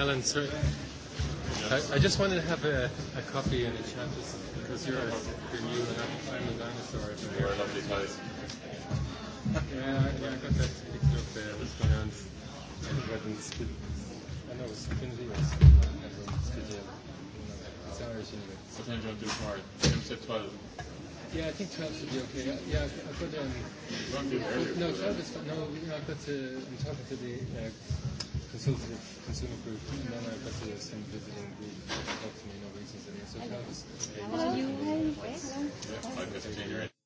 Alan, sir. I, I just wanted to have a, a copy and a chat just because you're, you're new and I'm, a dinosaur. You're a lovely place. yeah, I, yeah, I got that picture of there. What's going on? I know it's Finley or something. It's Irish anyway. What time do um, you want to do tomorrow? Jim said 12. Yeah, I think 12 should be okay. Yeah, I've got um. No, 12 is fine. no. You know, I've got to. I'm talking to the. Uh, Consume, consumer group, no, no, but the same visiting group, not me, no reasons,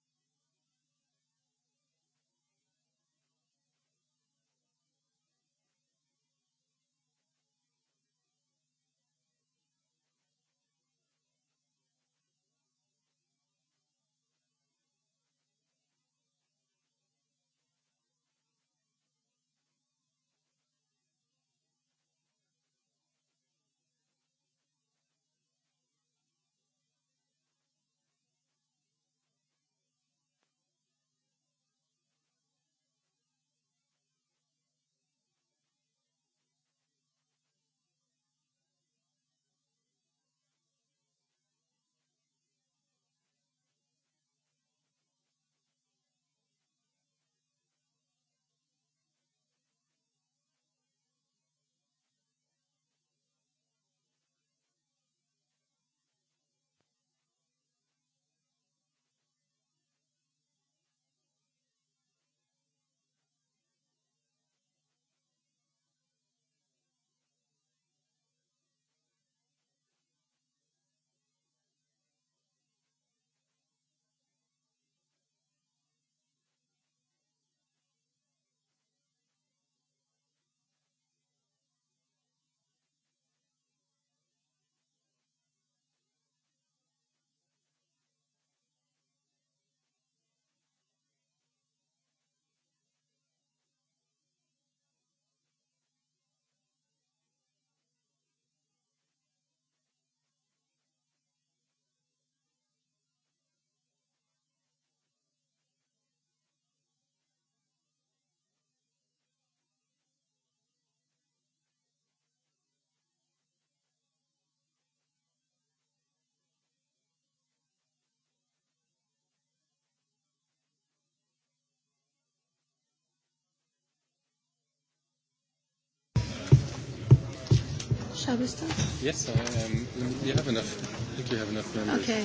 Shall we start? Yes, um, you have enough. I think you have enough members. Okay.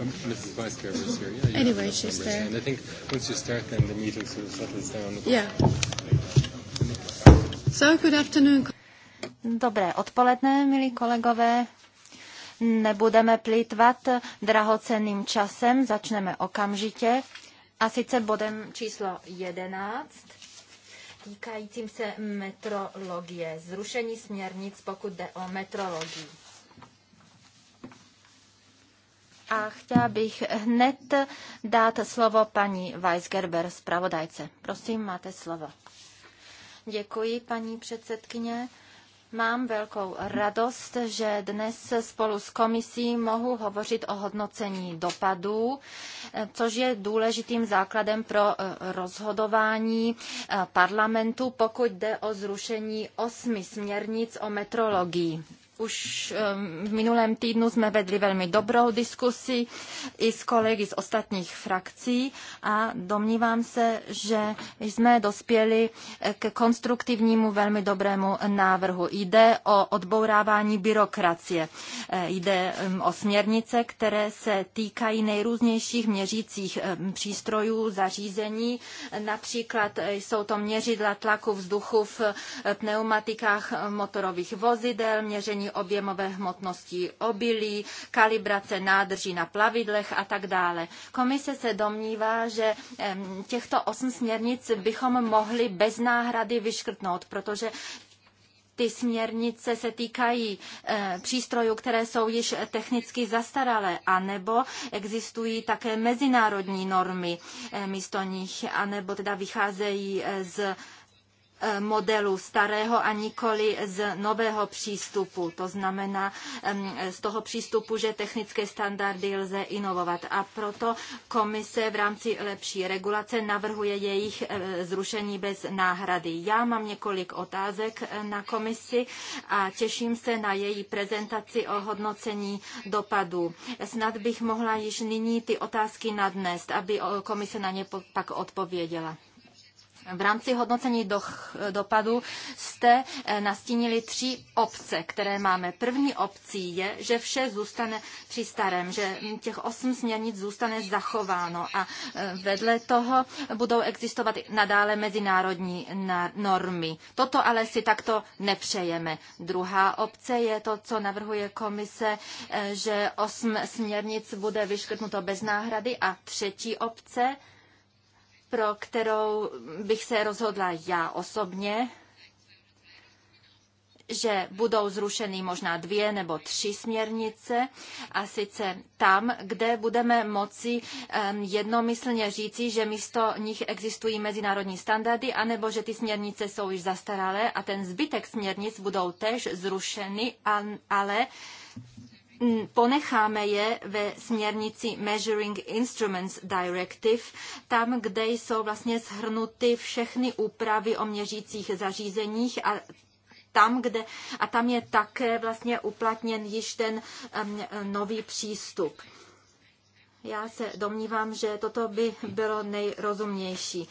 Um, Mrs. Vice Chair is here. Yeah, anyway, she's members. there. And I think once you start, then the meeting sort of settles down. Yeah. So, good afternoon. Dobré odpoledne, milí kolegové. Nebudeme plýtvat drahoceným časem, začneme okamžitě. A sice bodem číslo 11 týkajícím se metrologie, zrušení směrnic, pokud jde o metrologii. A chtěla bych hned dát slovo paní Weisgerber, zpravodajce. Prosím, máte slovo. Děkuji, paní předsedkyně. Mám velkou radost, že dnes spolu s komisí mohu hovořit o hodnocení dopadů, což je důležitým základem pro eh, rozhodování eh, parlamentu, pokud jde o zrušení osmi směrnic o metrologii. Už ehm, v minulém týdnu jsme vedli velmi dobrou diskusi i s kolegy z ostatních frakcí a domnívám se, že jsme dospěli eh, k konstruktivnímu, velmi dobrému návrhu. Jde o odbourávání byrokracie. Eh, jde ehm, o směrnice, které se týkají nejrůznějších měřících ehm, přístrojů, zařízení. Například eh, jsou to měřidla tlaku vzduchu v pneumatikách motorových vozidel, měření měření objemové hmotnosti obilí, kalibrace nádrží na plavidlech a tak dále. Komise se domnívá, že těchto osm směrnic bychom mohli bez náhrady vyškrtnout, protože ty směrnice se týkají e, přístrojů, které jsou již technicky zastaralé, anebo existují také mezinárodní normy e, místo nich, anebo teda vycházejí eh, z Eh, modelu starého a nikoli z nového přístupu. To znamená z toho přístupu, že technické standardy lze inovovat. A proto komise v rámci lepší regulace navrhuje jejich eh, zrušení bez náhrady. Já mám několik otázek eh, na komisi a těším se na její prezentaci o hodnocení dopadů. Snad bych mohla již nyní ty otázky nadnést, aby komise na ně pak odpověděla. V rámci hodnocení do, dopadu jste eh, nastínili tři obce, které máme. První obcí je, že vše zůstane při starém, že těch osm směrnic zůstane zachováno a eh, vedle toho budou existovat nadále mezinárodní normy. Toto ale si takto nepřejeme. Druhá obce je to, co navrhuje komise, eh, že osm směrnic bude vyškrtnuto bez náhrady a třetí obce, pro kterou bych se rozhodla já osobně, že budou zrušeny možná dvě nebo tři směrnice a sice tam, kde budeme moci jednomyslně říci, že místo nich existují mezinárodní standardy, anebo že ty směrnice jsou již zastaralé a ten zbytek směrnic budou tež zrušeny, ale ponecháme je ve směrnici Measuring Instruments Directive, tam, kde jsou vlastně shrnuty všechny úpravy o měřících zařízeních a tam, kde, a tam je také vlastně uplatněn již ten um, nový přístup. Já se domnívám, že toto by bylo nejrozumnější.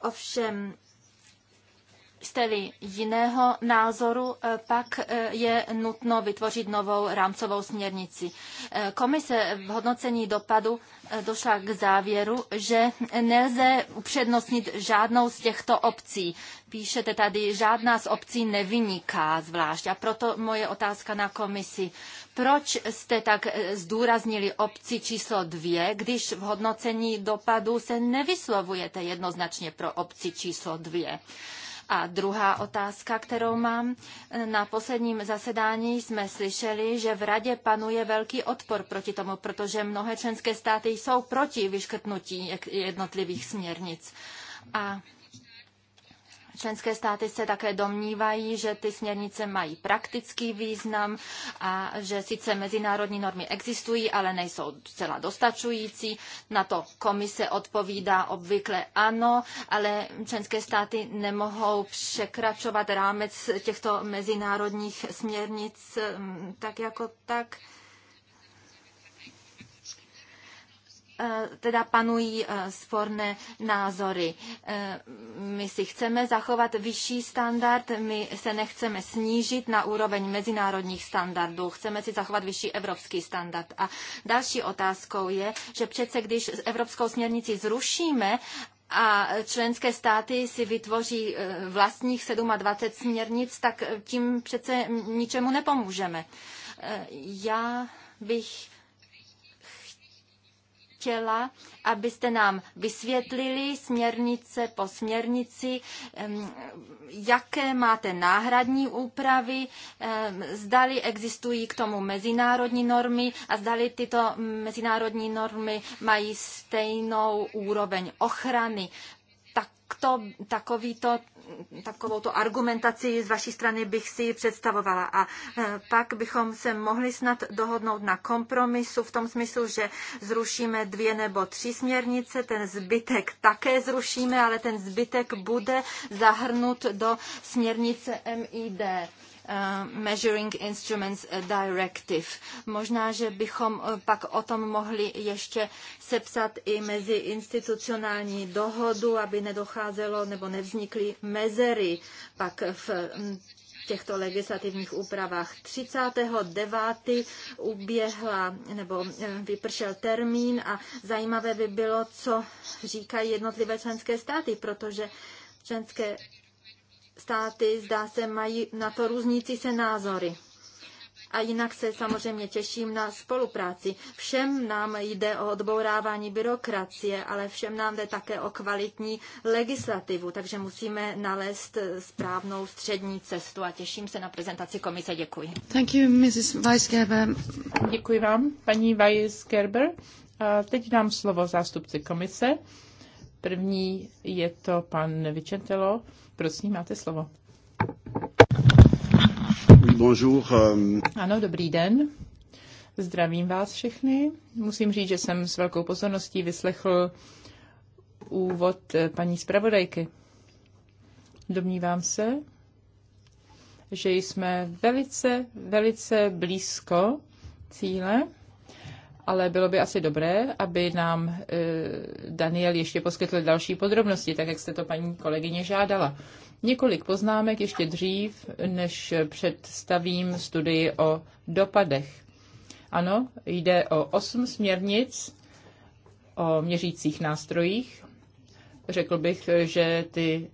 Ovšem, jste-li jiného názoru, eh, pak eh, je nutno vytvořit novou rámcovou směrnici. Eh, komise v hodnocení dopadu došla k závěru, že nelze upřednostnit žádnou z těchto obcí. Píšete tady, žádná z obcí nevyniká zvlášť. A proto moje otázka na komisi. Proč jste tak zdůraznili obci číslo dvě, když v hodnocení dopadu se nevyslovujete jednoznačně pro obci číslo dvě? A druhá otázka, kterou mám. Na posledním zasedání jsme slyšeli, že v radě panuje velký odpor proti tomu, protože mnohé členské státy jsou proti vyškrtnutí jednotlivých směrnic. A Členské státy se také domnívají, že ty směrnice mají praktický význam a že sice mezinárodní normy existují, ale nejsou zcela dostačující. Na to komise odpovídá obvykle ano, ale členské státy nemohou překračovat rámec těchto mezinárodních směrnic mm, tak jako tak. Eh, teda panují eh, sporné názory. Eh, my si chceme zachovat vyšší standard, my se nechceme snížit na úroveň mezinárodních standardů, chceme si zachovat vyšší evropský standard. A další otázkou je, že přece když evropskou směrnici zrušíme a členské státy si vytvoří vlastních 27 směrnic, tak tím přece ničemu nepomůžeme. Já bych chtěla, abyste nám vysvětlili směrnice po směrnici, jaké máte náhradní úpravy, zdali existují k tomu mezinárodní normy a zdali tyto mezinárodní normy mají stejnou úroveň ochrany takto, takovýto, takovouto argumentaci z vaší strany bych si představovala. A e, pak bychom se mohli snad dohodnout na kompromisu v tom smyslu, že zrušíme dvě nebo tři směrnice, ten zbytek také zrušíme, ale ten zbytek bude zahrnut do směrnice MID. Eh, measuring Instruments eh, Directive. Možná, že bychom eh, pak o tom mohli ještě sepsat i mezi institucionální dohodu, aby nedocházelo nebo nevznikly mezery pak v hm, těchto legislativních úpravách. 39. uběhla nebo vypršel termín a zajímavé by bylo, co říkají jednotlivé členské státy, protože členské státy, zdá se, mají na to různící se názory. A jinak se samozřejmě těším na spolupráci. Všem nám jde o odbourávání byrokracie, ale všem nám jde také o kvalitní legislativu, takže musíme nalézt správnou střední cestu a těším se na prezentaci komise. Děkuji. Thank you, Mrs. Weisgerber. Děkuji vám, paní Weisgerber. A teď dám slovo zástupci komise. První je to pan Vicentelo Prosím, máte slovo. Bonjour. Um, ano, dobrý den. Zdravím vás všechny. Musím říct, že jsem s velkou pozorností vyslechl úvod paní zpravodajky. Domnívám se, že jsme velice, velice blízko cíle ale bylo by asi dobré, aby nám eh, Daniel ještě poskytl další podrobnosti, tak jak jste to paní kolegyně žádala. Několik poznámek ještě dřív, než představím studii o dopadech. Ano, jde o osm směrnic o měřících nástrojích. Řekl bych, že ty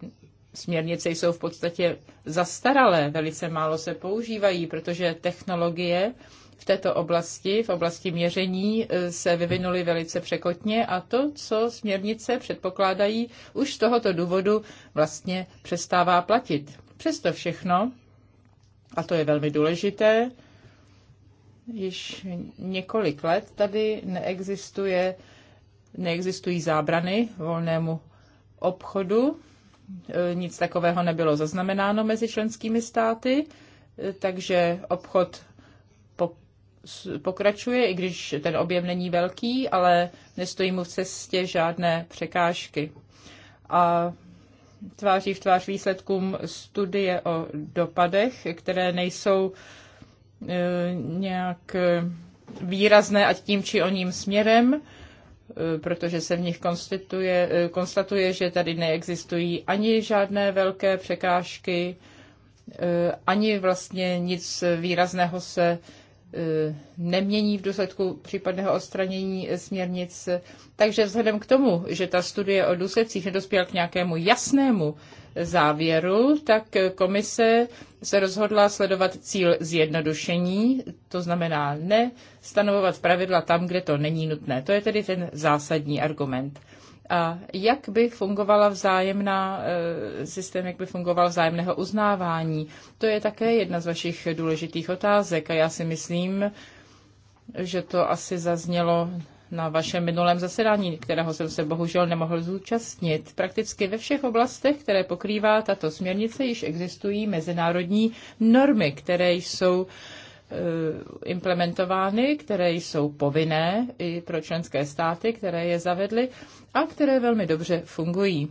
směrnice jsou v podstatě zastaralé, velice málo se používají, protože technologie v této oblasti, v oblasti měření, eh, se vyvinuly velice překotně a to, co směrnice předpokládají, už z tohoto důvodu vlastně přestává platit. Přesto všechno, a to je velmi důležité, již několik let tady neexistuje, neexistují zábrany volnému obchodu. Eh, nic takového nebylo zaznamenáno mezi členskými státy, eh, takže obchod pokračuje, i když ten objem není velký, ale nestojí mu v cestě žádné překážky. A tváří v tvář výsledkům studie o dopadech, které nejsou e, nějak e, výrazné ať tím či oním směrem, e, protože se v nich konstatuje, konstatuje, že tady neexistují ani žádné velké překážky, ani vlastně nic výrazného se E, nemění v důsledku případného odstranění e, směrnic. Takže vzhledem k tomu, že ta studie o důsledcích nedospěla k nějakému jasnému závěru, tak komise se rozhodla sledovat cíl zjednodušení, to znamená ne stanovovat pravidla tam, kde to není nutné. To je tedy ten zásadní argument a jak by fungovala vzájemná, e, systém, jak by fungoval vzájemného uznávání. To je také jedna z vašich důležitých otázek a já si myslím, že to asi zaznělo na vašem minulém zasedání, kterého jsem se bohužel nemohl zúčastnit. Prakticky ve všech oblastech, které pokrývá tato směrnice, již existují mezinárodní normy, které jsou uh, Eh, implementovány, které jsou povinné i pro členské státy, které je zavedly a které velmi dobře fungují.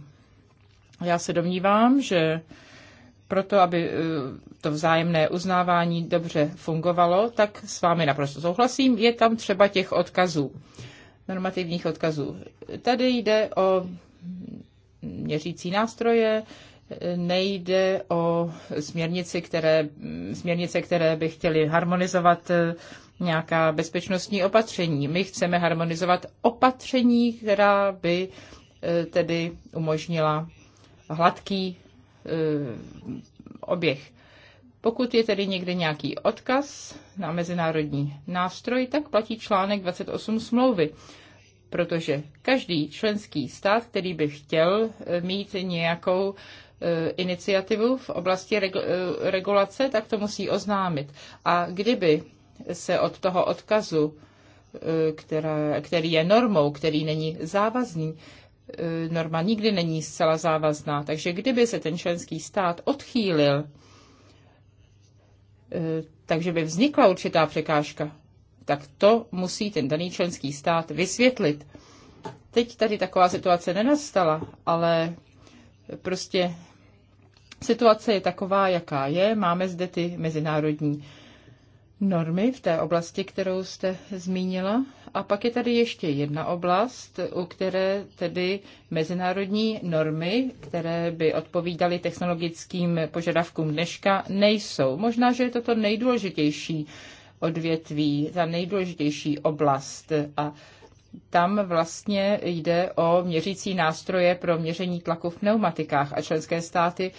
Já se domnívám, že proto, aby eh, to vzájemné uznávání dobře fungovalo, tak s vámi naprosto souhlasím, je tam třeba těch odkazů, normativních odkazů. Tady jde o měřící nástroje, nejde o směrnici, které, směrnice, které by chtěly harmonizovat eh, nějaká bezpečnostní opatření. My chceme harmonizovat opatření, která by eh, tedy umožnila hladký eh, oběh. Pokud je tedy někde nějaký odkaz na mezinárodní nástroj, tak platí článek 28 smlouvy protože každý členský stát, který by chtěl mít nějakou Eh, iniciativu v oblasti eh, regulace, tak to musí oznámit. A kdyby se od toho odkazu, eh, která, který je normou, který není závazný, norma nikdy není zcela závazná, takže kdyby se ten členský stát odchýlil, takže by vznikla určitá překážka, tak to musí ten daný členský stát vysvětlit. Teď tady taková situace nenastala, ale Prostě situace je taková, jaká je. Máme zde ty mezinárodní normy v té oblasti, kterou jste zmínila. A pak je tady ještě jedna oblast, u které tedy mezinárodní normy, které by odpovídaly technologickým požadavkům dneška, nejsou. Možná, že je to nejdůležitější odvětví, ta nejdůležitější oblast. A tam vlastně jde o měřící nástroje pro měření tlaku v pneumatikách a členské státy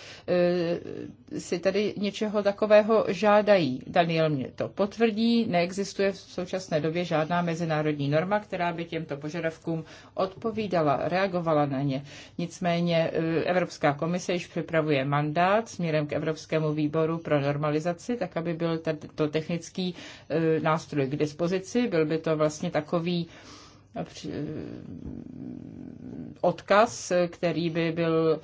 e, si tady něčeho takového žádají. Daniel mě to potvrdí, neexistuje v současné době žádná mezinárodní norma, která by těmto požadavkům odpovídala, reagovala na ně. Nicméně e, Evropská komise již připravuje mandát směrem k Evropskému výboru pro normalizaci, tak aby byl tento technický e, nástroj k dispozici. Byl by to vlastně takový Eh, odkaz, který by byl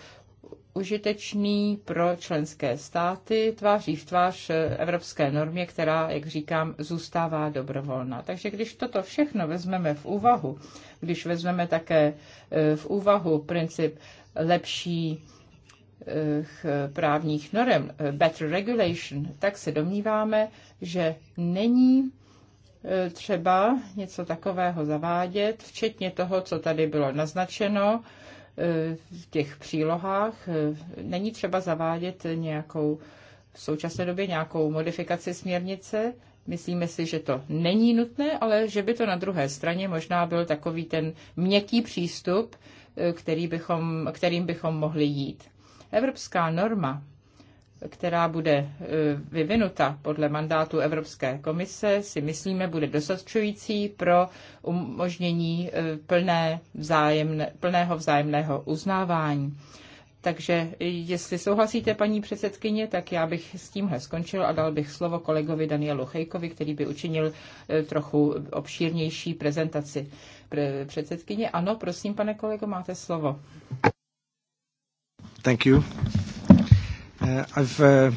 užitečný pro členské státy tváří v tvář evropské normě, která, jak říkám, zůstává dobrovolná. Takže když toto všechno vezmeme v úvahu, když vezmeme také eh, v úvahu princip lepší eh, právních norem, better regulation, tak se domníváme, že není E, třeba něco takového zavádět, včetně toho, co tady bylo naznačeno e, v těch přílohách. E, není třeba zavádět nějakou v současné době nějakou modifikaci směrnice. Myslíme si, že to není nutné, ale že by to na druhé straně možná byl takový ten měkký přístup, který bychom, kterým bychom mohli jít. Evropská norma která bude e, vyvinuta podle mandátu Evropské komise, si myslíme, bude dostačující pro umožnění e, plné vzájemné, plného vzájemného uznávání. Takže jestli souhlasíte, paní předsedkyně, tak já bych s tímhle skončil a dal bych slovo kolegovi Danielu Chejkovi, který by učinil e, trochu obšírnější prezentaci předsedkyně. Ano, prosím, pane kolego, máte slovo. Thank you. Eh, eh,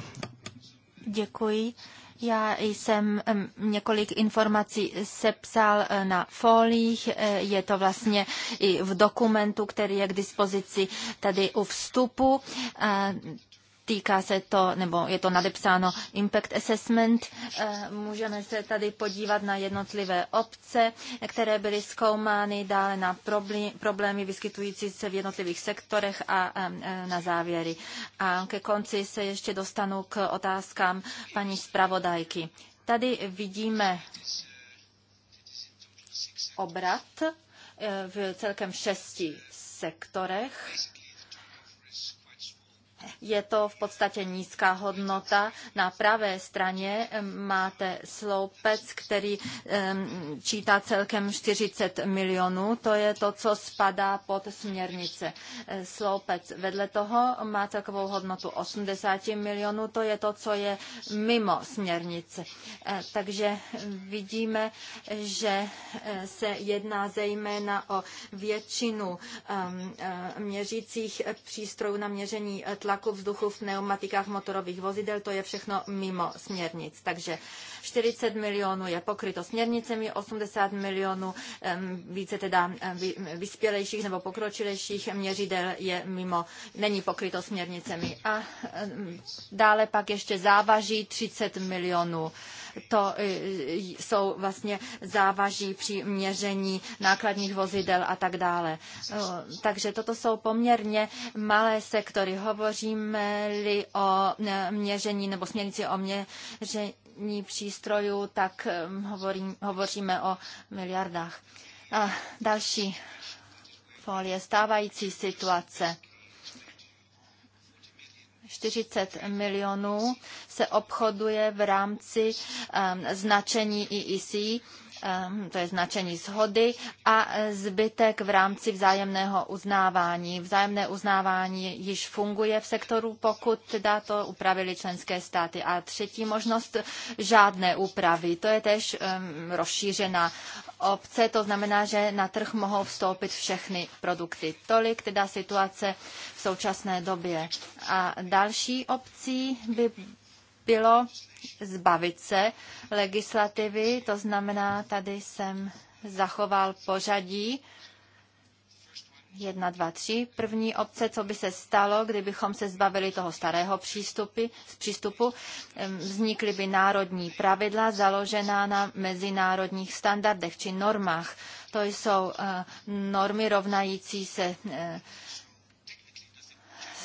Děkuji. Já jsem několik informací sepsal eh, na folích, je to vlastně i v dokumentu, který je k dispozici tady u vstupu. Týká se to, nebo je to nadepsáno Impact Assessment. Eh, můžeme se tady podívat na jednotlivé obce, které byly zkoumány, dále na problémy vyskytující se v jednotlivých sektorech a eh, eh, na závěry. A ke konci se ještě dostanu k otázkám paní zpravodajky. Tady vidíme obrat v celkem šesti sektorech je to v podstatě nízká hodnota. Na pravé straně máte sloupec, který čítá celkem 40 milionů. To je to, co spadá pod směrnice. E, sloupec vedle toho má takovou hodnotu 80 milionů. To je to, co je mimo směrnice. E, takže vidíme, že e, se jedná zejména o většinu měřících přístrojů na měření tlaku tlaku vzduchu v pneumatikách motorových vozidel, to je všechno mimo směrnic. Takže 40 milionů je pokryto směrnicemi, 80 milionů více teda vyspělejších nebo pokročilejších měřidel je mimo, není pokryto směrnicemi. A dále pak ještě závaží 30 milionů to e, e, jsou vlastně závaží při měření nákladních vozidel a tak dále. E, takže toto jsou poměrně malé sektory. Hovoříme-li o měření nebo směrnici o měření přístrojů, tak hovorím, hovoříme o miliardách. A další folie, stávající situace. 40 milionů se obchoduje v rámci um, značení EEC Ehm, to je značení shody, a e, zbytek v rámci vzájemného uznávání. Vzájemné uznávání již funguje v sektoru, pokud teda to upravili členské státy. A třetí možnost, žádné úpravy. To je tež um, ehm, rozšířená obce, to znamená, že na trh mohou vstoupit všechny produkty. Tolik teda situace v současné době. A další opcí by bylo zbavit se legislativy, to znamená, tady jsem zachoval pořadí, Jedna, dva, tři. První obce, co by se stalo, kdybychom se zbavili toho starého přístupy, z přístupu, vznikly by národní pravidla založená na mezinárodních standardech či normách. To jsou eh, normy rovnající se eh,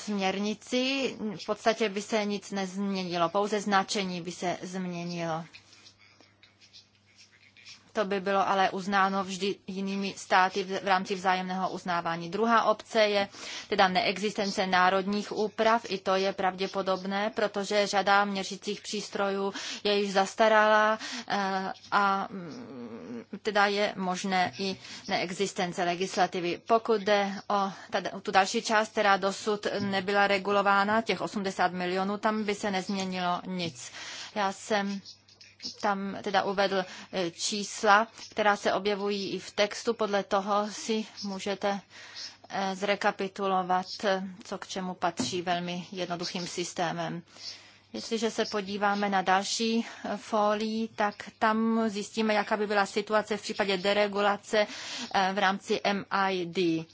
směrnici v podstatě by se nic nezměnilo, pouze značení by se změnilo. To by bylo ale uznáno vždy jinými státy v rámci vzájemného uznávání. Druhá obce je teda neexistence národních úprav, i to je pravděpodobné, protože řada měřicích přístrojů je již zastarala eh, a mm, teda je možné i neexistence legislativy. Pokud jde o tu další část, která dosud nebyla regulována, těch 80 milionů, tam by se nezměnilo nic. Já jsem tam teda uvedl e, čísla, která se objevují i v textu. Podle toho si můžete e, zrekapitulovat, co k čemu patří velmi jednoduchým systémem. Jestliže se podíváme na další e, folii, tak tam zjistíme, jaká by byla situace v případě deregulace v rámci MID.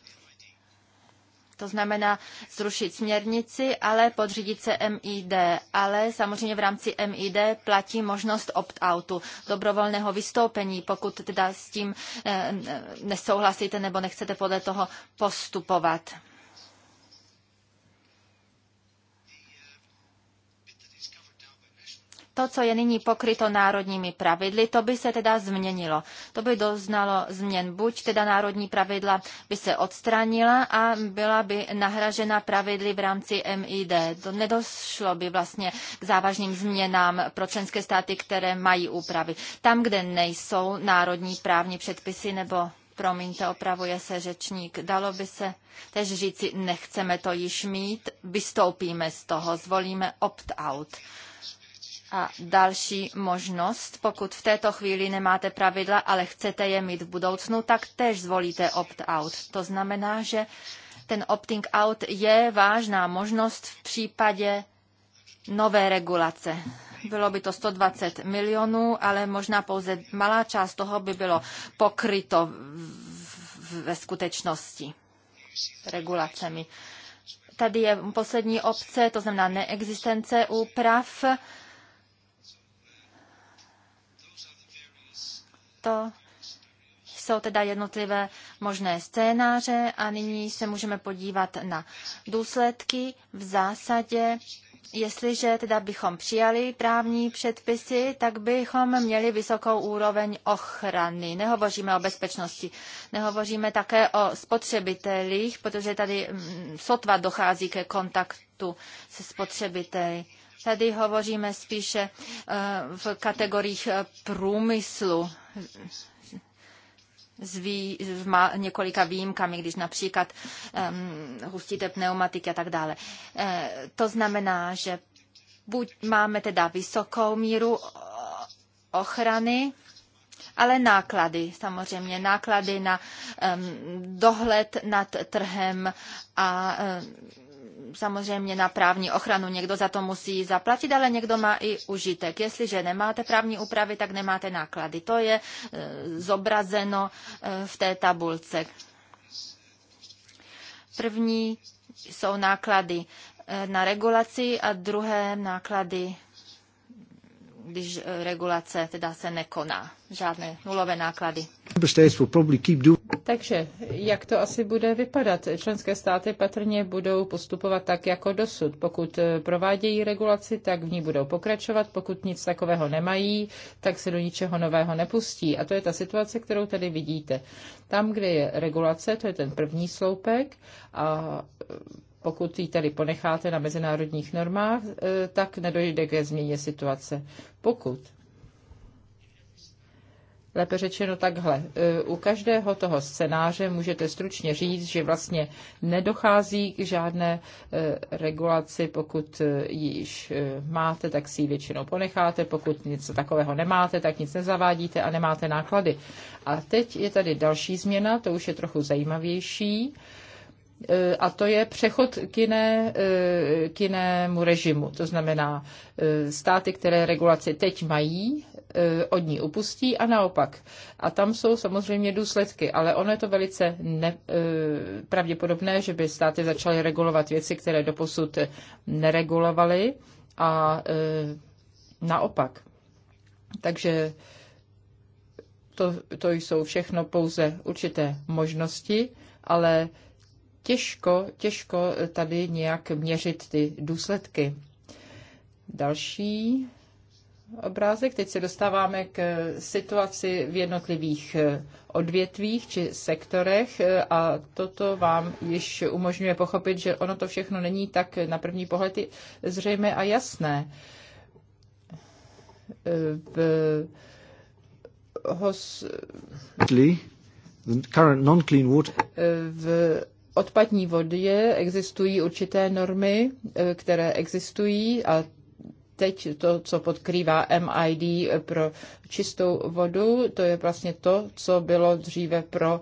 To znamená zrušit směrnici, ale podřídit se MID. Ale samozřejmě v rámci MID platí možnost opt-outu, dobrovolného vystoupení, pokud teda s tím eh, nesouhlasíte nebo nechcete podle toho postupovat. to, co je nyní pokryto národními pravidly, to by se teda změnilo. To by doznalo změn. Buď teda národní pravidla by se odstranila a byla by nahražena pravidly v rámci MID. To nedošlo by vlastně k závažným změnám pro členské státy, které mají úpravy. Tam, kde nejsou národní právní předpisy nebo promiňte, opravuje se řečník. Dalo by se tež říci, nechceme to již mít, vystoupíme z toho, zvolíme opt-out. A další možnost, pokud v této chvíli nemáte pravidla, ale chcete je mít v budoucnu, tak tež zvolíte opt-out. To znamená, že ten opting out je vážná možnost v případě nové regulace. Bylo by to 120 milionů, ale možná pouze malá část toho by bylo pokryto ve skutečnosti regulacemi. Tady je poslední obce, to znamená neexistence úprav To jsou teda jednotlivé možné scénáře a nyní se můžeme podívat na důsledky. V zásadě, jestliže teda bychom přijali právní předpisy, tak bychom měli vysokou úroveň ochrany. Nehovoříme o bezpečnosti, nehovoříme také o spotřebitelích, protože tady mm, sotva dochází ke kontaktu se spotřebiteli. Tady hovoříme spíše eh, v kategoriích eh, průmyslu s, vý, několika výjimkami, když například um, hustíte pneumatiky a tak dále. E, to znamená, že buď máme teda vysokou míru ochrany, ale náklady, samozřejmě náklady na um, dohled nad trhem a um, samozřejmě na právní ochranu. Někdo za to musí zaplatit, ale někdo má i užitek. Jestliže nemáte právní úpravy, tak nemáte náklady. To je e, zobrazeno e, v té tabulce. První jsou náklady e, na regulaci a druhé náklady když eh, regulace teda se nekoná. Žádné nulové náklady. Takže jak to asi bude vypadat? Členské státy patrně budou postupovat tak jako dosud. Pokud eh, provádějí regulaci, tak v ní budou pokračovat. Pokud nic takového nemají, tak se do ničeho nového nepustí. A to je ta situace, kterou tady vidíte. Tam, kde je regulace, to je ten první sloupek a pokud ji tady ponecháte na mezinárodních normách, eh, tak nedojde ke změně situace. Pokud lépe řečeno takhle. Eh, u každého toho scénáře můžete stručně říct, že vlastně nedochází k žádné eh, regulaci, pokud již máte, tak si ji většinou ponecháte, pokud něco takového nemáte, tak nic nezavádíte a nemáte náklady. A teď je tady další změna, to už je trochu zajímavější E, a to je přechod k, jiné, e, k jinému režimu. To znamená, e, státy, které regulaci teď mají, od ní upustí a naopak. A tam jsou samozřejmě důsledky, ale ono je to velice ne, pravděpodobné, že by státy začaly regulovat věci, které doposud neregulovaly a naopak. Takže to, to jsou všechno pouze určité možnosti, ale těžko, těžko tady nějak měřit ty důsledky. Další obrázek. Teď se dostáváme k situaci v jednotlivých eh, odvětvích či sektorech eh, a toto vám již umožňuje pochopit, že ono to všechno není tak na první pohled zřejmé a jasné. Eh, v hos... V odpadní vodě existují určité normy, e, které existují a teď to, co podkrývá MID pro čistou vodu, to je vlastně to, co bylo dříve pro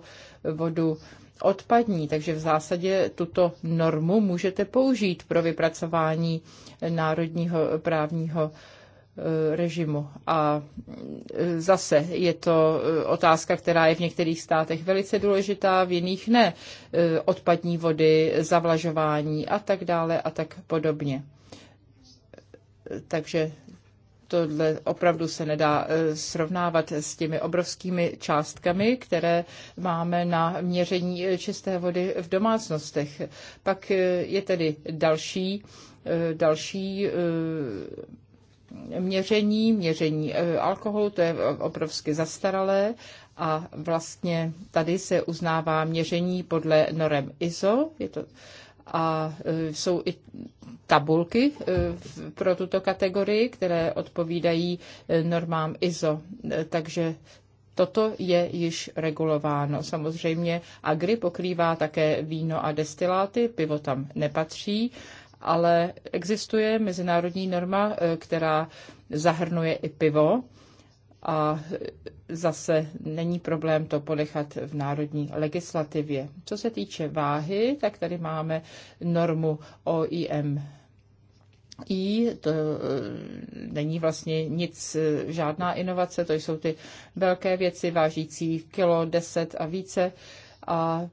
vodu odpadní. Takže v zásadě tuto normu můžete použít pro vypracování národního právního Eh, režimu. A eh, zase je to eh, otázka, která je v některých státech velice důležitá, v jiných ne. Odpadní vody, zavlažování a tak dále a tak podobně. Takže tohle opravdu se nedá srovnávat s těmi obrovskými částkami, které máme na měření čisté vody v domácnostech. Pak je tedy další, další měření, měření eh, alkoholu, to je obrovsky zastaralé a vlastně tady se uznává měření podle norem ISO, je to, a eh, jsou i tabulky eh, pro tuto kategorii, které odpovídají normám ISO. Takže Toto je již regulováno. Samozřejmě agri pokrývá také víno a destiláty, pivo tam nepatří ale existuje mezinárodní norma, eh, která zahrnuje i pivo a eh, zase není problém to ponechat v národní legislativě. Co se týče váhy, tak tady máme normu OIM. I to eh, není vlastně nic, žádná inovace, to jsou ty velké věci vážící kilo, deset a více. A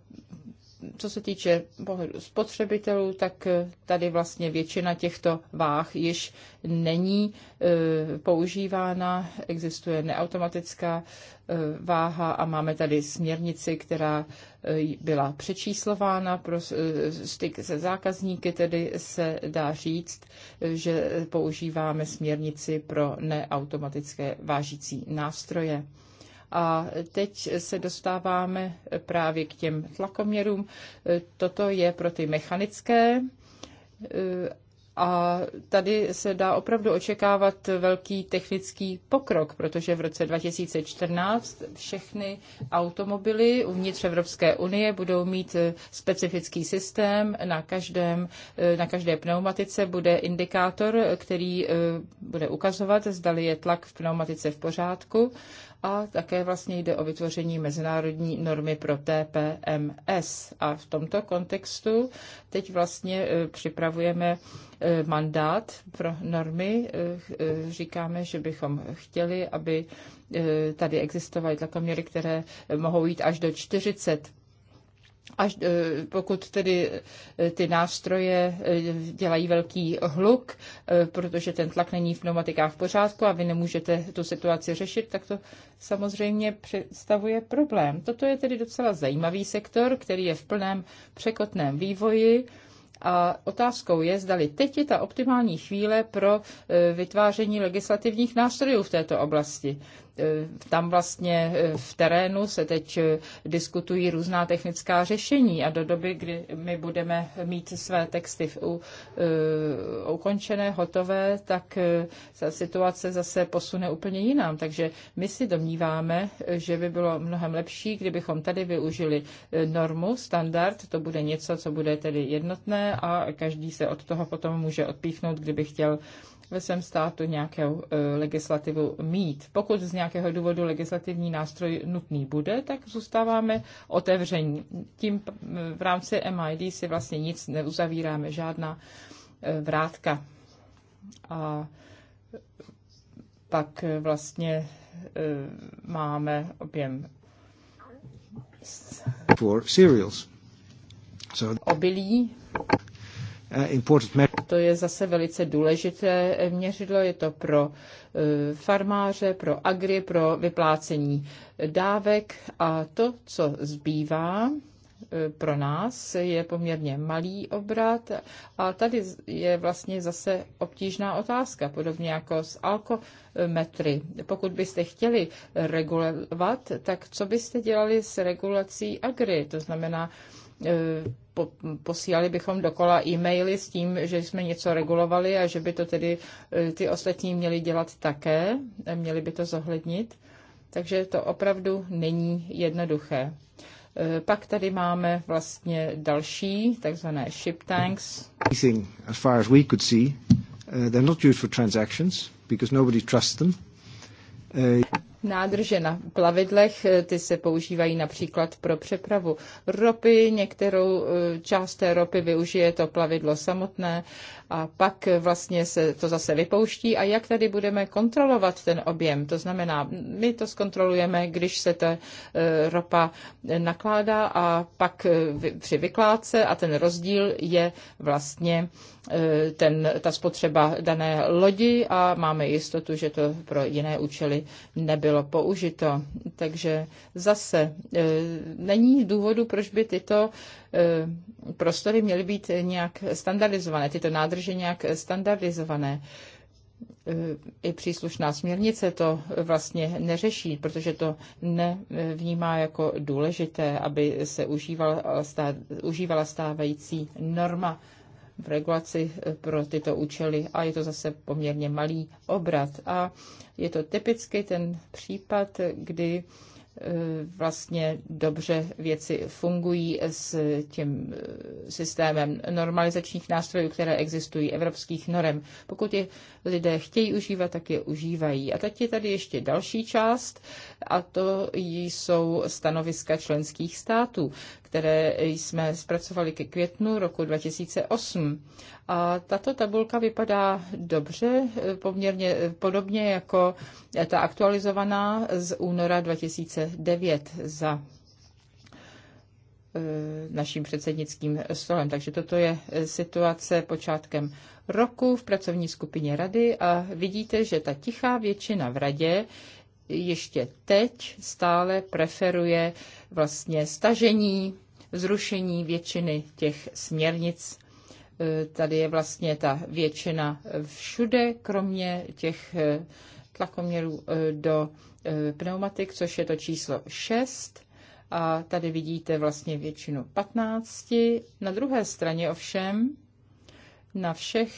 co se týče pohledu spotřebitelů, tak eh, tady vlastně většina těchto váh již není eh, používána, existuje neautomatická eh, váha a máme tady směrnici, která byla přečíslována pro styk se zákazníky, tedy se dá říct, že používáme směrnici pro neautomatické vážící nástroje. A teď se dostáváme právě k těm tlakoměrům. Toto je pro ty mechanické a tady se dá opravdu očekávat velký technický pokrok, protože v roce 2014 všechny automobily uvnitř Evropské unie budou mít specifický systém. Na, každém, na každé pneumatice bude indikátor, který eh, bude ukazovat, zdali je tlak v pneumatice v pořádku a také vlastně jde o vytvoření mezinárodní normy pro TPMS. A v tomto kontextu teď vlastně e, připravujeme e, mandát pro normy. E, říkáme, že bychom chtěli, aby tady existovaly tlakoměry, které mohou jít až do 40 až eh, pokud tedy eh, ty nástroje eh, dělají velký hluk, protože ten tlak není v pneumatikách v pořádku a vy nemůžete tu situaci řešit, tak to samozřejmě představuje problém. Toto je tedy docela zajímavý sektor, který je v plném překotném vývoji. A otázkou je, zdali teď je ta optimální chvíle pro vytváření legislativních nástrojů v této oblasti. Eh, tam vlastně eh, v terénu se teď eh, diskutují různá technická řešení a do doby, kdy my budeme mít své texty u, u, ukončené, hotové, tak ta situace zase posune úplně jinam. Takže my si domníváme, že by bylo mnohem lepší, kdybychom tady využili normu, standard, to bude něco, co bude tedy jednotné a každý se od toho potom může odpíchnout, kdyby chtěl ve svém státu nějakou legislativu mít. Pokud z nějak nějakého důvodu legislativní nástroj nutný bude, tak zůstáváme otevření. Tím v rámci MID si vlastně nic neuzavíráme, žádná e, vrátka. A pak vlastně e, máme objem for cereals. So obilí Uh, to je zase velice důležité měřidlo, je to pro uh, farmáře, pro agri, pro vyplácení dávek a to, co zbývá, uh, pro nás je poměrně malý obrat a tady je vlastně zase obtížná otázka, podobně jako s alkometry. Pokud byste chtěli regulovat, tak co byste dělali s regulací agri, to znamená po, posílali bychom dokola e-maily s tím, že jsme něco regulovali a že by to tedy e, ty ostatní měli dělat také, měli by to zohlednit. Takže to opravdu není jednoduché. E, pak tady máme vlastně další, takzvané ship tanks. As far as we could see, uh, they're not used for transactions because nobody trusts them. Uh, nádrže na plavidlech, eh, ty se používají například pro přepravu ropy, některou eh, část té ropy využije to plavidlo samotné a pak eh, vlastně se to zase vypouští a jak tady budeme kontrolovat ten objem. To znamená, my to zkontrolujeme, když se ta ropa nakládá a pak při vykládce a ten rozdíl je vlastně ten, ta spotřeba dané lodi a máme jistotu, že to pro jiné účely nebylo bylo použito. Takže zase e, není důvodu, proč by tyto e, prostory měly být nějak standardizované, tyto nádrže nějak standardizované e, i příslušná směrnice to vlastně neřeší, protože to nevnímá jako důležité, aby se užívala, stávající norma v regulaci pro tyto účely a je to zase poměrně malý obrat. A je to typicky ten případ, kdy e, vlastně dobře věci fungují s tím e, systémem normalizačních nástrojů, které existují, evropských norem. Pokud je lidé chtějí užívat, tak je užívají. A teď je tady ještě další část a to jsou stanoviska členských států které jsme zpracovali ke květnu roku 2008. A tato tabulka vypadá dobře, poměrně podobně jako ta aktualizovaná z února 2009 za e, naším předsednickým stolem. Takže toto je situace počátkem roku v pracovní skupině rady a vidíte, že ta tichá většina v radě ještě teď stále preferuje vlastně stažení zrušení většiny těch směrnic. E, tady je vlastně ta většina všude, kromě těch e, tlakoměrů e, do pneumatik, což je to číslo 6. A tady vidíte vlastně většinu 15. Na druhé straně ovšem na všech,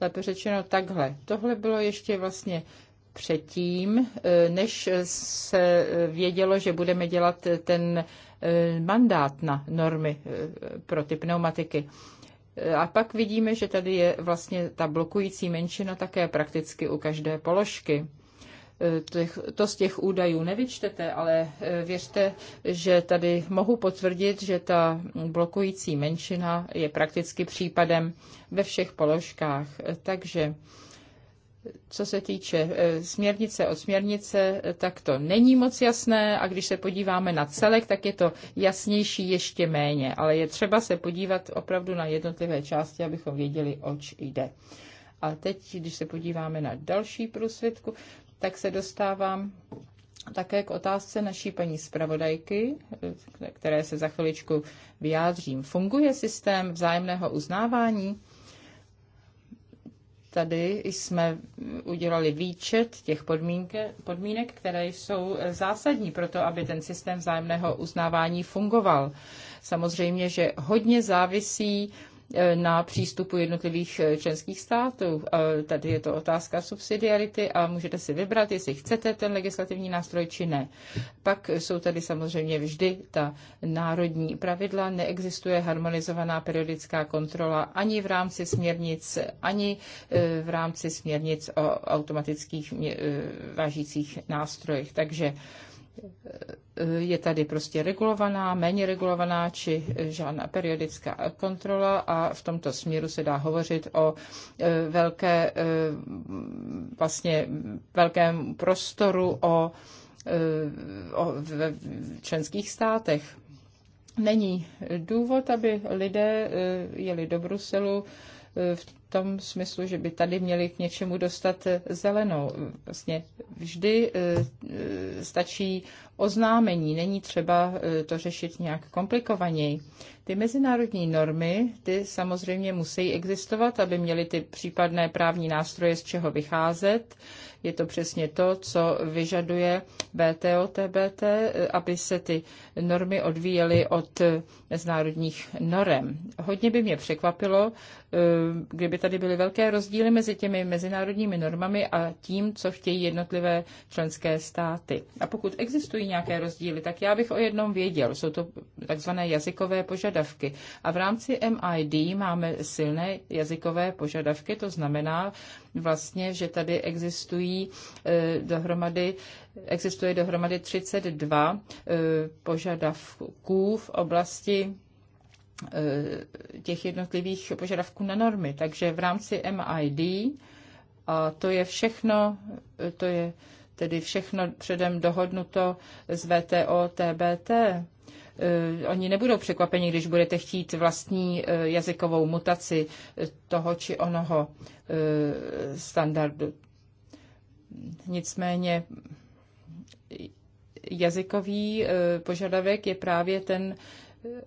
lépe řečeno takhle. Tohle bylo ještě vlastně předtím, eh, než se vědělo, že budeme dělat ten eh, mandát na normy eh, pro ty pneumatiky. A pak vidíme, že tady je vlastně ta blokující menšina také prakticky u každé položky. To z těch údajů nevyčtete, ale věřte, že tady mohu potvrdit, že ta blokující menšina je prakticky případem ve všech položkách. Takže co se týče eh, směrnice od směrnice, eh, tak to není moc jasné a když se podíváme na celek, tak je to jasnější ještě méně, ale je třeba se podívat opravdu na jednotlivé části, abychom věděli, oč jde. A teď, když se podíváme na další průsvědku, tak se dostávám také k otázce naší paní zpravodajky, eh, které se za chviličku vyjádřím. Funguje systém vzájemného uznávání? Tady jsme udělali výčet těch podmínek, podmínek, které jsou eh, zásadní pro to, aby ten systém vzájemného uznávání fungoval. Samozřejmě, že hodně závisí E, na přístupu jednotlivých e, členských států. E, tady je to otázka subsidiarity a můžete si vybrat, jestli chcete ten legislativní nástroj či ne. Pak jsou tady samozřejmě vždy ta národní pravidla. Neexistuje harmonizovaná periodická kontrola ani v rámci směrnic, ani v rámci směrnic o automatických vážících nástrojích. Takže Eh, je tady prostě regulovaná, méně regulovaná či žádná periodická kontrola a v tomto směru se dá hovořit o eh, velké, eh, vlastně velkém prostoru o, o v členských státech. Není důvod, aby lidé jeli do Bruselu v tom smyslu, že by tady měli k něčemu dostat zelenou. Vlastně vždy eh, stačí oznámení. Není třeba e, to řešit nějak komplikovaněji. Ty mezinárodní normy, ty samozřejmě musí existovat, aby měly ty případné právní nástroje z čeho vycházet. Je to přesně to, co vyžaduje BTO, TBT, e, aby se ty normy odvíjely od mezinárodních norem. Hodně by mě překvapilo, e, kdyby tady byly velké rozdíly mezi těmi mezinárodními normami a tím, co chtějí jednotlivé členské státy. A pokud existují nějaké rozdíly, tak já bych o jednom věděl. Jsou to takzvané jazykové požadavky. A v rámci MID máme silné jazykové požadavky, to znamená vlastně, že tady existují e, dohromady existuje dohromady 32 e, požadavků v oblasti e, těch jednotlivých požadavků na normy. Takže v rámci MID a to je všechno, to je tedy všechno předem dohodnuto z VTO, TBT. E, oni nebudou překvapeni, když budete chtít vlastní e, jazykovou mutaci e, toho či onoho standardu. Nicméně jazykový požadavek je právě ten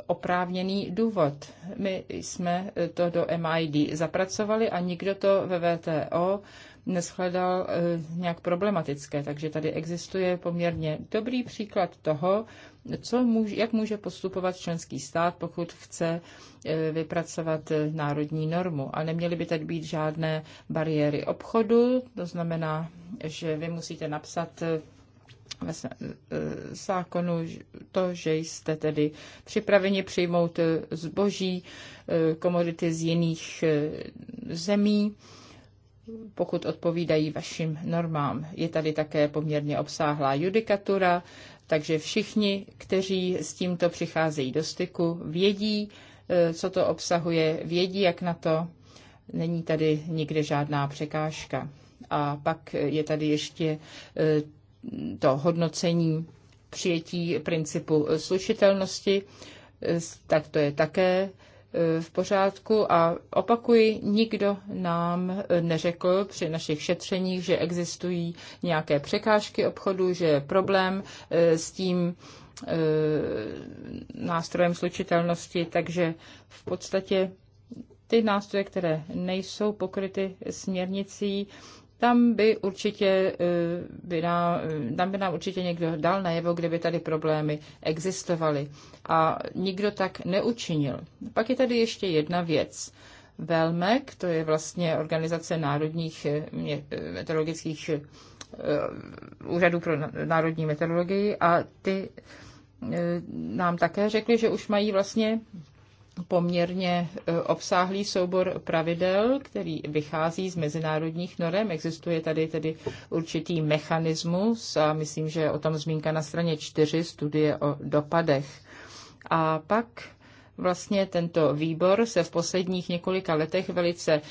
oprávněný důvod. My jsme to do MID zapracovali a nikdo to ve VTO neschledal eh, nějak problematické. Takže tady existuje poměrně dobrý příklad toho, co může, jak může postupovat členský stát, pokud chce eh, vypracovat eh, národní normu. A neměly by tady být žádné bariéry obchodu, to znamená, že vy musíte napsat ve e, zákonu to, že jste tedy připraveni přijmout e, zboží, e, komodity z jiných zemí, pokud odpovídají vašim normám. Je tady také poměrně obsáhlá judikatura, takže všichni, kteří s tímto přicházejí do styku, vědí, co to obsahuje, vědí, jak na to. Není tady nikde žádná překážka. A pak je tady ještě to hodnocení přijetí principu slučitelnosti, tak to je také e, v pořádku a opakuji, nikdo nám e, neřekl při našich šetřeních, že existují nějaké překážky obchodu, že je problém e, s tím nástrojem slučitelnosti, takže v podstatě ty nástroje, které nejsou pokryty směrnicí, tam by určitě eh, by nám, eh, tam by nám určitě někdo dal najevo, kdyby tady problémy existovaly. A nikdo tak neučinil. Pak je tady ještě jedna věc. VELMEC, to je vlastně organizace národních eh, meteorologických úřadů pro národní meteorologii a ty nám také řekli, že už mají vlastně poměrně e, obsáhlý soubor pravidel, který vychází z mezinárodních norem. Existuje tady tedy určitý mechanismus a myslím, že je o tom zmínka na straně čtyři studie o dopadech. A pak vlastně tento výbor se v posledních několika letech velice e,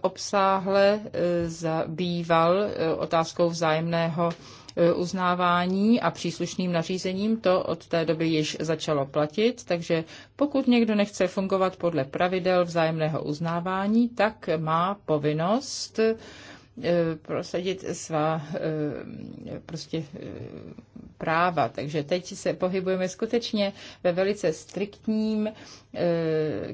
obsáhle e, zabýval otázkou vzájemného E, uznávání a příslušným nařízením. To od té doby již začalo platit, takže pokud někdo nechce fungovat podle pravidel vzájemného uznávání, tak má povinnost e, prosadit svá e, prostě práva. Takže teď se pohybujeme skutečně ve velice striktním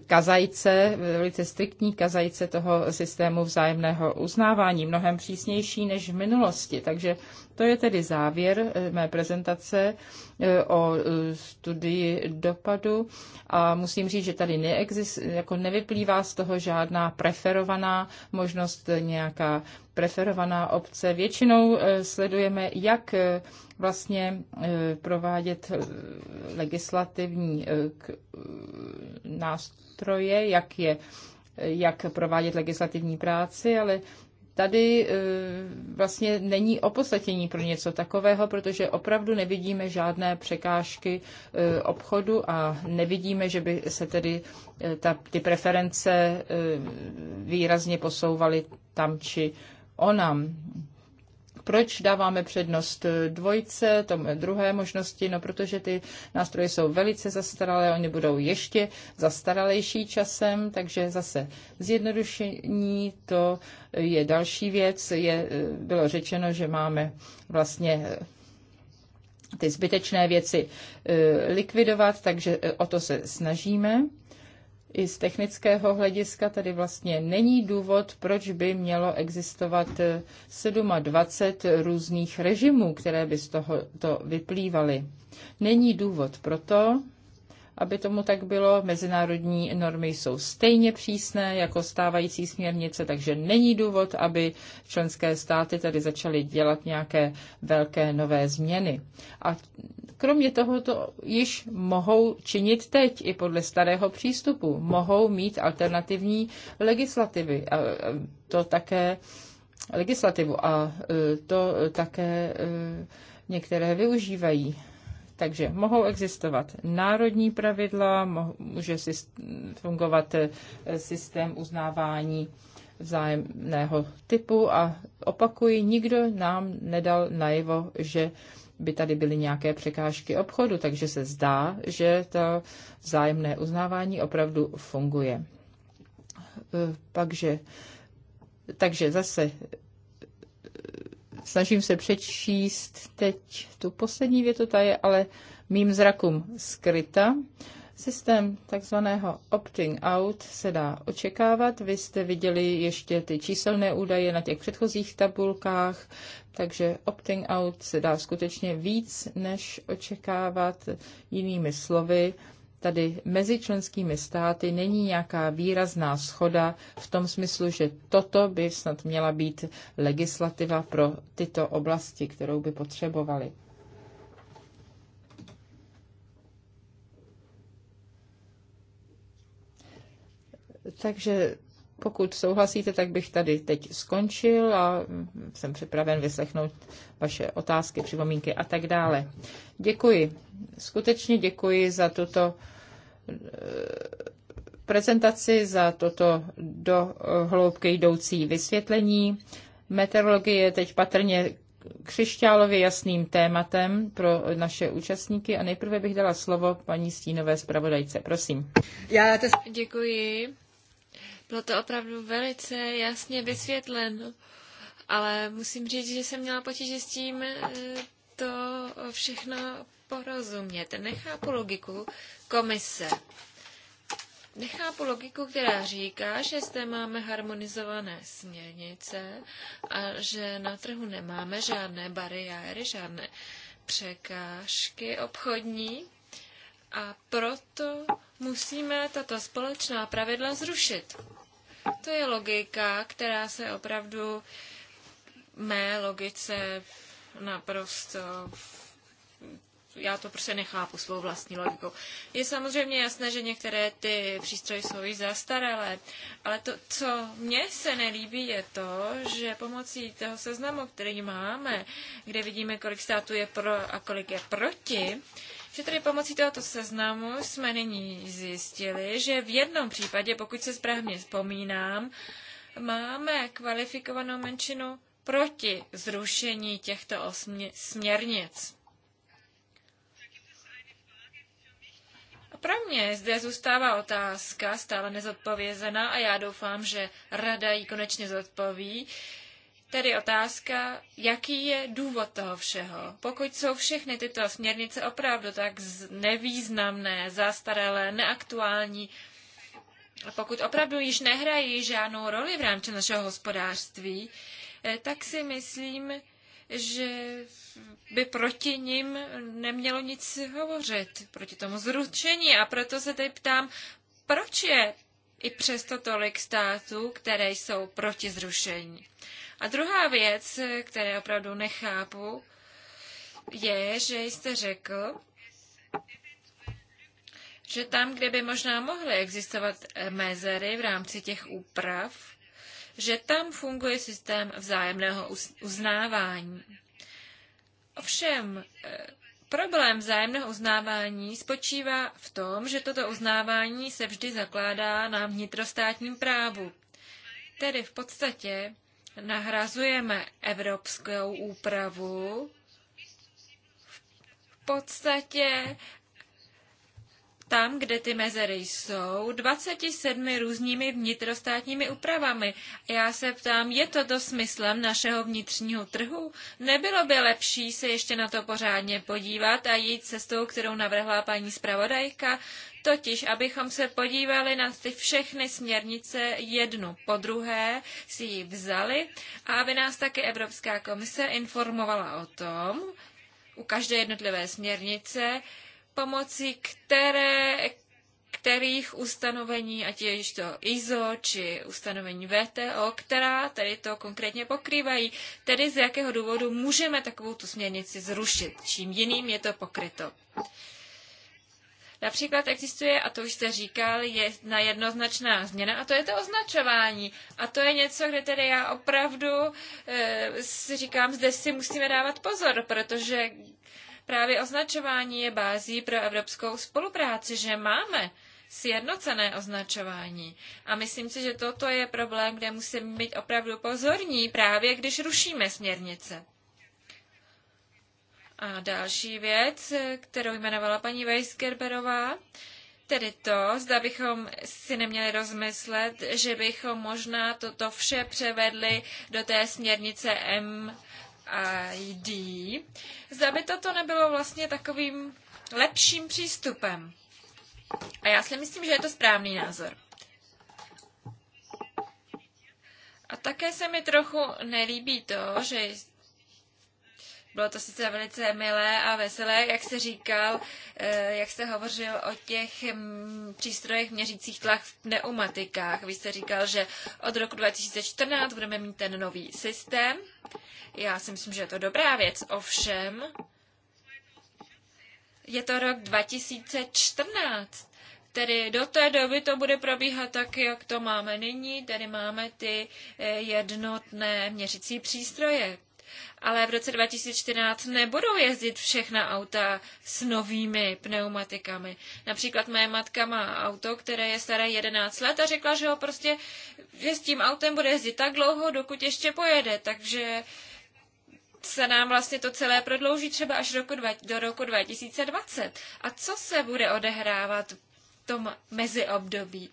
kazajce, ve velice striktní kazajce toho systému vzájemného uznávání, mnohem přísnější než v minulosti. Takže to je tedy závěr eh, mé prezentace eh, o eh, studii dopadu a musím říct, že tady neexist, jako nevyplývá z toho žádná preferovaná možnost, nějaká preferovaná obce. Většinou sledujeme, jak vlastně provádět legislativní nástroje, jak je jak provádět legislativní práci, ale tady e, vlastně není opodstatnění pro něco takového, protože opravdu nevidíme žádné překážky e, obchodu a nevidíme, že by se tedy e, ta, ty preference výrazně posouvaly tam či onam. Proč dáváme přednost dvojce, tomu druhé možnosti? No, protože ty nástroje jsou velice zastaralé, oni budou ještě zastaralejší časem, takže zase zjednodušení, to je další věc. Je, bylo řečeno, že máme vlastně eh, ty zbytečné věci eh, likvidovat, takže eh, o to se snažíme i z technického hlediska tady vlastně není důvod, proč by mělo existovat 27 eh, různých režimů, které by z tohoto vyplývaly. Není důvod proto, aby tomu tak bylo. Mezinárodní normy jsou stejně přísné jako stávající směrnice, takže není důvod, aby členské státy tady začaly dělat nějaké velké nové změny. A kromě toho to již mohou činit teď i podle starého přístupu. Mohou mít alternativní legislativy. A to také legislativu a e, to také e, některé využívají. Takže mohou existovat národní pravidla, může fungovat eh, systém uznávání vzájemného typu a opakuji, nikdo nám nedal najevo, že by tady byly nějaké překážky obchodu, takže se zdá, že to vzájemné uznávání opravdu funguje. Eh, takže, takže zase snažím se přečíst teď tu poslední větu, ta je ale mým zrakům skryta. Systém takzvaného opting out se dá očekávat. Vy jste viděli ještě ty číselné údaje na těch předchozích tabulkách, takže opting out se dá skutečně víc než očekávat. Jinými slovy, tady mezi členskými státy není nějaká výrazná schoda v tom smyslu, že toto by snad měla být legislativa pro tyto oblasti, kterou by potřebovali. Takže pokud souhlasíte, tak bych tady teď skončil a jsem připraven vyslechnout vaše otázky, připomínky a tak dále. Děkuji. Skutečně děkuji za tuto eh, prezentaci, za toto do hloubky jdoucí vysvětlení. Meteorologie je teď patrně křišťálově jasným tématem pro naše účastníky a nejprve bych dala slovo paní Stínové zpravodajce. Prosím. Já to... Děkuji. Bylo to opravdu velice jasně vysvětleno, ale musím říct, že jsem měla potíže s tím eh, to všechno porozumět. Nechápu logiku komise. Nechápu logiku, která říká, že zde máme harmonizované směrnice a že na trhu nemáme žádné bariéry, žádné překážky obchodní a proto musíme tato společná pravidla zrušit. To je logika, která se opravdu mé logice naprosto já to prostě nechápu svou vlastní logikou. Je samozřejmě jasné, že některé ty přístroje jsou již zastaralé, ale to, co mně se nelíbí, je to, že pomocí toho seznamu, který máme, kde vidíme, kolik států je pro a kolik je proti, že tedy pomocí tohoto seznamu jsme nyní zjistili, že v jednom případě, pokud se správně vzpomínám, máme kvalifikovanou menšinu proti zrušení těchto osmě, směrnic. A pro mě zde zůstává otázka stále nezodpovězená a já doufám, že Rada ji konečně zodpoví, Tedy otázka, jaký je důvod toho všeho. Pokud jsou všechny tyto směrnice opravdu tak nevýznamné, zastaralé, neaktuální, pokud opravdu již nehrají žádnou roli v rámci našeho hospodářství, eh, tak si myslím, že by proti ním nemělo nic hovořit, proti tomu zručení. A proto se teď ptám, proč je i přesto tolik států, které jsou proti zrušení. A druhá věc, které opravdu nechápu, je, že jste řekl, že tam, kde by možná mohly existovat mezery v rámci těch úprav, že tam funguje systém vzájemného uznávání. Ovšem, eh, problém vzájemného uznávání spočívá v tom, že toto uznávání se vždy zakládá na vnitrostátním právu. Tedy v podstatě nahrazujeme evropskou úpravu v podstatě tam, kde ty mezery jsou, 27 různými vnitrostátními úpravami. Já se ptám, je to to smyslem našeho vnitřního trhu? Nebylo by lepší se ještě na to pořádně podívat a jít cestou, kterou navrhla paní zpravodajka? Totiž, abychom se podívali na ty všechny směrnice jednu po druhé, si ji vzali a aby nás také Evropská komise informovala o tom, u každé jednotlivé směrnice, pomocí které, kterých ustanovení, ať je to ISO či ustanovení VTO, která tady to konkrétně pokrývají, tedy z jakého důvodu můžeme takovou tu směrnici zrušit, čím jiným je to pokryto. Například existuje, a to už jste říkal, je na jednoznačná změna, a to je to označování. A to je něco, kde tedy já opravdu e, si říkám, zde si musíme dávat pozor, protože Právě označování je bází pro evropskou spolupráci, že máme sjednocené označování. A myslím si, že toto je problém, kde musíme být opravdu pozorní, právě když rušíme směrnice. A další věc, kterou jmenovala paní Weisgerberová, tedy to, zda bychom si neměli rozmyslet, že bychom možná toto vše převedli do té směrnice M ID, zda by toto nebylo vlastně takovým lepším přístupem. A já si myslím, že je to správný názor. A také se mi trochu nelíbí to, že bylo to sice velice milé a veselé, jak jste říkal, eh, jak jste hovořil o těch mm, přístrojech měřících tlak v pneumatikách. Vy jste říkal, že od roku 2014 budeme mít ten nový systém. Já si myslím, že je to dobrá věc, ovšem je to rok 2014. Tedy do té doby to bude probíhat tak, jak to máme nyní, tedy máme ty eh, jednotné měřící přístroje ale v roce 2014 nebudou jezdit všechna auta s novými pneumatikami. Například moje matka má auto, které je staré 11 let a řekla, že ho prostě, že s tím autem bude jezdit tak dlouho, dokud ještě pojede, takže se nám vlastně to celé prodlouží třeba až roku dva, do roku 2020. A co se bude odehrávat v tom meziobdobí?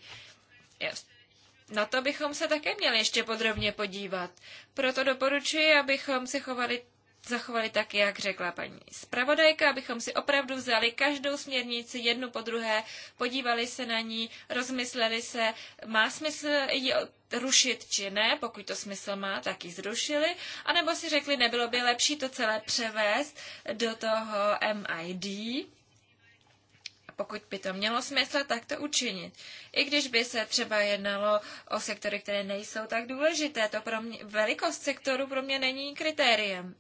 na to bychom se také měli ještě podrobně podívat. Proto doporučuji, abychom si chovali, zachovali tak, jak řekla paní zpravodajka, abychom si opravdu vzali každou směrnici jednu po druhé, podívali se na ní, rozmysleli se, má smysl ji rušit či ne, pokud to smysl má, tak ji zrušili, anebo si řekli, nebylo by lepší to celé převést do toho MID, pokud by to mělo smysl, tak to učinit. I když by se třeba jednalo o sektory, které nejsou tak důležité, to pro mě, velikost sektoru pro mě není kritériem.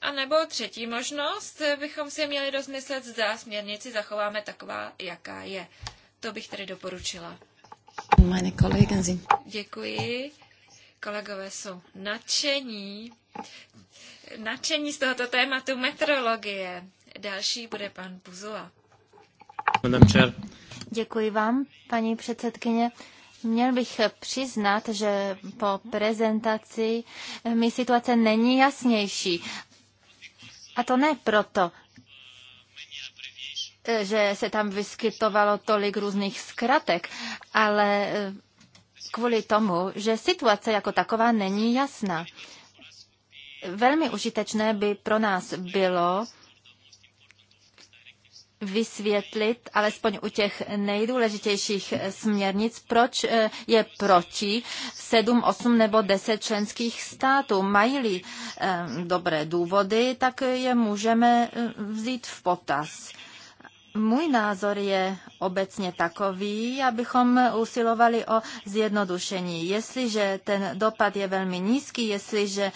A nebo třetí možnost, bychom si měli rozmyslet, zda směrnici zachováme taková, jaká je. To bych tedy doporučila. Meine Kollegen Děkuji. Kolegové jsou nadšení. Nadšení z tohoto tématu metrologie. Další bude pan Buzula. Děkuji vám, paní předsedkyně. Měl bych přiznat, že po prezentaci mi situace není jasnější. A to ne proto, že se tam vyskytovalo tolik různých zkratek, ale kvůli tomu, že situace jako taková není jasná. Velmi užitečné by pro nás bylo, vysvětlit, alespoň u těch nejdůležitějších eh, směrnic, proč eh, je proti 7, 8 nebo 10 členských států. Mají-li eh, dobré důvody, tak je můžeme vzít v potaz. Můj názor je obecně takový, abychom usilovali o zjednodušení. Jestliže ten dopad je velmi nízký, jestliže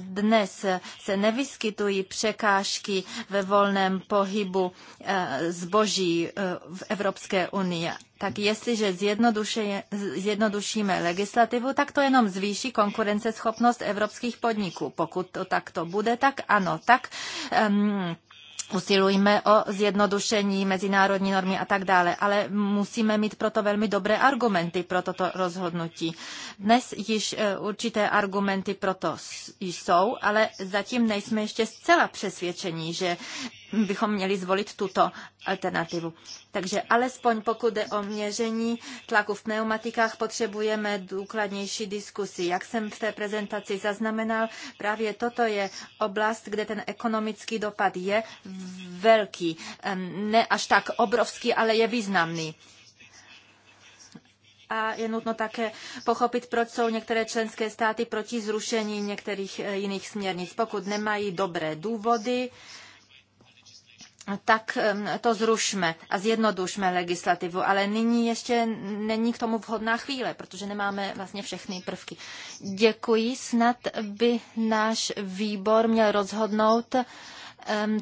dnes se nevyskytují překážky ve volném pohybu eh, zboží eh, v Evropské unii, tak jestliže zjednodušíme legislativu, tak to jenom zvýší konkurenceschopnost evropských podniků. Pokud to takto bude, tak ano, tak um, usilujme o zjednodušení mezinárodní normy a tak dále, ale musíme mít proto velmi dobré argumenty pro toto rozhodnutí. Dnes již eh, určité argumenty proto jsou, ale zatím nejsme ještě zcela přesvědčeni, že bychom měli zvolit tuto alternativu. Takže alespoň pokud jde o měření tlaku v pneumatikách, potřebujeme důkladnější diskusi. Jak jsem v té prezentaci zaznamenal, právě toto je oblast, kde ten ekonomický dopad je velký. Ne až tak obrovský, ale je významný a je nutno také pochopit, proč jsou některé členské státy proti zrušení některých eh, jiných směrnic. Pokud nemají dobré důvody, tak to zrušme a zjednodušme legislativu, ale nyní ještě není k tomu vhodná chvíle, protože nemáme vlastně všechny prvky. Děkuji, snad by náš výbor měl rozhodnout,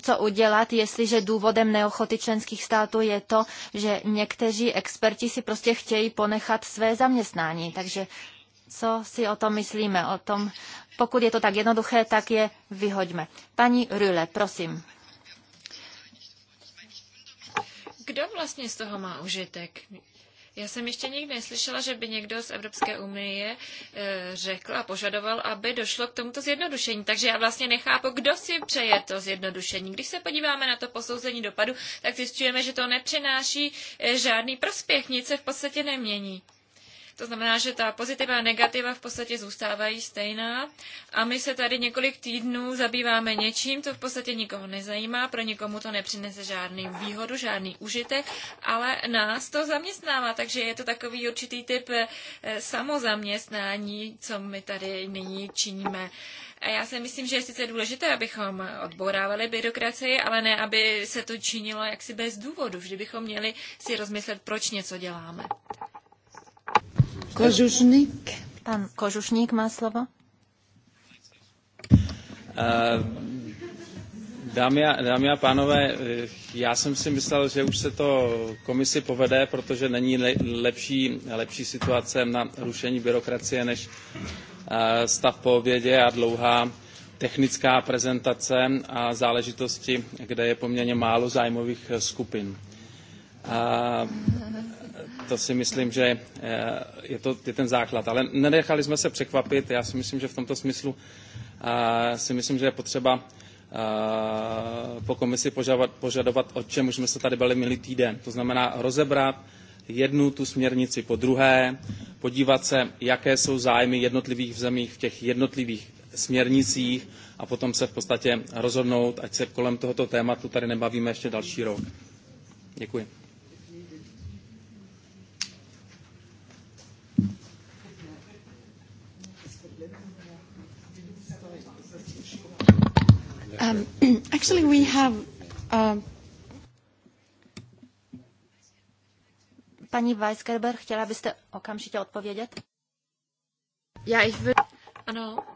co udělat, jestliže důvodem neochoty členských států je to, že někteří experti si prostě chtějí ponechat své zaměstnání. Takže co si o tom myslíme? O tom, pokud je to tak jednoduché, tak je vyhoďme. Paní Rüle, prosím. kdo vlastně z toho má užitek? Já jsem ještě nikdy neslyšela, že by někdo z Evropské unie e, řekl a požadoval, aby došlo k tomuto zjednodušení. Takže já vlastně nechápu, kdo si přeje to zjednodušení. Když se podíváme na to posouzení dopadu, tak zjistujeme, že to nepřináší e, žádný prospěch, nic se v podstatě nemění. To znamená, že ta pozitiva a negativa v podstatě zůstávají stejná a my se tady několik týdnů zabýváme něčím, co v podstatě nikoho nezajímá, pro nikomu to nepřinese žádný výhodu, žádný užitek, ale nás to zaměstnává, takže je to takový určitý typ eh, samozaměstnání, co my tady nyní činíme. A já si myslím, že je sice důležité, abychom odbourávali byrokracii, ale ne, aby se to činilo jaksi bez důvodu. Vždy bychom měli si rozmyslet, proč něco děláme. Kožušník. Pan Kožušník má slovo. Eh, dámy a, dámy a pánové, eh, já jsem si myslel, že už se to komisi povede, protože není lepší, lepší situace na rušení byrokracie než eh, stav po obědě a dlouhá technická prezentace a záležitosti, kde je poměrně málo zájmových skupin to si myslím, že eh, je, to, je ten základ. Ale nenechali jsme se překvapit. Já si myslím, že v tomto smyslu eh, si myslím, že je potřeba eh, po komisi požadovat, požadovat, o čem už jsme se tady byli minulý týden. To znamená rozebrat jednu tu směrnici po druhé, podívat se, jaké jsou zájmy jednotlivých zemí v těch jednotlivých směrnicích a potom se v podstatě rozhodnout, ať se kolem tohoto tématu tady nebavíme ještě další rok. Děkuji. Um, actually, we have. Um... Paní Weisgerber, chtěla byste okamžitě odpovědět? Já ich vy... Ano.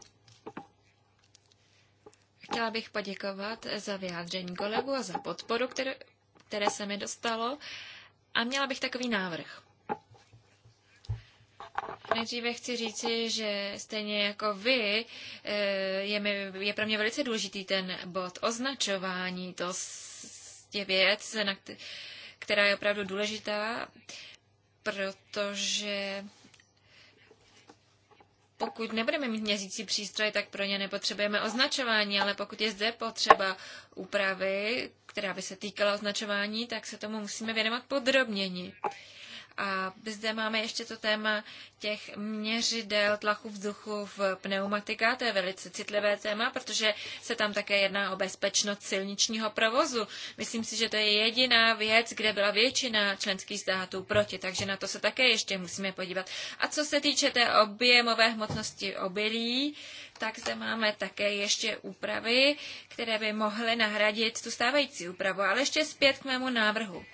Chtěla bych poděkovat za vyjádření kolegu a za podporu, které, které se mi dostalo. A měla bych takový návrh. Nejdříve chci říci, že stejně jako vy, eh, je, mi, je pro mě velice důležitý ten bod označování. To je věc, která je opravdu důležitá, protože pokud nebudeme mít měřící přístroj, tak pro ně nepotřebujeme označování, ale pokud je zde potřeba úpravy, která by se týkala označování, tak se tomu musíme věnovat podrobněji. A zde máme ještě to téma těch měřidel tlaku vzduchu v pneumatika. To je velice citlivé téma, protože se tam také jedná o bezpečnost silničního provozu. Myslím si, že to je jediná věc, kde byla většina členských států proti, takže na to se také ještě musíme podívat. A co se týče té objemové hmotnosti obilí, tak zde máme také ještě úpravy, které by mohly nahradit tu stávající úpravu. Ale ještě zpět k mému návrhu.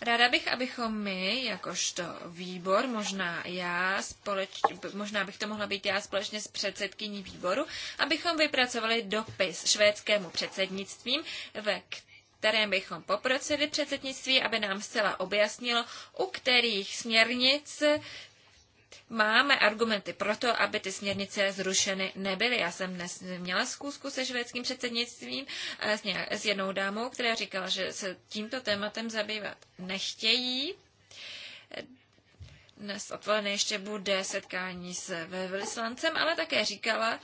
Ráda bych, abychom my, jakožto výbor, možná já, společ, možná bych to mohla být já společně s předsedkyní výboru, abychom vypracovali dopis švédskému předsednictvím, ve kterém bychom poprosili předsednictví, aby nám zcela objasnilo, u kterých směrnic máme argumenty pro to, aby ty směrnice zrušeny nebyly. Já jsem dnes měla zkusku se švédským předsednictvím eh, s, jednou dámou, která říkala, že se tímto tématem zabývat nechtějí. Dnes odpoledne ještě bude setkání s velvyslancem, ale také říkala,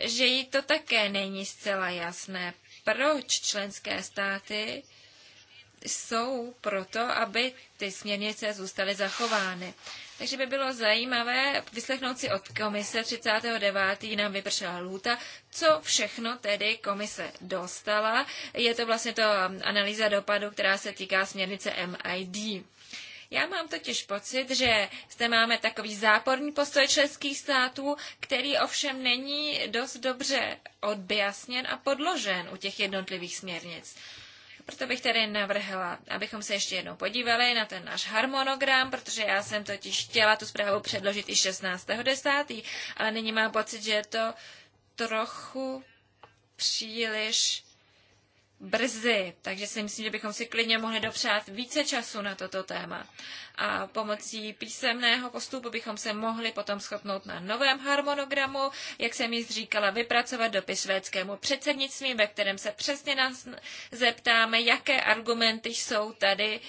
že jí to také není zcela jasné, proč členské státy jsou proto, aby ty směrnice zůstaly zachovány. Takže by bylo zajímavé vyslechnout si od komise 39. nám vypršela lhůta, co všechno tedy komise dostala. Je to vlastně to um, analýza dopadu, která se týká směrnice MID. Já mám totiž pocit, že zde máme takový záporný postoj českých států, který ovšem není dost dobře odbyjasněn a podložen u těch jednotlivých směrnic. Proto bych tedy navrhla, abychom se ještě jednou podívali na ten náš harmonogram, protože já jsem totiž chtěla tu zprávu předložit i 16.10., ale nyní mám pocit, že je to trochu příliš brzy, takže si myslím, že bychom si klidně mohli dopřát více času na toto téma. A pomocí písemného postupu bychom se mohli potom schopnout na novém harmonogramu, jak jsem již říkala, vypracovat dopis švédskému předsednictví, ve kterém se přesně nás zeptáme, jaké argumenty jsou tady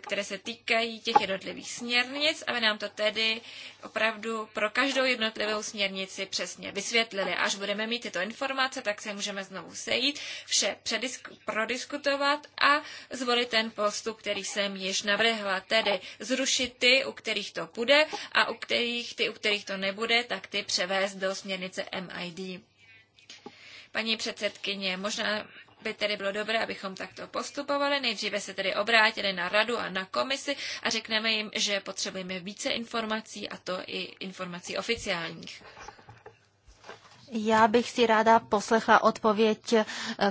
které se týkají těch jednotlivých směrnic, aby nám to tedy opravdu pro každou jednotlivou směrnici přesně vysvětlili. Až budeme mít tyto informace, tak se můžeme znovu sejít, vše prodiskutovat a zvolit ten postup, který jsem již navrhla, tedy zrušit ty, u kterých to bude a u kterých, ty, u kterých to nebude, tak ty převést do směrnice MID. Paní předsedkyně, možná by tedy bylo dobré, abychom takto postupovali. Nejdříve se tedy obrátili na radu a na komisi a řekneme jim, že potřebujeme více informací a to i informací oficiálních. Já bych si ráda poslechla odpověď eh,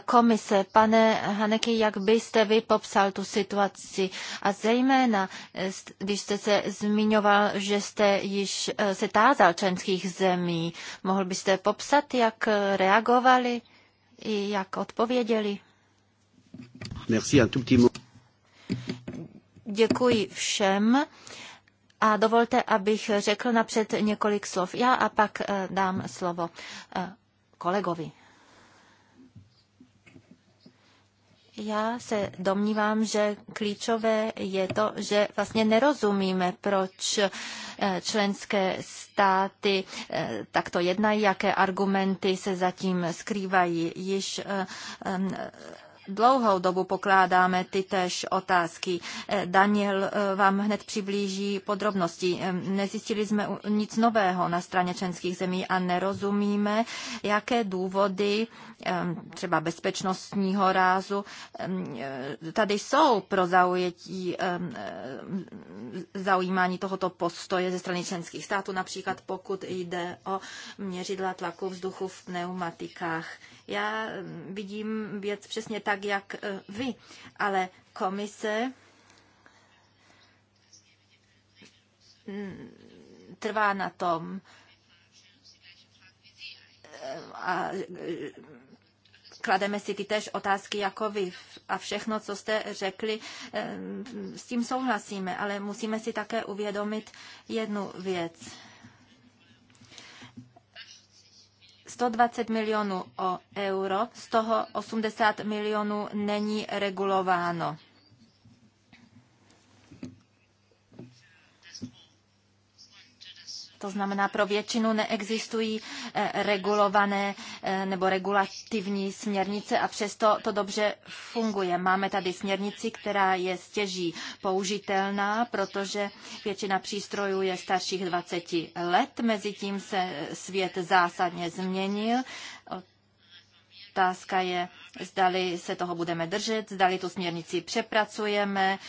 komise. Pane Haneky, jak byste vy popsal tu situaci? A zejména, eh, když jste se zmiňoval, že jste již eh, se tázal členských zemí, mohl byste popsat, jak reagovali? jak odpověděli. Merci, un tout petit mot. Děkuji všem a dovolte, abych řekl napřed několik slov já a pak eh, dám slovo eh, kolegovi. Já se domnívám, že klíčové je to, že vlastně nerozumíme, proč eh, členské státy eh, takto jednají, jaké argumenty se zatím skrývají. Již eh, dlouhou dobu pokládáme ty otázky. Eh, Daniel eh, vám hned přiblíží podrobnosti. Nezjistili jsme nic nového na straně členských zemí a nerozumíme, jaké důvody třeba bezpečnostního rázu eh, tady jsou pro zaujetí zaujímání tohoto postoje ze strany členských států, například pokud jde o měřidla tlaku vzduchu v pneumatikách. Já mm, vidím věc přesně tak, jak eh, vy, ale komise mm, trvá na tom, eh, a eh, klademe si ty tež otázky jako vy a všechno, co jste řekli, s tím souhlasíme, ale musíme si také uvědomit jednu věc. 120 milionů o euro, z toho 80 milionů není regulováno. To znamená, pro většinu neexistují eh, regulované eh, nebo regulativní směrnice a přesto to dobře funguje. Máme tady směrnici, která je stěží použitelná, protože většina přístrojů je starších 20 let. Mezitím se svět zásadně změnil. Otázka je, zdali se toho budeme držet, zdali tu směrnici přepracujeme,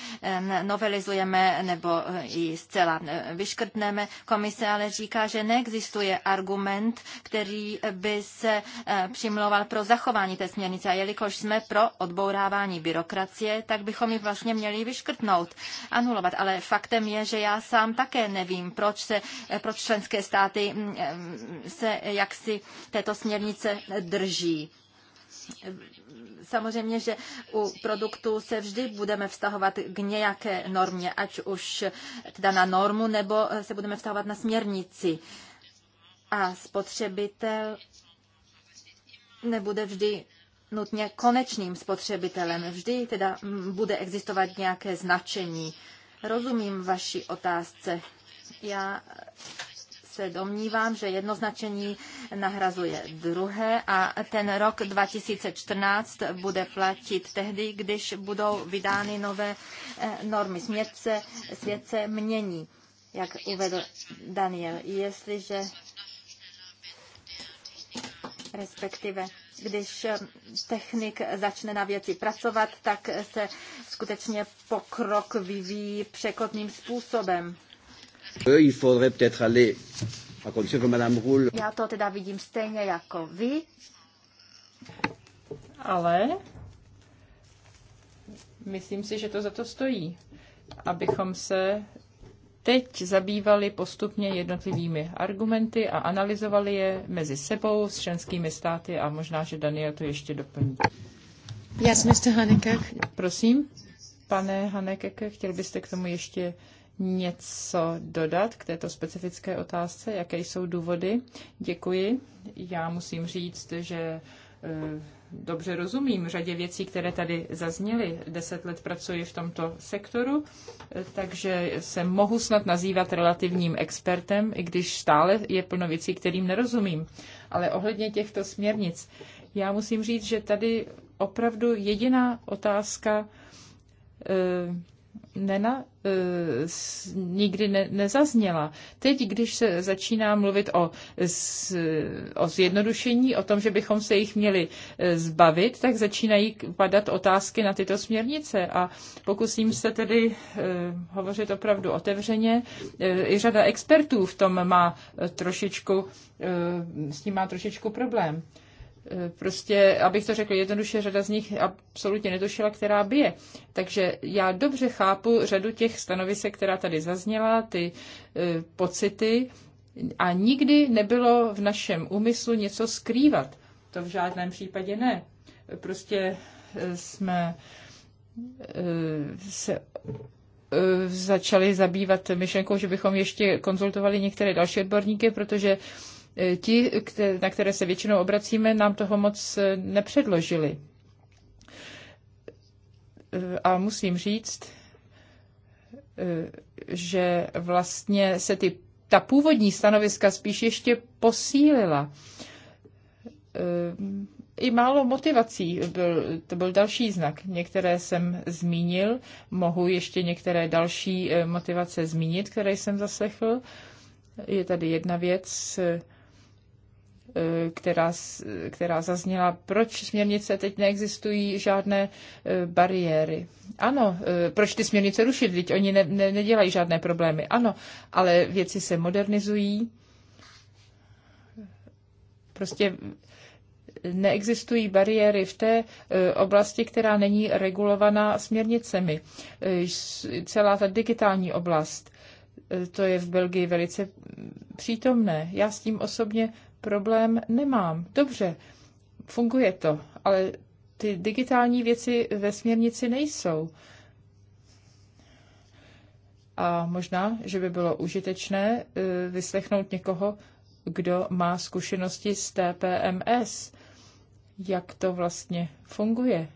novelizujeme nebo eh, ji zcela eh, vyškrtneme. Komise ale říká, že neexistuje argument, který by se eh, přimlouval pro zachování té směrnice. A jelikož jsme pro odbourávání byrokracie, tak bychom ji vlastně měli vyškrtnout, anulovat. Ale faktem je, že já sám také nevím, proč, se, proč členské státy mm, se jaksi této směrnice drží. Samozřejmě, že u produktů se vždy budeme vztahovat k nějaké normě, ať už teda na normu, nebo se budeme vztahovat na směrnici. A spotřebitel nebude vždy nutně konečným spotřebitelem. Vždy teda bude existovat nějaké značení. Rozumím vaší otázce. Já se domnívám, že značení nahrazuje druhé a ten rok 2014 bude platit tehdy, když budou vydány nové eh, normy. Smět se, svět se mění, jak uvedl Daniel. Jestliže respektive když eh, technik začne na věci pracovat, tak se skutečně pokrok vyvíjí překotným způsobem. Euh, Já to teda vidím stejně jako vy. Ale myslím si, že to za to stojí, abychom se teď zabývali postupně jednotlivými argumenty a analyzovali je mezi sebou s členskými státy a možná, že Daniel to ještě doplní. Yes, Mr. Haneke. Prosím, pane Hanekeke, chtěl byste k tomu ještě něco dodat k této specifické otázce? Jaké jsou důvody? Děkuji. Já musím říct, že eh, dobře rozumím řadě věcí, které tady zazněly. Deset let pracuji v tomto sektoru, eh, takže se mohu snad nazývat relativním expertem, i když stále je plno věcí, kterým nerozumím. Ale ohledně těchto směrnic, já musím říct, že tady opravdu jediná otázka eh, nena, e, nikdy ne, nezazněla. Teď, když se začíná mluvit o, z, o zjednodušení, o tom, že bychom se jich měli e, zbavit, tak začínají padat otázky na tyto směrnice a pokusím se tedy e, hovořit opravdu otevřeně. E, I řada expertů v tom má e, trošičku, e, s tím má trošičku problém. E, Eh, prostě, abych to řekl jednoduše, řada z nich absolutně netušila, která by je Takže já dobře chápu řadu těch stanovisek, která tady zazněla, ty e, pocity a nikdy nebylo v našem úmyslu něco skrývat. To v žádném případě ne. Prostě eh, jsme e, se e, začali zabývat myšlenkou, že bychom ještě konzultovali některé další odborníky, protože E, ti, na které se většinou obracíme, nám toho moc e, nepředložili. E, a musím říct, že vlastně se ty, ta původní stanoviska spíš ještě posílila. I málo motivací, byl, to byl další znak. Některé jsem zmínil, mohu ještě některé další motivace zmínit, které jsem zaslechl. Je tady jedna věc, Eh, která, která zazněla, proč směrnice teď neexistují žádné eh, bariéry. Ano, eh, proč ty směrnice rušit, teď oni ne, ne, nedělají žádné problémy. Ano, ale věci se modernizují. Prostě neexistují bariéry v té oblasti, která není regulovaná směrnicemi. Celá ta digitální oblast, to je v Belgii velice přítomné. Já s tím osobně problém nemám. Dobře, funguje to, ale ty digitální věci ve směrnici nejsou. A možná, že by bylo užitečné eh, vyslechnout někoho, kdo má zkušenosti s TPMS, jak to vlastně funguje.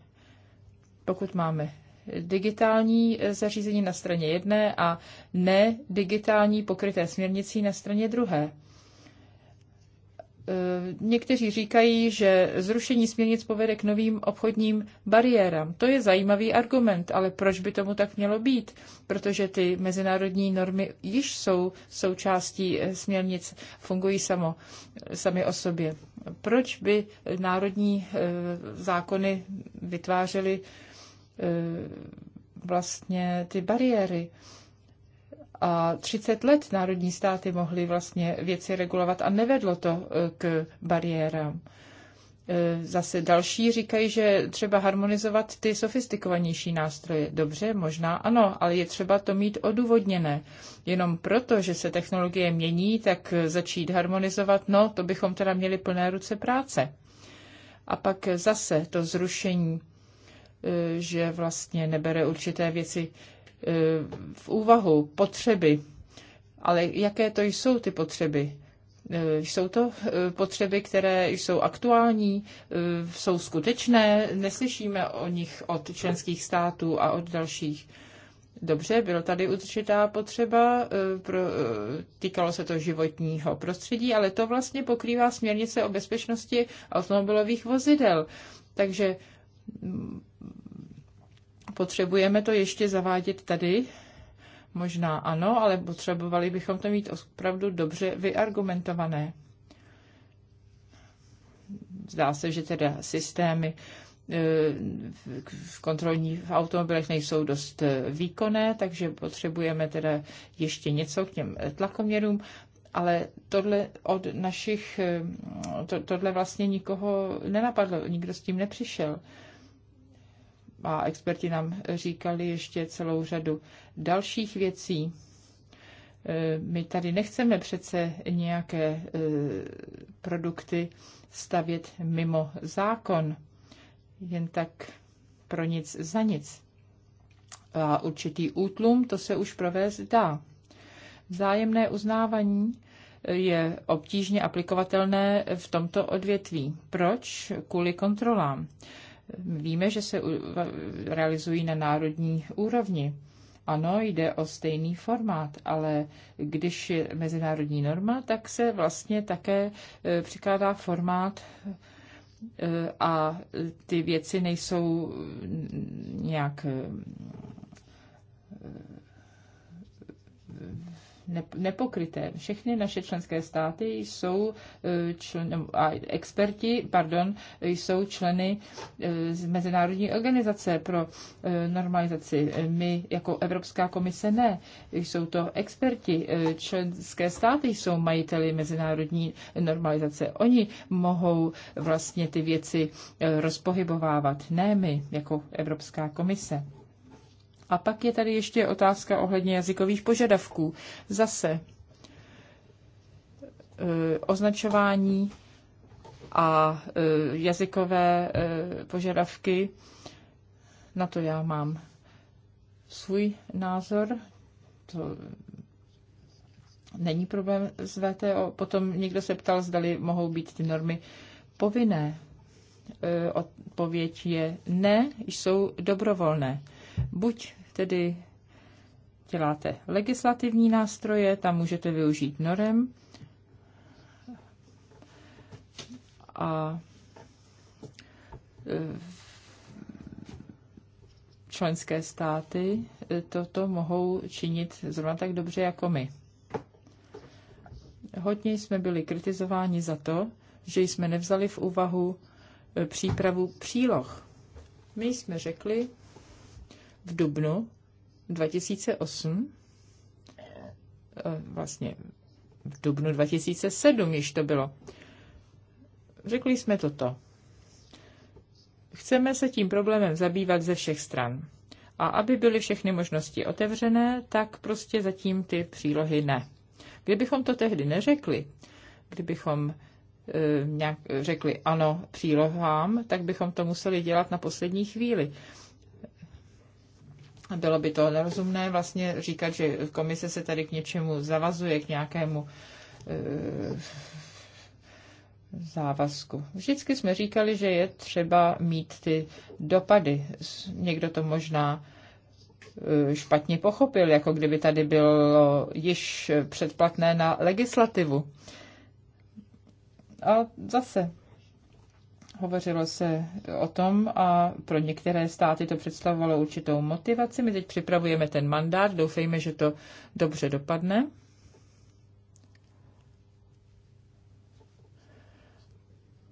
Pokud máme digitální eh, zařízení na straně jedné a ne digitální pokryté směrnicí na straně druhé. Eh, někteří říkají, že zrušení směrnic povede k novým obchodním bariérám. To je zajímavý argument, ale proč by tomu tak mělo být? Protože ty mezinárodní normy již jsou součástí eh, směrnic, fungují samo, eh, sami o sobě. Proč by národní zákony vytvářely vlastně ty bariéry? A 30 let národní státy mohly vlastně věci regulovat a nevedlo to e, k bariérám. E, zase další říkají, že třeba harmonizovat ty sofistikovanější nástroje. Dobře, možná ano, ale je třeba to mít odůvodněné. Jenom proto, že se technologie mění, tak začít harmonizovat, no, to bychom teda měli plné ruce práce. A pak zase to zrušení, e, že vlastně nebere určité věci Eh, v úvahu potřeby, ale jaké to jsou ty potřeby? Eh, jsou to eh, potřeby, které jsou aktuální, jsou skutečné, neslyšíme o nich od členských států a od dalších. Dobře, byla tady určitá potřeba, pro, týkalo se to životního prostředí, ale to vlastně pokrývá směrnice o bezpečnosti automobilových vozidel. Takže Potřebujeme to ještě zavádět tady? Možná ano, ale potřebovali bychom to mít opravdu dobře vyargumentované. Zdá se, že teda systémy eh, v kontrolní v automobilech nejsou dost eh, výkonné, takže potřebujeme teda ještě něco k těm eh, tlakoměrům, ale tohle od našich, to, tohle vlastně nikoho nenapadlo, nikdo s tím nepřišel a experti nám říkali ještě celou řadu dalších věcí. Eh, my tady nechceme přece nějaké eh, produkty stavět mimo zákon, jen tak pro nic za nic. A určitý útlum, to se už provést dá. Vzájemné uznávání eh, je obtížně aplikovatelné v tomto odvětví. Proč? Kvůli kontrolám. Víme, že se realizují na národní úrovni. Ano, jde o stejný formát, ale když je mezinárodní norma, tak se vlastně také e, přikládá formát e, a ty věci nejsou nějak nepokryté. Všechny naše členské státy jsou eh, člen, a experti pardon, jsou členy eh, z Mezinárodní organizace pro eh, normalizaci. My jako Evropská komise ne. Jsou to experti. Členské státy jsou majiteli mezinárodní normalizace. Oni mohou vlastně ty věci rozpohybovávat, ne my jako Evropská komise. A pak je tady ještě otázka ohledně jazykových požadavků. Zase e, označování a e, jazykové e, požadavky. Na to já mám svůj názor. To není problém s VTO. Potom někdo se ptal, zdali mohou být ty normy povinné. Odpověď je ne, jsou dobrovolné. Buď tedy děláte legislativní nástroje, tam můžete využít norem a e, členské státy e, toto mohou činit zrovna tak dobře jako my. Hodně jsme byli kritizováni za to, že jsme nevzali v úvahu e, přípravu příloh. My jsme řekli, v dubnu 2008, eh, vlastně v dubnu 2007 již to bylo, řekli jsme toto. Chceme se tím problémem zabývat ze všech stran. A aby byly všechny možnosti otevřené, tak prostě zatím ty přílohy ne. Kdybychom to tehdy neřekli, kdybychom e, nějak řekli ano přílohám, tak bychom to museli dělat na poslední chvíli. Bylo by to nerozumné vlastně říkat, že komise se tady k něčemu zavazuje, k nějakému eh, závazku. Vždycky jsme říkali, že je třeba mít ty dopady. Někdo to možná eh, špatně pochopil, jako kdyby tady bylo již předplatné na legislativu. A zase Hovořilo se o tom a pro některé státy to představovalo určitou motivaci. My teď připravujeme ten mandát, doufejme, že to dobře dopadne.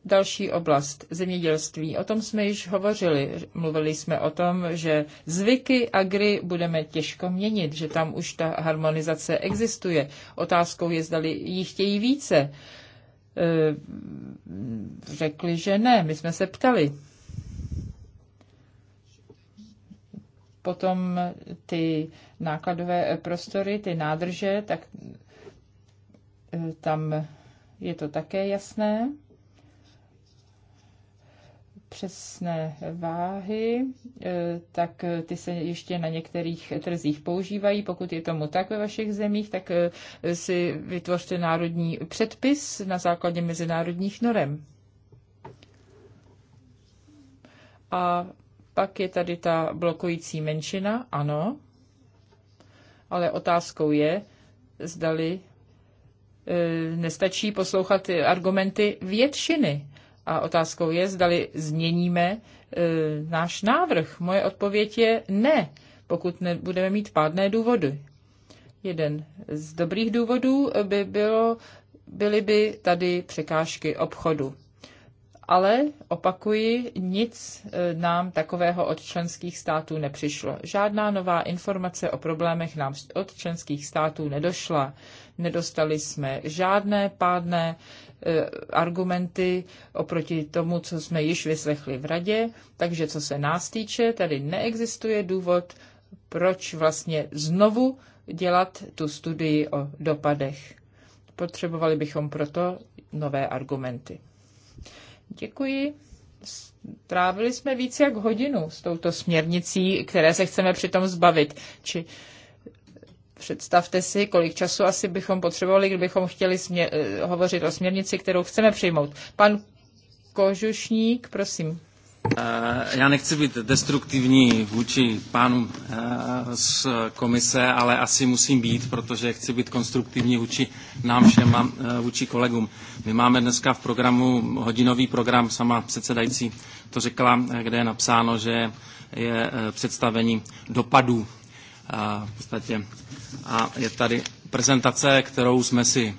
Další oblast zemědělství. O tom jsme již hovořili. Mluvili jsme o tom, že zvyky agri budeme těžko měnit, že tam už ta harmonizace existuje. Otázkou je, zdali ji chtějí více. Uh, Eh, řekli, že ne. My jsme se ptali. Potom ty nákladové prostory, ty nádrže, tak eh, tam je to také jasné přesné váhy, eh, tak eh, ty se ještě na některých trzích používají. Pokud je tomu tak ve vašich zemích, tak eh, si vytvořte národní předpis na základě mezinárodních norem. A pak je tady ta blokující menšina, ano, ale otázkou je, zdali nestačí poslouchat argumenty většiny a otázkou je, zdali změníme e, náš návrh. Moje odpověď je ne, pokud nebudeme mít pádné důvody. Jeden z dobrých důvodů by bylo, byly by tady překážky obchodu. Ale, opakuji, nic e, nám takového od členských států nepřišlo. Žádná nová informace o problémech nám od členských států nedošla. Nedostali jsme žádné pádné Eh, argumenty oproti tomu, co jsme již vyslechli v radě, takže co se nás týče, tady neexistuje důvod, proč vlastně znovu dělat tu studii o dopadech. Potřebovali bychom proto nové argumenty. Děkuji. Trávili jsme více jak hodinu s touto směrnicí, které se chceme přitom zbavit. Či Představte si, kolik času asi bychom potřebovali, kdybychom chtěli smě- eh, hovořit o směrnici, kterou chceme přijmout. Pan Kožušník, prosím. Eh, já nechci být destruktivní vůči pánům eh, z komise, ale asi musím být, protože chci být konstruktivní vůči nám všem a vůči kolegům. My máme dneska v programu hodinový program, sama předsedající to řekla, kde je napsáno, že je představení dopadů v podstatě. A je tady prezentace, kterou jsme si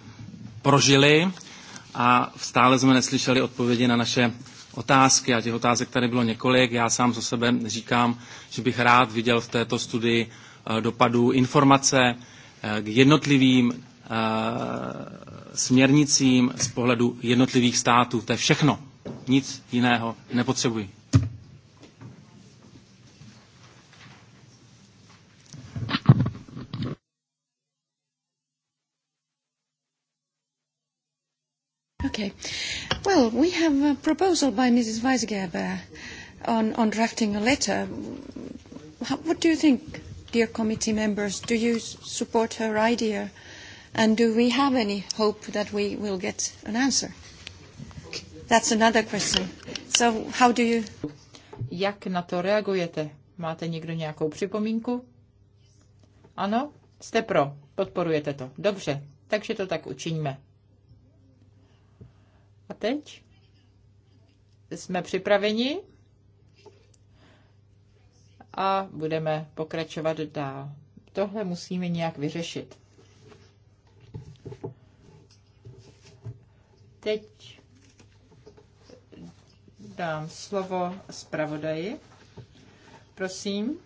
prožili a stále jsme neslyšeli odpovědi na naše otázky a těch otázek tady bylo několik. Já sám za sebe říkám, že bych rád viděl v této studii e, dopadů informace e, k jednotlivým e, směrnicím z pohledu jednotlivých států. To je všechno. Nic jiného nepotřebuji. Okay. Well, we have a proposal by Mrs. Weisgerber on, on drafting a letter. How, what do you think, dear committee members? Do you support her idea? And do we have any hope that we will get an answer? That's another question. So how do you... Jak na to reagujete? Máte někdo nějakou připomínku? Ano? Jste pro. Podporujete to. Dobře. Takže to tak učiníme. A teď jsme připraveni a budeme pokračovat dál. Tohle musíme nějak vyřešit. Teď dám slovo zpravodaji. Prosím.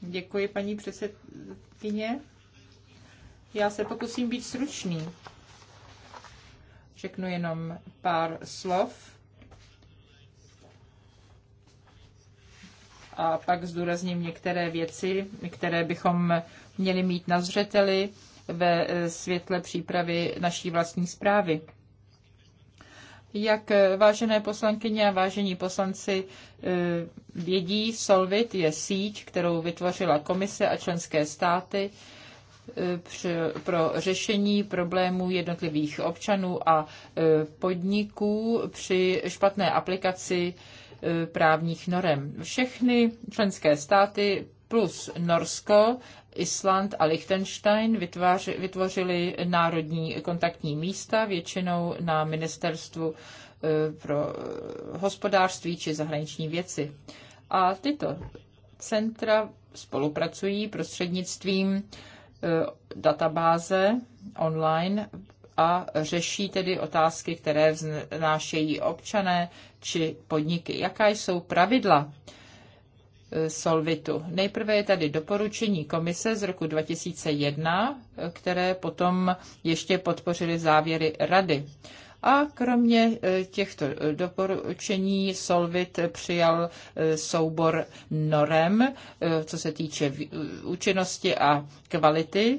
Děkuji, paní předsedkyně. Já se pokusím být stručný. Řeknu jenom pár slov a pak zdůrazním některé věci, které bychom měli mít na zřeteli ve eh, světle přípravy naší vlastní zprávy. Jak eh, vážené poslankyně a vážení poslanci eh, vědí, Solvit je síť, kterou vytvořila komise a členské státy pro řešení problémů jednotlivých občanů a e, podniků při špatné aplikaci e, právních norem. Všechny členské státy plus Norsko, Island a Liechtenstein vytvořili národní kontaktní místa, většinou na ministerstvu e, pro hospodářství či zahraniční věci. A tyto centra spolupracují prostřednictvím Eh, databáze online a řeší tedy otázky, které vznášejí občané či podniky. Jaká jsou pravidla eh, Solvitu? Nejprve je tady doporučení komise z roku 2001, eh, které potom ještě podpořily závěry rady. A kromě e, těchto e, doporučení Solvit přijal e, soubor norem, co se týče účinnosti a kvality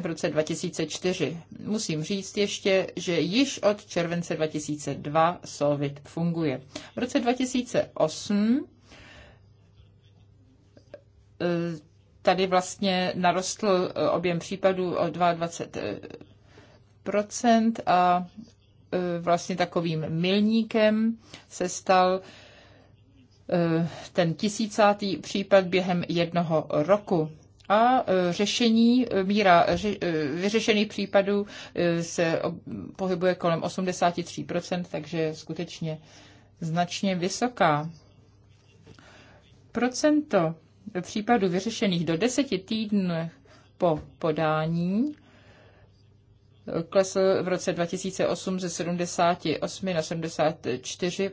v roce 2004. Musím říct ještě, že již od července 2002 Solvit funguje. V roce 2008 tady vlastně narostl objem případů o 22 a Eh, vlastně takovým milníkem se stal eh, ten tisícátý případ během jednoho roku. A eh, řešení, míra vyřešených případů se pohybuje kolem 83%, takže je skutečně značně vysoká. Procento případů vyřešených do deseti týdnů po podání klesl v roce 2008 ze 78 na 74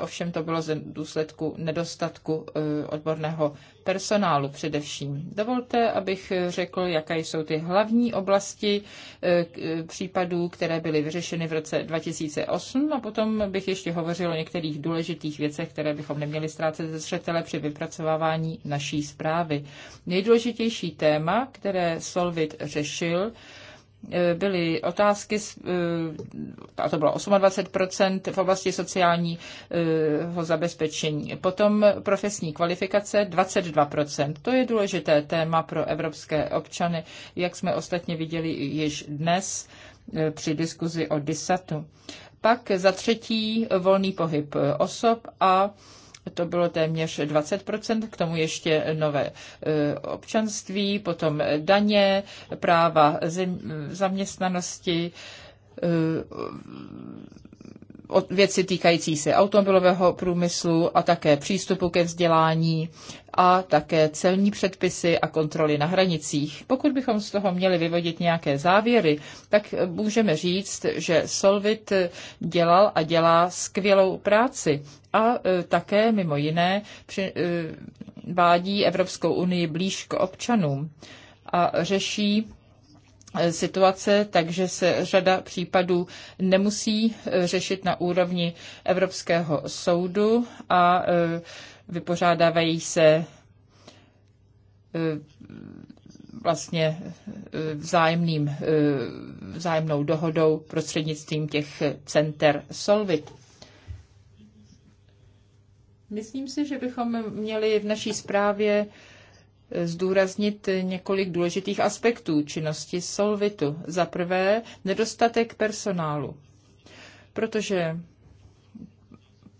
ovšem to bylo ze důsledku nedostatku eh, odborného personálu především. Dovolte, abych řekl, jaké jsou ty hlavní oblasti eh, eh, případů, které byly vyřešeny v roce 2008 a potom bych ještě hovořil o některých důležitých věcech, které bychom neměli ztrácet ze zřetele při vypracovávání naší zprávy. Nejdůležitější téma, které Solvit řešil, E, byly otázky, e, a to bylo 28% v oblasti sociálního e, zabezpečení. Potom profesní kvalifikace 22%. To je důležité téma pro evropské občany, jak jsme ostatně viděli již dnes při diskuzi o DISATu. Pak za třetí volný pohyb osob a to bylo téměř 20%, k tomu ještě nové e, občanství, potom daně, práva zaměstnanosti, e, věci týkající se automobilového průmyslu a také přístupu ke vzdělání a také celní předpisy a kontroly na hranicích. Pokud bychom z toho měli vyvodit nějaké závěry, tak můžeme říct, že Solvit dělal a dělá skvělou práci a e, také mimo jiné při, e, vádí Evropskou unii blíž k občanům a řeší Eh, situace, takže se řada případů nemusí eh, řešit na úrovni Evropského soudu a eh, vypořádávají se vlastně vzájemným, vzájemnou dohodou prostřednictvím těch center Solvit. Myslím si, že bychom měli v naší zprávě zdůraznit několik důležitých aspektů činnosti Solvitu. Za prvé, nedostatek personálu, protože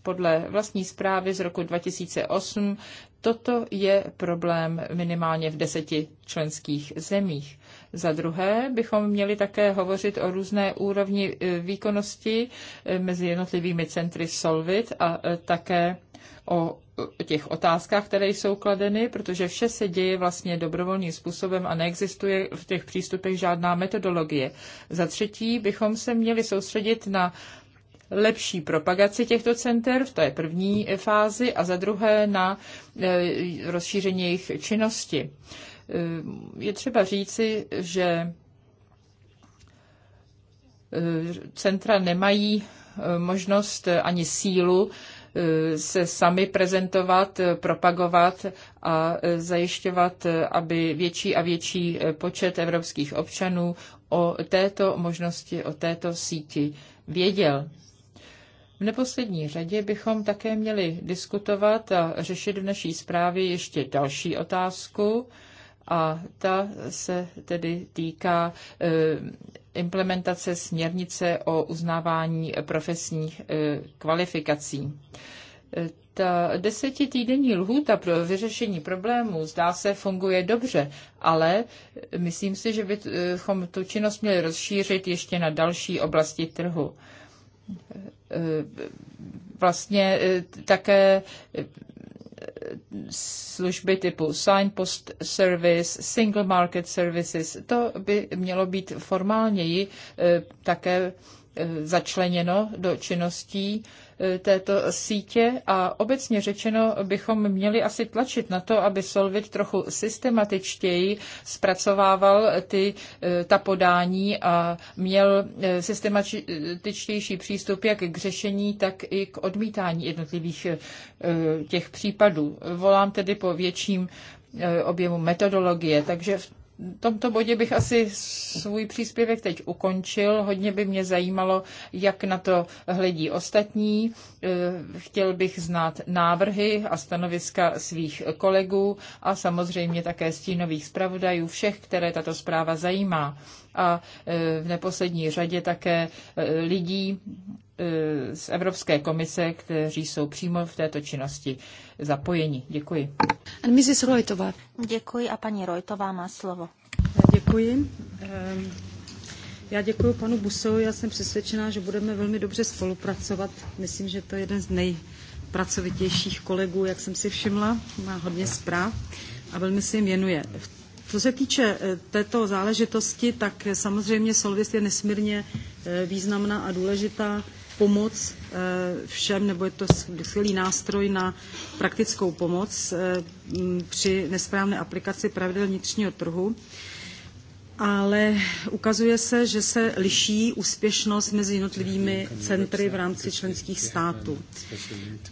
podle vlastní zprávy z roku 2008 toto je problém minimálně v deseti členských zemích. Za druhé bychom měli také hovořit o různé úrovni e, výkonnosti e, mezi jednotlivými centry Solvit a e, také o těch otázkách, které jsou kladeny, protože vše se děje vlastně dobrovolným způsobem a neexistuje v těch přístupech žádná metodologie. Za třetí bychom se měli soustředit na lepší propagaci těchto center v té první fázi a za druhé na eh, rozšíření jejich činnosti. Eh, je třeba říci, že eh, centra nemají možnost ani sílu Eh, se sami prezentovat, eh, propagovat a eh, zajišťovat, aby větší a větší počet evropských občanů o této možnosti, o této síti věděl. V neposlední řadě bychom také měli diskutovat a řešit v naší zprávě ještě další otázku, a ta se tedy týká eh, implementace směrnice o uznávání profesních eh, kvalifikací. Eh, ta desetitýdenní lhůta pro vyřešení problémů zdá se funguje dobře, ale myslím si, že bychom tu činnost měli rozšířit ještě na další oblasti trhu. Vlastně také služby typu signpost service, single market services. To by mělo být formálněji eh, také eh, začleněno do činností této sítě a obecně řečeno bychom měli asi tlačit na to, aby Solvit trochu systematičtěji zpracovával ty, eh, ta podání a měl eh, systematičtější přístup jak k řešení, tak i k odmítání jednotlivých eh, těch případů. Volám tedy po větším objemu metodologie. Takže v tomto bodě bych asi svůj příspěvek teď ukončil. Hodně by mě zajímalo, jak na to hledí ostatní. Eh, chtěl bych znát návrhy a stanoviska svých kolegů a samozřejmě také stínových zpravodajů, všech, které tato zpráva zajímá. A eh, v neposlední řadě také eh, lidí, Eh, z Evropské komise, kteří jsou přímo v této činnosti zapojeni. Děkuji. Mrs. Rojtová. Děkuji a paní Rojtová má slovo. Děkuji. Ehm, já děkuji panu Busovi, já jsem přesvědčená, že budeme velmi dobře spolupracovat. Myslím, že to je jeden z nejpracovitějších kolegů, jak jsem si všimla. Má hodně zpráv a velmi se jim věnuje. Co se týče eh, této záležitosti, tak samozřejmě Solvis je nesmírně eh, významná a důležitá pomoc eh, všem, nebo je to skvělý nástroj na praktickou pomoc eh, při nesprávné aplikaci pravidel vnitřního trhu. Ale ukazuje se, že se liší úspěšnost mezi jednotlivými centry v rámci členských států.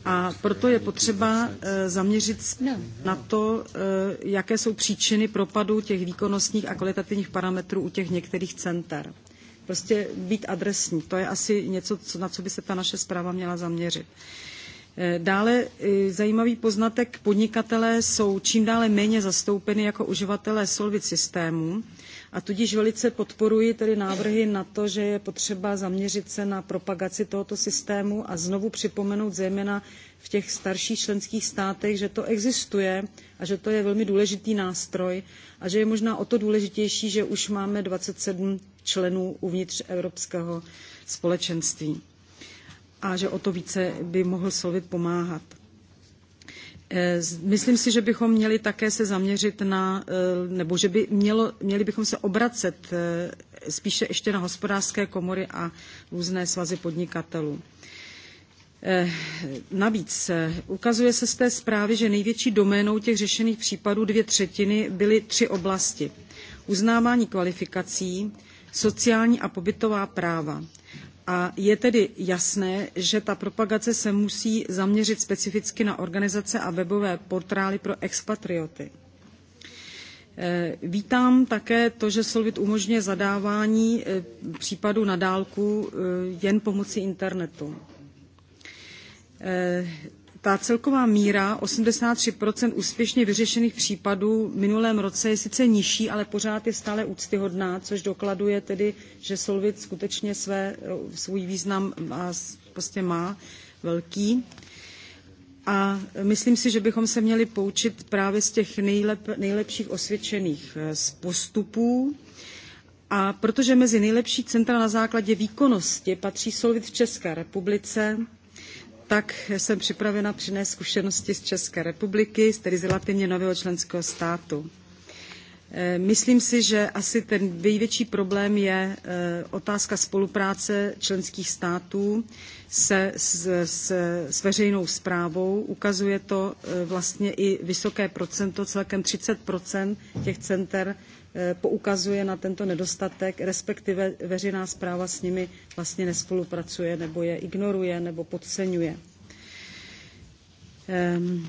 A proto je potřeba eh, zaměřit no. na to, jaké jsou příčiny propadu těch výkonnostních a kvalitativních parametrů u těch některých center prostě být adresní. To je asi něco, co, na co by se ta naše zpráva měla zaměřit. Eh, dále eh, zajímavý poznatek, podnikatelé jsou čím dále méně zastoupeny jako uživatelé solvit systému a tudíž velice podporuji tedy návrhy na to, že je potřeba zaměřit se na propagaci tohoto systému a znovu připomenout zejména v těch starších členských státech, že to existuje a že to je velmi důležitý nástroj a že je možná o to důležitější, že už máme 27 členů uvnitř Evropského společenství a že o to více by mohl Solvit pomáhat. Eh, myslím si, že bychom měli také se zaměřit na, eh, nebo že by mělo, měli bychom se obracet eh, spíše ještě na hospodářské komory a různé svazy podnikatelů. Eh, navíc eh, ukazuje se z té zprávy, že největší doménou těch řešených případů dvě třetiny byly tři oblasti. Uznávání kvalifikací, sociální a pobytová práva. A je tedy jasné, že ta propagace se musí zaměřit specificky na organizace a webové portály pro expatrioty. Eh, vítám také to, že Solvit umožňuje zadávání případů na dálku jen pomocí internetu. Eh, ta celková míra 83% úspěšně vyřešených případů v minulém roce je sice nižší, ale pořád je stále úctyhodná, což dokladuje tedy, že Solvit skutečně své, eh, svůj význam a prostě má velký. A myslím si, že bychom se měli poučit právě z těch nejlep, nejlepších osvědčených eh, postupů. A protože mezi nejlepší centra na základě výkonnosti patří Solvit v České republice, tak jsem připravena přinést zkušenosti z České republiky, tedy z relativně nového členského státu. Eh, myslím si, že asi ten největší problém je eh, otázka spolupráce členských států se, s, s, s veřejnou zprávou. Ukazuje to eh, vlastně i vysoké procento, celkem 30 těch center Eh, poukazuje na tento nedostatek, respektive veřejná zpráva s nimi vlastně nespolupracuje nebo je ignoruje nebo podceňuje. Ehm,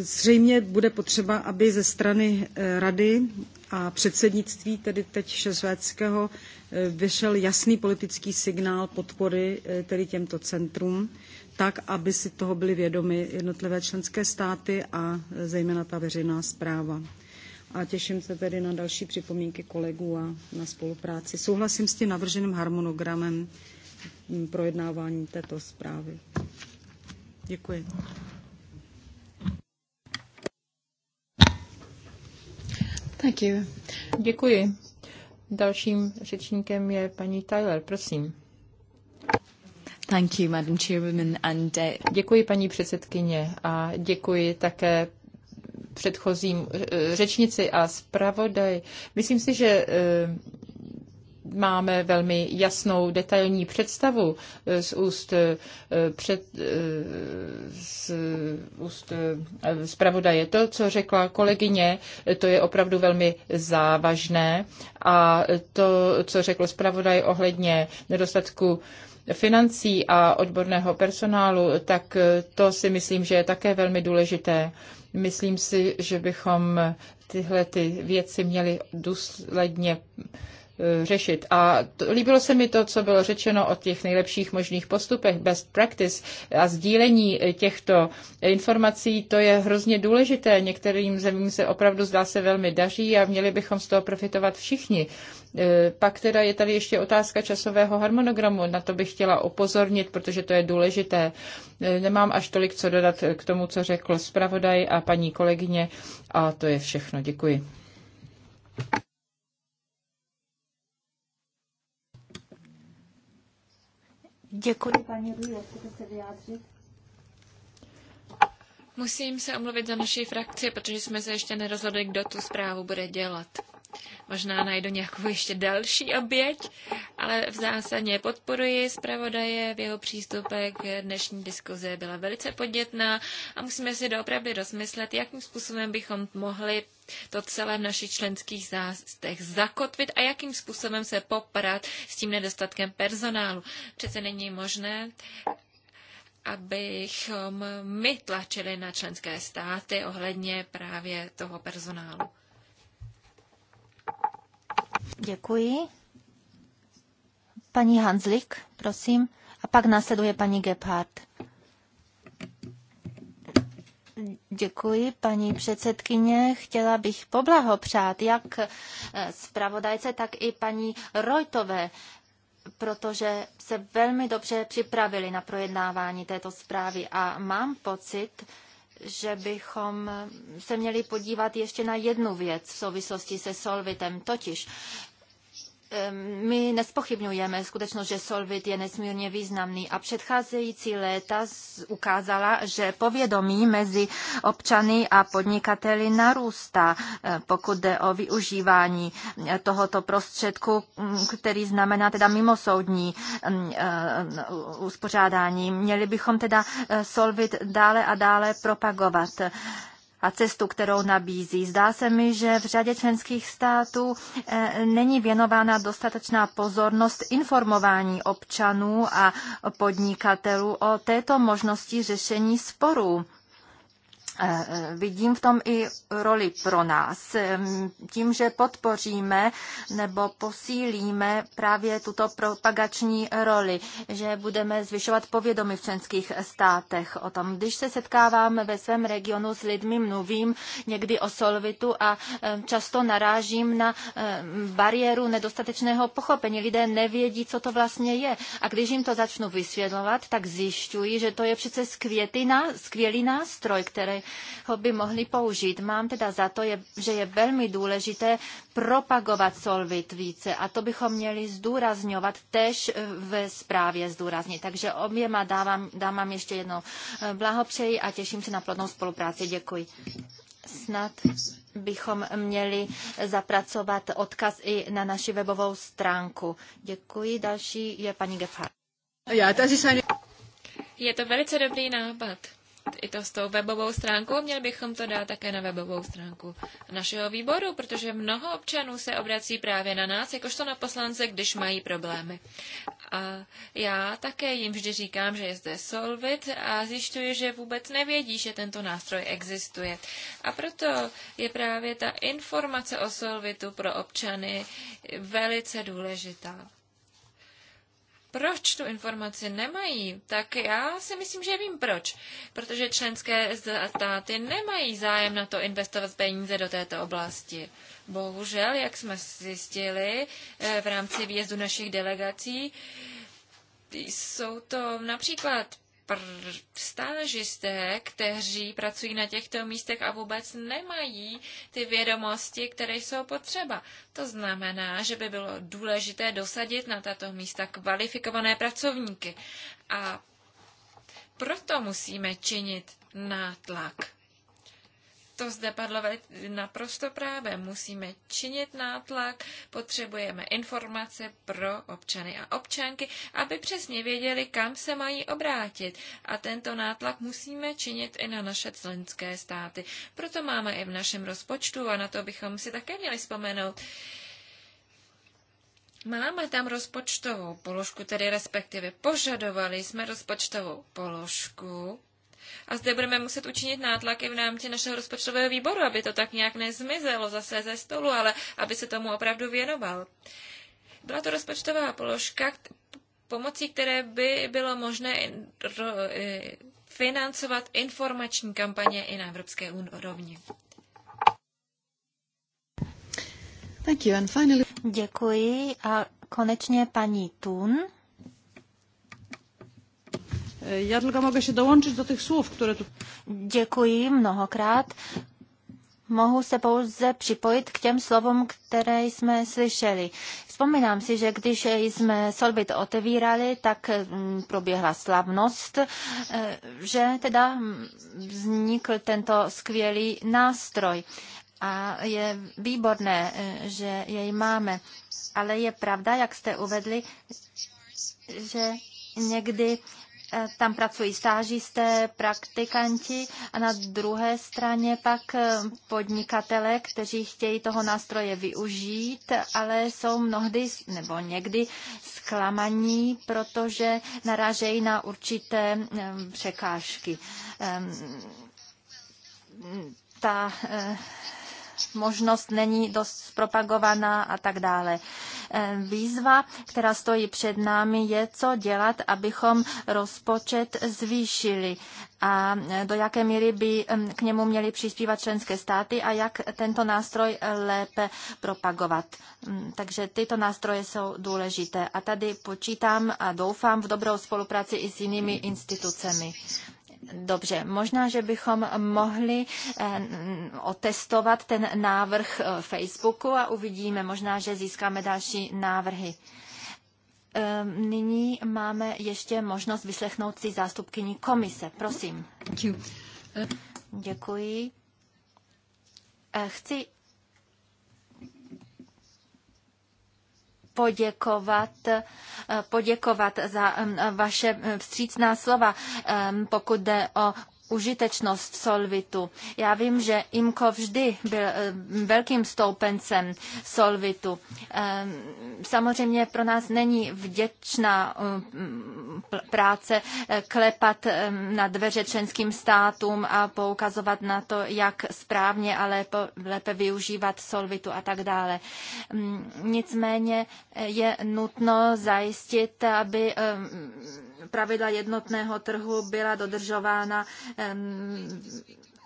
zřejmě bude potřeba, aby ze strany eh, rady a předsednictví, tedy teď švédského, eh, vyšel jasný politický signál podpory tedy těmto centrum, tak, aby si toho byly vědomy jednotlivé členské státy a zejména ta veřejná zpráva a těším se tedy na další připomínky kolegů a na spolupráci. Souhlasím s tím navrženým harmonogramem projednávání této zprávy. Děkuji. Thank you. Děkuji. Dalším řečníkem je paní Tyler, prosím. Thank you, Madam Chairwoman, and, uh... Děkuji, paní předsedkyně, a děkuji také předchozím eh, řečnici a zpravodaj. Myslím si, že eh, máme velmi jasnou detailní představu eh, z úst, před, z úst zpravodaje. To, co řekla kolegyně, to je opravdu velmi závažné a to, co řekl zpravodaj ohledně nedostatku financí a odborného personálu, tak to si myslím, že je také velmi důležité. Myslím si, že bychom tyhle ty věci měli důsledně eh, řešit. A to, líbilo se mi to, co bylo řečeno o těch nejlepších možných postupech, best practice a sdílení eh, těchto informací, to je hrozně důležité. Některým zemím se opravdu zdá se velmi daří a měli bychom z toho profitovat všichni. E, pak teda je tady ještě otázka časového harmonogramu. Na to bych chtěla upozornit, protože to je důležité. E, nemám až tolik co dodat k tomu, co řekl zpravodaj a paní kolegyně. A to je všechno. Děkuji. Děkuji, paní Růj, se vyjádřit? Musím se omluvit za naší frakci, protože jsme se ještě nerozhodli, kdo tu zprávu bude dělat. Možná najdu nějakou ještě další oběť, ale v zásadě podporuji zpravodaje v jeho přístupek. Dnešní diskuze byla velice podnětná a musíme si doopravdy rozmyslet, jakým způsobem bychom mohli to celé v našich členských zástech zakotvit a jakým způsobem se poprat s tím nedostatkem personálu. Přece není možné, abychom my tlačili na členské státy ohledně právě toho personálu. Děkuji. Paní Hanzlik, prosím. A pak následuje paní Gebhardt. Děkuji, paní předsedkyně. Chtěla bych poblahopřát jak eh, zpravodajce, tak i paní Rojtové, protože se velmi dobře připravili na projednávání této zprávy a mám pocit, že bychom se měli podívat ještě na jednu věc v souvislosti se Solvitem, totiž my nespochybňujeme skutečnost, že Solvit je nesmírně významný a předcházející léta ukázala, že povědomí mezi občany a podnikateli narůstá, pokud jde o využívání tohoto prostředku, který znamená teda mimosoudní uspořádání. Měli bychom teda eh, Solvit dále a dále propagovat a cestu, kterou nabízí. Zdá se mi, že v řadě členských států eh, není věnována dostatečná pozornost informování občanů a podnikatelů o této možnosti řešení sporů Eh, eh, vidím v tom i roli pro nás. Tím, že podpoříme nebo posílíme právě tuto propagační roli, že budeme zvyšovat povědomí v členských státech o tom. Když se setkávám ve svém regionu s lidmi, mluvím někdy o solvitu a často narážím na bariéru nedostatečného pochopení. Lidé nevědí, co to vlastně je. A když jim to začnu vysvětlovat, tak zjišťuji, že to je přece skvělý nástroj, který ho by mohli použít. Mám teda za to, že je velmi důležité propagovat Solvit více a to bychom měli zdůrazňovat tež eh, ve zprávě zdůraznit. Takže oběma dávám, dávám ještě jednou eh, blahopřeji a těším se na plodnou spolupráci. Děkuji. Snad bychom měli zapracovat odkaz i na naši webovou stránku. Děkuji. Další je paní Gefhardt. Je to velice dobrý nápad i to s tou webovou stránkou. Měli bychom to dát také na webovou stránku našeho výboru, protože mnoho občanů se obrací právě na nás, jakožto na poslance, když mají problémy. A já také jim vždy říkám, že je zde Solvit a zjišťuji, že vůbec nevědí, že tento nástroj existuje. A proto je právě ta informace o Solvitu pro občany velice důležitá proč tu informaci nemají, tak já si myslím, že vím proč. Protože členské státy nemají zájem na to investovat peníze do této oblasti. Bohužel, jak jsme zjistili eh, v rámci výjezdu našich delegací, jsou to například pr- stážisté, kteří pracují na těchto místech a vůbec nemají ty vědomosti, které jsou potřeba. To znamená, že by bylo důležité dosadit na tato místa kvalifikované pracovníky. A proto musíme činit nátlak. To zde padlo naprosto právě. Musíme činit nátlak, potřebujeme informace pro občany a občanky, aby přesně věděli, kam se mají obrátit. A tento nátlak musíme činit i na naše členské státy. Proto máme i v našem rozpočtu, a na to bychom si také měli vzpomenout, Máme tam rozpočtovou položku, tedy respektive požadovali jsme rozpočtovou položku a zde budeme muset učinit nátlaky v rámci našeho rozpočtového výboru, aby to tak nějak nezmizelo zase ze stolu, ale aby se tomu opravdu věnoval. Byla to rozpočtová položka, pomocí které by bylo možné financovat informační kampaně i na evropské úrovni. Děkuji a konečně paní Tun. E, Já tylko mogę się dołączyć do tych słów, które tu... Děkuji mnohokrát. Mohu se pouze připojit k těm slovům, které jsme slyšeli. Vzpomínám si, že když jsme Solbit otevírali, tak mm, proběhla slavnost, e, že teda mm, vznikl tento skvělý nástroj. A je výborné, e, že jej máme. Ale je pravda, jak jste uvedli, že někdy Eh, tam pracují stážisté, praktikanti a na druhé straně pak eh, podnikatele, kteří chtějí toho nástroje využít, ale jsou mnohdy nebo někdy zklamaní, protože narážejí na určité eh, překážky. Ta možnost není dost propagovaná a tak dále. Eh, výzva, která stojí před námi, je, co dělat, abychom rozpočet zvýšili a eh, do jaké míry by k němu měly přispívat členské státy a jak tento nástroj lépe propagovat. Mm, takže tyto nástroje jsou důležité a tady počítám a doufám v dobrou spolupráci i s jinými institucemi. Dobře, možná, že bychom mohli eh, otestovat ten návrh eh, Facebooku a uvidíme, možná, že získáme další návrhy. Ehm, nyní máme ještě možnost vyslechnout si zástupkyní komise. Prosím. Děkuji. Eh, chci poděkovat, eh, poděkovat za eh, vaše eh, vstřícná slova, pokud jde o užitečnost Solvitu. Já vím, že Imko vždy byl eh, velkým stoupencem Solvitu. Eh, samozřejmě pro nás není vděčná eh, práce klepat na dveře členským státům a poukazovat na to, jak správně a lépe využívat Solvitu a tak dále. Mm, nicméně je nutno zajistit, aby pravidla jednotného trhu byla dodržována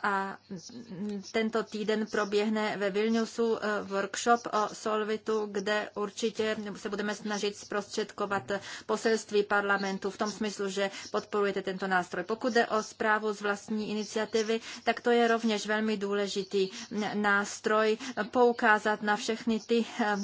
a tento týden proběhne ve Vilniusu eh, workshop o Solvitu, kde určitě se budeme snažit zprostředkovat poselství parlamentu v tom smyslu, že podporujete tento nástroj. Pokud jde o zprávu z vlastní iniciativy, tak to je rovněž velmi důležitý nástroj poukázat na všechny ty eh,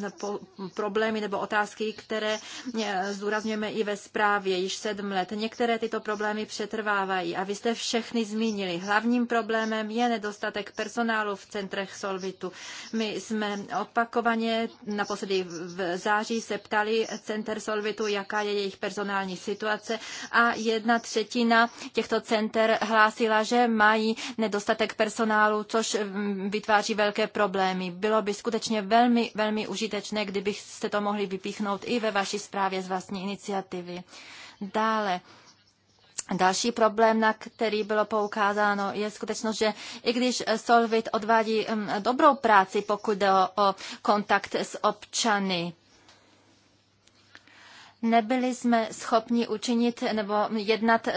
problémy nebo otázky, které eh, zúrazněme i ve zprávě již sedm let. Některé tyto problémy přetrvávají a vy jste všechny zmínili. Hlavním problémem problémem je nedostatek personálu v centrech Solvitu. My jsme opakovaně, naposledy v září se ptali center Solvitu, jaká je jejich personální situace a jedna třetina těchto center hlásila, že mají nedostatek personálu, což mm, vytváří velké problémy. Bylo by skutečně velmi, velmi užitečné, kdybyste to mohli vypíchnout i ve vaší zprávě z vlastní iniciativy. Dále, Další problém, na který bylo poukázáno, je skutečnost, že i když Solvit odvádí dobrou práci, pokud jde o kontakt s občany, nebyli jsme schopni učinit nebo jednat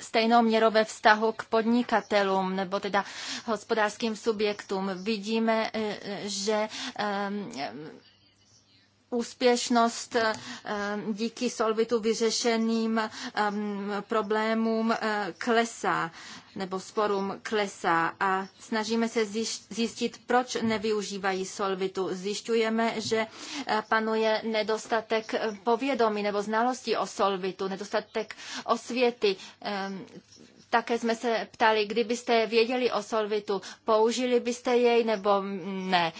stejnou měrou ve vztahu k podnikatelům nebo teda hospodářským subjektům. Vidíme, e, e, že úspěšnost eh, díky solvitu vyřešeným eh, problémům eh, klesá nebo sporům klesá a snažíme se zjistit, proč nevyužívají solvitu. Zjišťujeme, že panuje nedostatek povědomí nebo znalostí o solvitu, nedostatek osvěty. Ehm, také jsme se ptali, kdybyste věděli o solvitu, použili byste jej nebo ne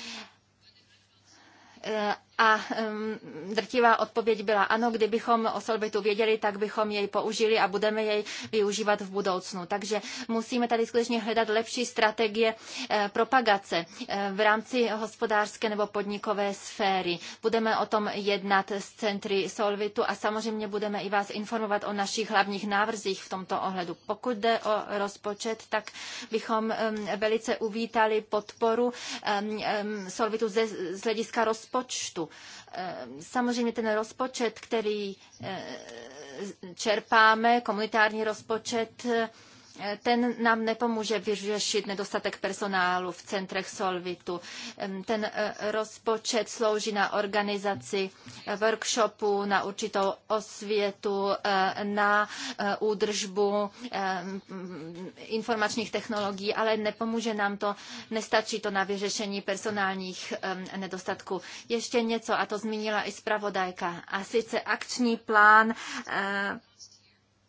a um, drtivá odpověď byla ano, kdybychom o solbitu věděli, tak bychom jej použili a budeme jej využívat v budoucnu. Takže musíme tady skutečně hledat lepší strategie e, propagace e, v rámci hospodářské nebo podnikové sféry. Budeme o tom jednat s centry solvitu a samozřejmě budeme i vás informovat o našich hlavních návrzích v tomto ohledu. Pokud jde o rozpočet, tak bychom um, velice uvítali podporu um, solvitu ze, z hlediska rozpočtu Eh, samozřejmě ten rozpočet, který eh, čerpáme, komunitární rozpočet, eh, ten nám nepomůže vyřešit nedostatek personálu v centrech Solvitu. Ten eh, rozpočet slouží na organizaci eh, workshopů, na určitou osvětu, eh, na údržbu informačních technologií, ale nepomůže nám to, nestačí to na vyřešení personálních nedostatků. Ještě něco, a to zmínila i zpravodajka, a sice akční plán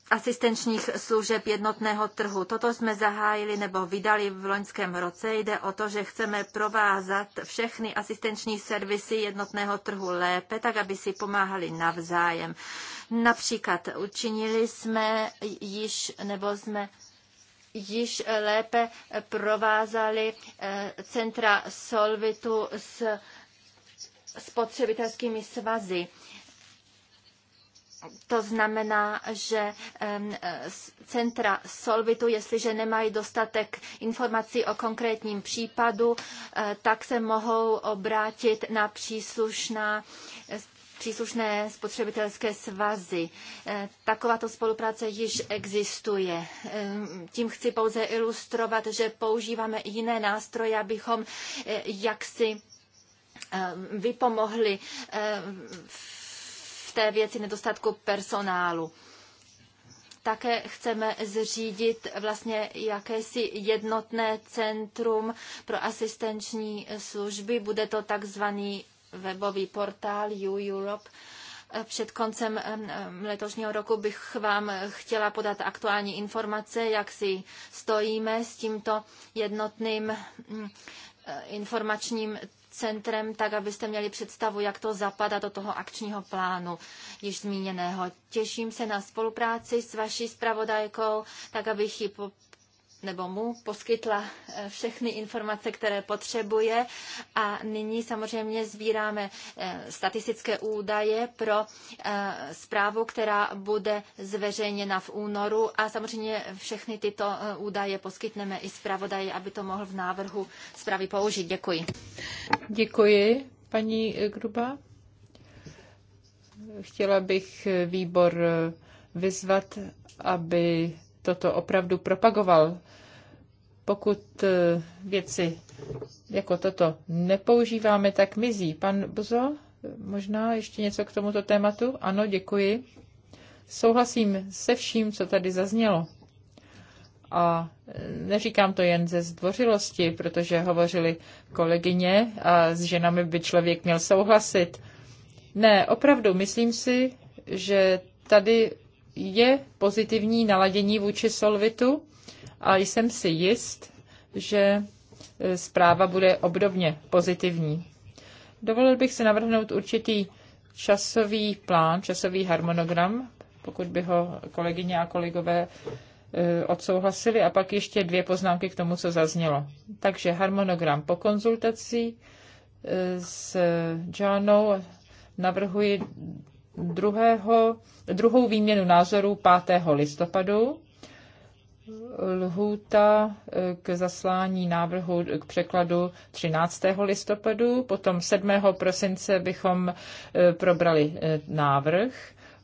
asistenčních služeb jednotného trhu. Toto jsme zahájili nebo vydali v loňském roce. Jde o to, že chceme provázat všechny asistenční servisy jednotného trhu lépe, tak aby si pomáhali navzájem. Například učinili jsme již nebo jsme již lépe provázali eh, centra Solvitu s spotřebitelskými svazy to znamená, že centra Solvitu, jestliže nemají dostatek informací o konkrétním případu, eh, tak se mohou obrátit na příslušná příslušné spotřebitelské svazy. Eh, takováto spolupráce již existuje. Tím chci pouze ilustrovat, že používáme jiné nástroje, abychom eh, jaksi vypomohli v té věci nedostatku personálu. Také chceme zřídit vlastně jakési jednotné centrum pro asistenční služby. Bude to takzvaný webový portál U-Europe. Před koncem letošního roku bych vám chtěla podat aktuální informace, jak si stojíme s tímto jednotným mm, eh, informačním centrem, tak abyste měli představu, jak to zapadá do toho akčního plánu již zmíněného. Těším se na spolupráci s vaší zpravodajkou, tak abych ji nebo mu poskytla eh, všechny informace, které potřebuje a nyní samozřejmě sbíráme eh, statistické údaje pro eh, zprávu, která bude zveřejněna v únoru a samozřejmě všechny tyto údaje poskytneme i zpravodaji, aby to mohl v návrhu zprávy použít. Děkuji. Děkuji, paní Gruba. Chtěla bych výbor vyzvat, aby toto opravdu propagoval. Pokud eh, věci jako toto nepoužíváme, tak mizí. Pan Buzo, možná ještě něco k tomuto tématu? Ano, děkuji. Souhlasím se vším, co tady zaznělo. A eh, neříkám to jen ze zdvořilosti, protože hovořili kolegyně a s ženami by člověk měl souhlasit. Ne, opravdu, myslím si, že tady je pozitivní naladění vůči Solvitu a jsem si jist, že e, zpráva bude obdobně pozitivní. Dovolil bych si navrhnout určitý časový plán, časový harmonogram, pokud by ho kolegyně a kolegové e, odsouhlasili a pak ještě dvě poznámky k tomu, co zaznělo. Takže harmonogram po konzultaci e, s Janou navrhuji druhého, druhou výměnu názorů 5. listopadu. Lhůta eh, k zaslání návrhu eh, k překladu 13. listopadu, potom 7. prosince bychom eh, probrali návrh.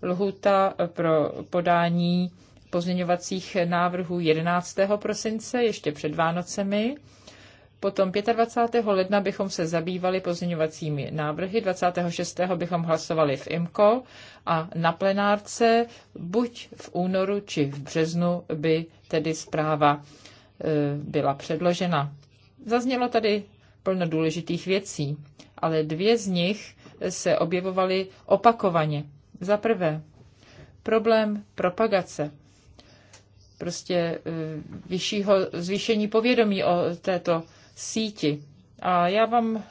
Lhůta pro podání pozměňovacích návrhů 11. prosince, ještě před Vánocemi. Potom 25. ledna bychom se zabývali pozměňovacími návrhy, 26. bychom hlasovali v IMCO a na plenárce buď v únoru či v březnu by tedy zpráva e, byla předložena. Zaznělo tady plno důležitých věcí, ale dvě z nich se objevovaly opakovaně. Za prvé, problém propagace prostě e, vyššího zvýšení povědomí o této síti. A já vám e,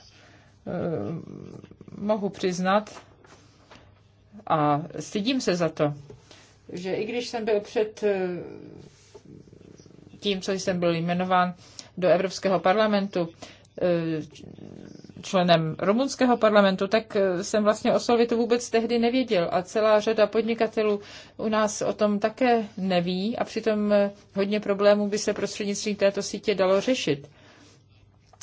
mohu přiznat, a stydím se za to, že i když jsem byl před eh, tím, co jsem byl jmenován do Evropského parlamentu, eh, členem rumunského parlamentu, tak jsem vlastně o Solvitu vůbec tehdy nevěděl a celá řada podnikatelů u nás o tom také neví a přitom hodně problémů by se prostřednictvím této sítě dalo řešit.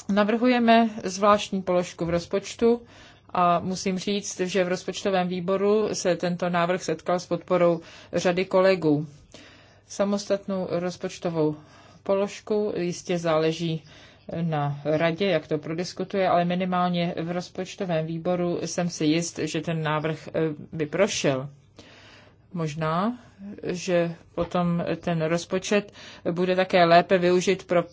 Navrhujeme zvláštní položku v rozpočtu a musím říct, že v rozpočtovém výboru se tento návrh setkal s podporou řady kolegů. Samostatnou rozpočtovou položku jistě záleží na radě, jak to prodiskutuje, ale minimálně v rozpočtovém výboru jsem si jist, že ten návrh eh, by prošel. Možná, že potom ten rozpočet bude také lépe využit pro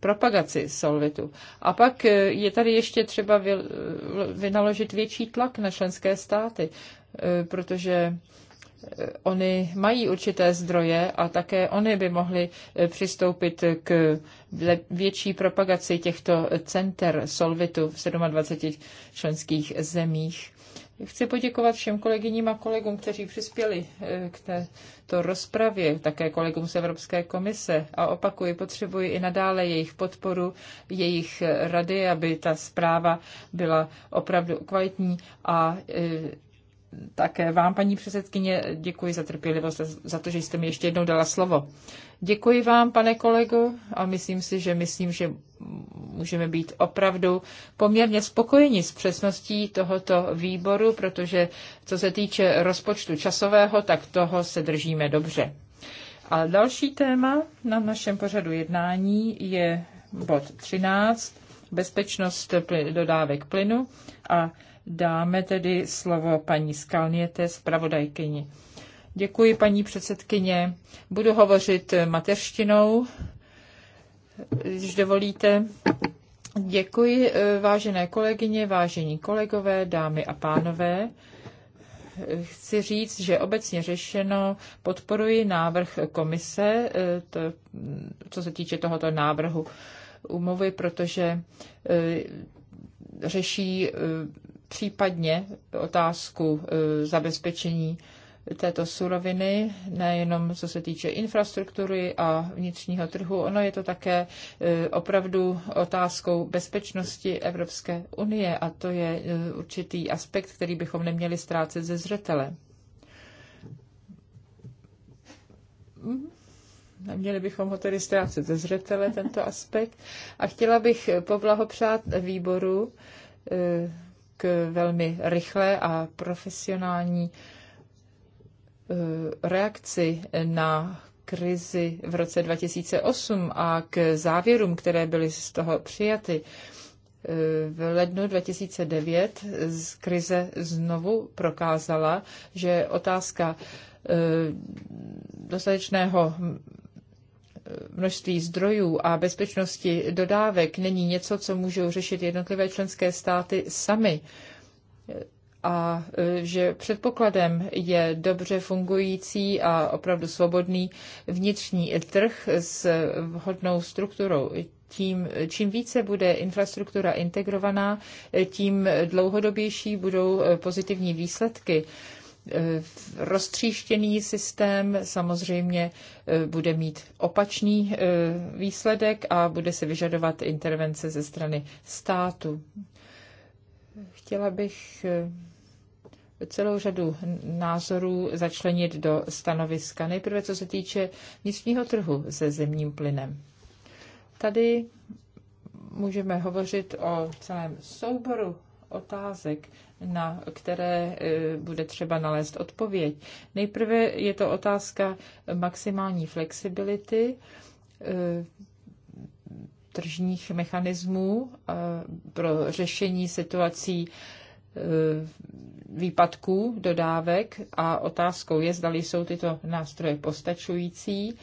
propagaci solvitu. A pak eh, je tady ještě třeba vynaložit větší tlak na členské státy, eh, protože eh, oni mají určité zdroje a také oni by mohli přistoupit k větší propagaci těchto center solvitu v 27 členských zemích Chci poděkovat všem kolegyním a kolegům, kteří přispěli eh, k této rozpravě, také kolegům z Evropské komise a opakuji, potřebuji i nadále jejich podporu, jejich eh, rady, aby ta zpráva byla opravdu kvalitní a eh, také vám, paní předsedkyně, děkuji za trpělivost, za to, že jste mi ještě jednou dala slovo. Děkuji vám, pane kolego, a myslím si, že myslím, že můžeme být opravdu poměrně spokojeni s přesností tohoto výboru, protože co se týče rozpočtu časového, tak toho se držíme dobře. A další téma na našem pořadu jednání je bod 13, bezpečnost dodávek plynu a dáme tedy slovo paní Skalněte, zpravodajkyni. Děkuji, paní předsedkyně. Budu hovořit mateřštinou, když dovolíte. Děkuji, eh, vážené kolegyně, vážení kolegové, dámy a pánové. Chci říct, že obecně řešeno podporuji návrh komise, eh, to, co se týče tohoto návrhu umluvy, protože eh, řeší případně otázku e, zabezpečení této suroviny, nejenom co se týče infrastruktury a vnitřního trhu, ono je to také e, opravdu otázkou bezpečnosti Evropské unie a to je e, určitý aspekt, který bychom neměli ztrácet ze zřetele. Neměli bychom ho tedy ztrácet ze zřetele, tento aspekt. A chtěla bych poblahopřát výboru k velmi rychlé a profesionální eh, reakci na krizi v roce 2008 a k závěrům, které byly z toho přijaty. Eh, v lednu 2009 z krize znovu prokázala, že otázka eh, dostatečného množství zdrojů a bezpečnosti dodávek není něco, co můžou řešit jednotlivé členské státy sami a e, že předpokladem je dobře fungující a opravdu svobodný vnitřní trh s vhodnou strukturou. Tím, čím více bude infrastruktura integrovaná, tím dlouhodobější budou e, pozitivní výsledky Eh, roztříštěný systém samozřejmě eh, bude mít opačný eh, výsledek a bude se vyžadovat intervence ze strany státu. Chtěla bych celou řadu názorů začlenit do stanoviska. Nejprve co se týče vnitřního trhu se zemním plynem. Tady můžeme hovořit o celém souboru otázek, na které e, bude třeba nalézt odpověď. Nejprve je to otázka maximální flexibility e, tržních mechanismů e, pro řešení situací výpadků dodávek a otázkou je, zdali jsou tyto nástroje postačující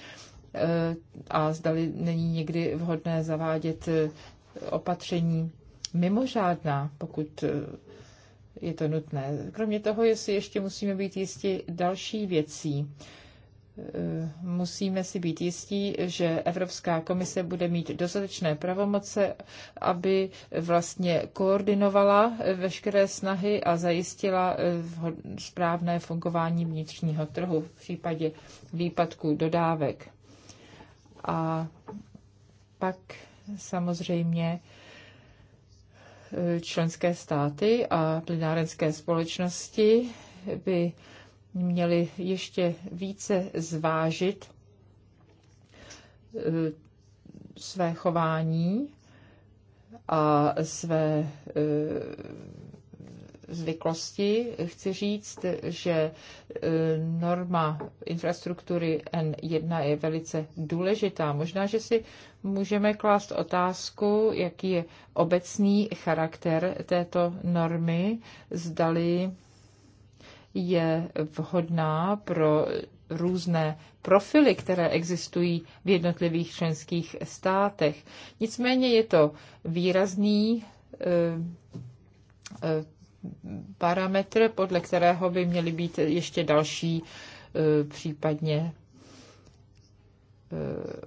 a zdali není někdy vhodné zavádět opatření mimořádná, pokud eh, je to nutné. Kromě toho, jestli ještě musíme být jistí další věcí. Eh, musíme si být jistí, že Evropská komise bude mít dostatečné pravomoce, aby vlastně koordinovala veškeré snahy a zajistila eh, správné fungování vnitřního trhu v případě výpadku dodávek. A pak samozřejmě členské státy a plinárenské společnosti by měly ještě více zvážit eh, své chování a své eh, zvyklosti chci říct, že e, norma infrastruktury N1 je velice důležitá. Možná, že si můžeme klást otázku, jaký je obecný charakter této normy, zdali je vhodná pro různé profily, které existují v jednotlivých členských státech. Nicméně je to výrazný e, e, parametr, podle kterého by měly být ještě další e, případně e,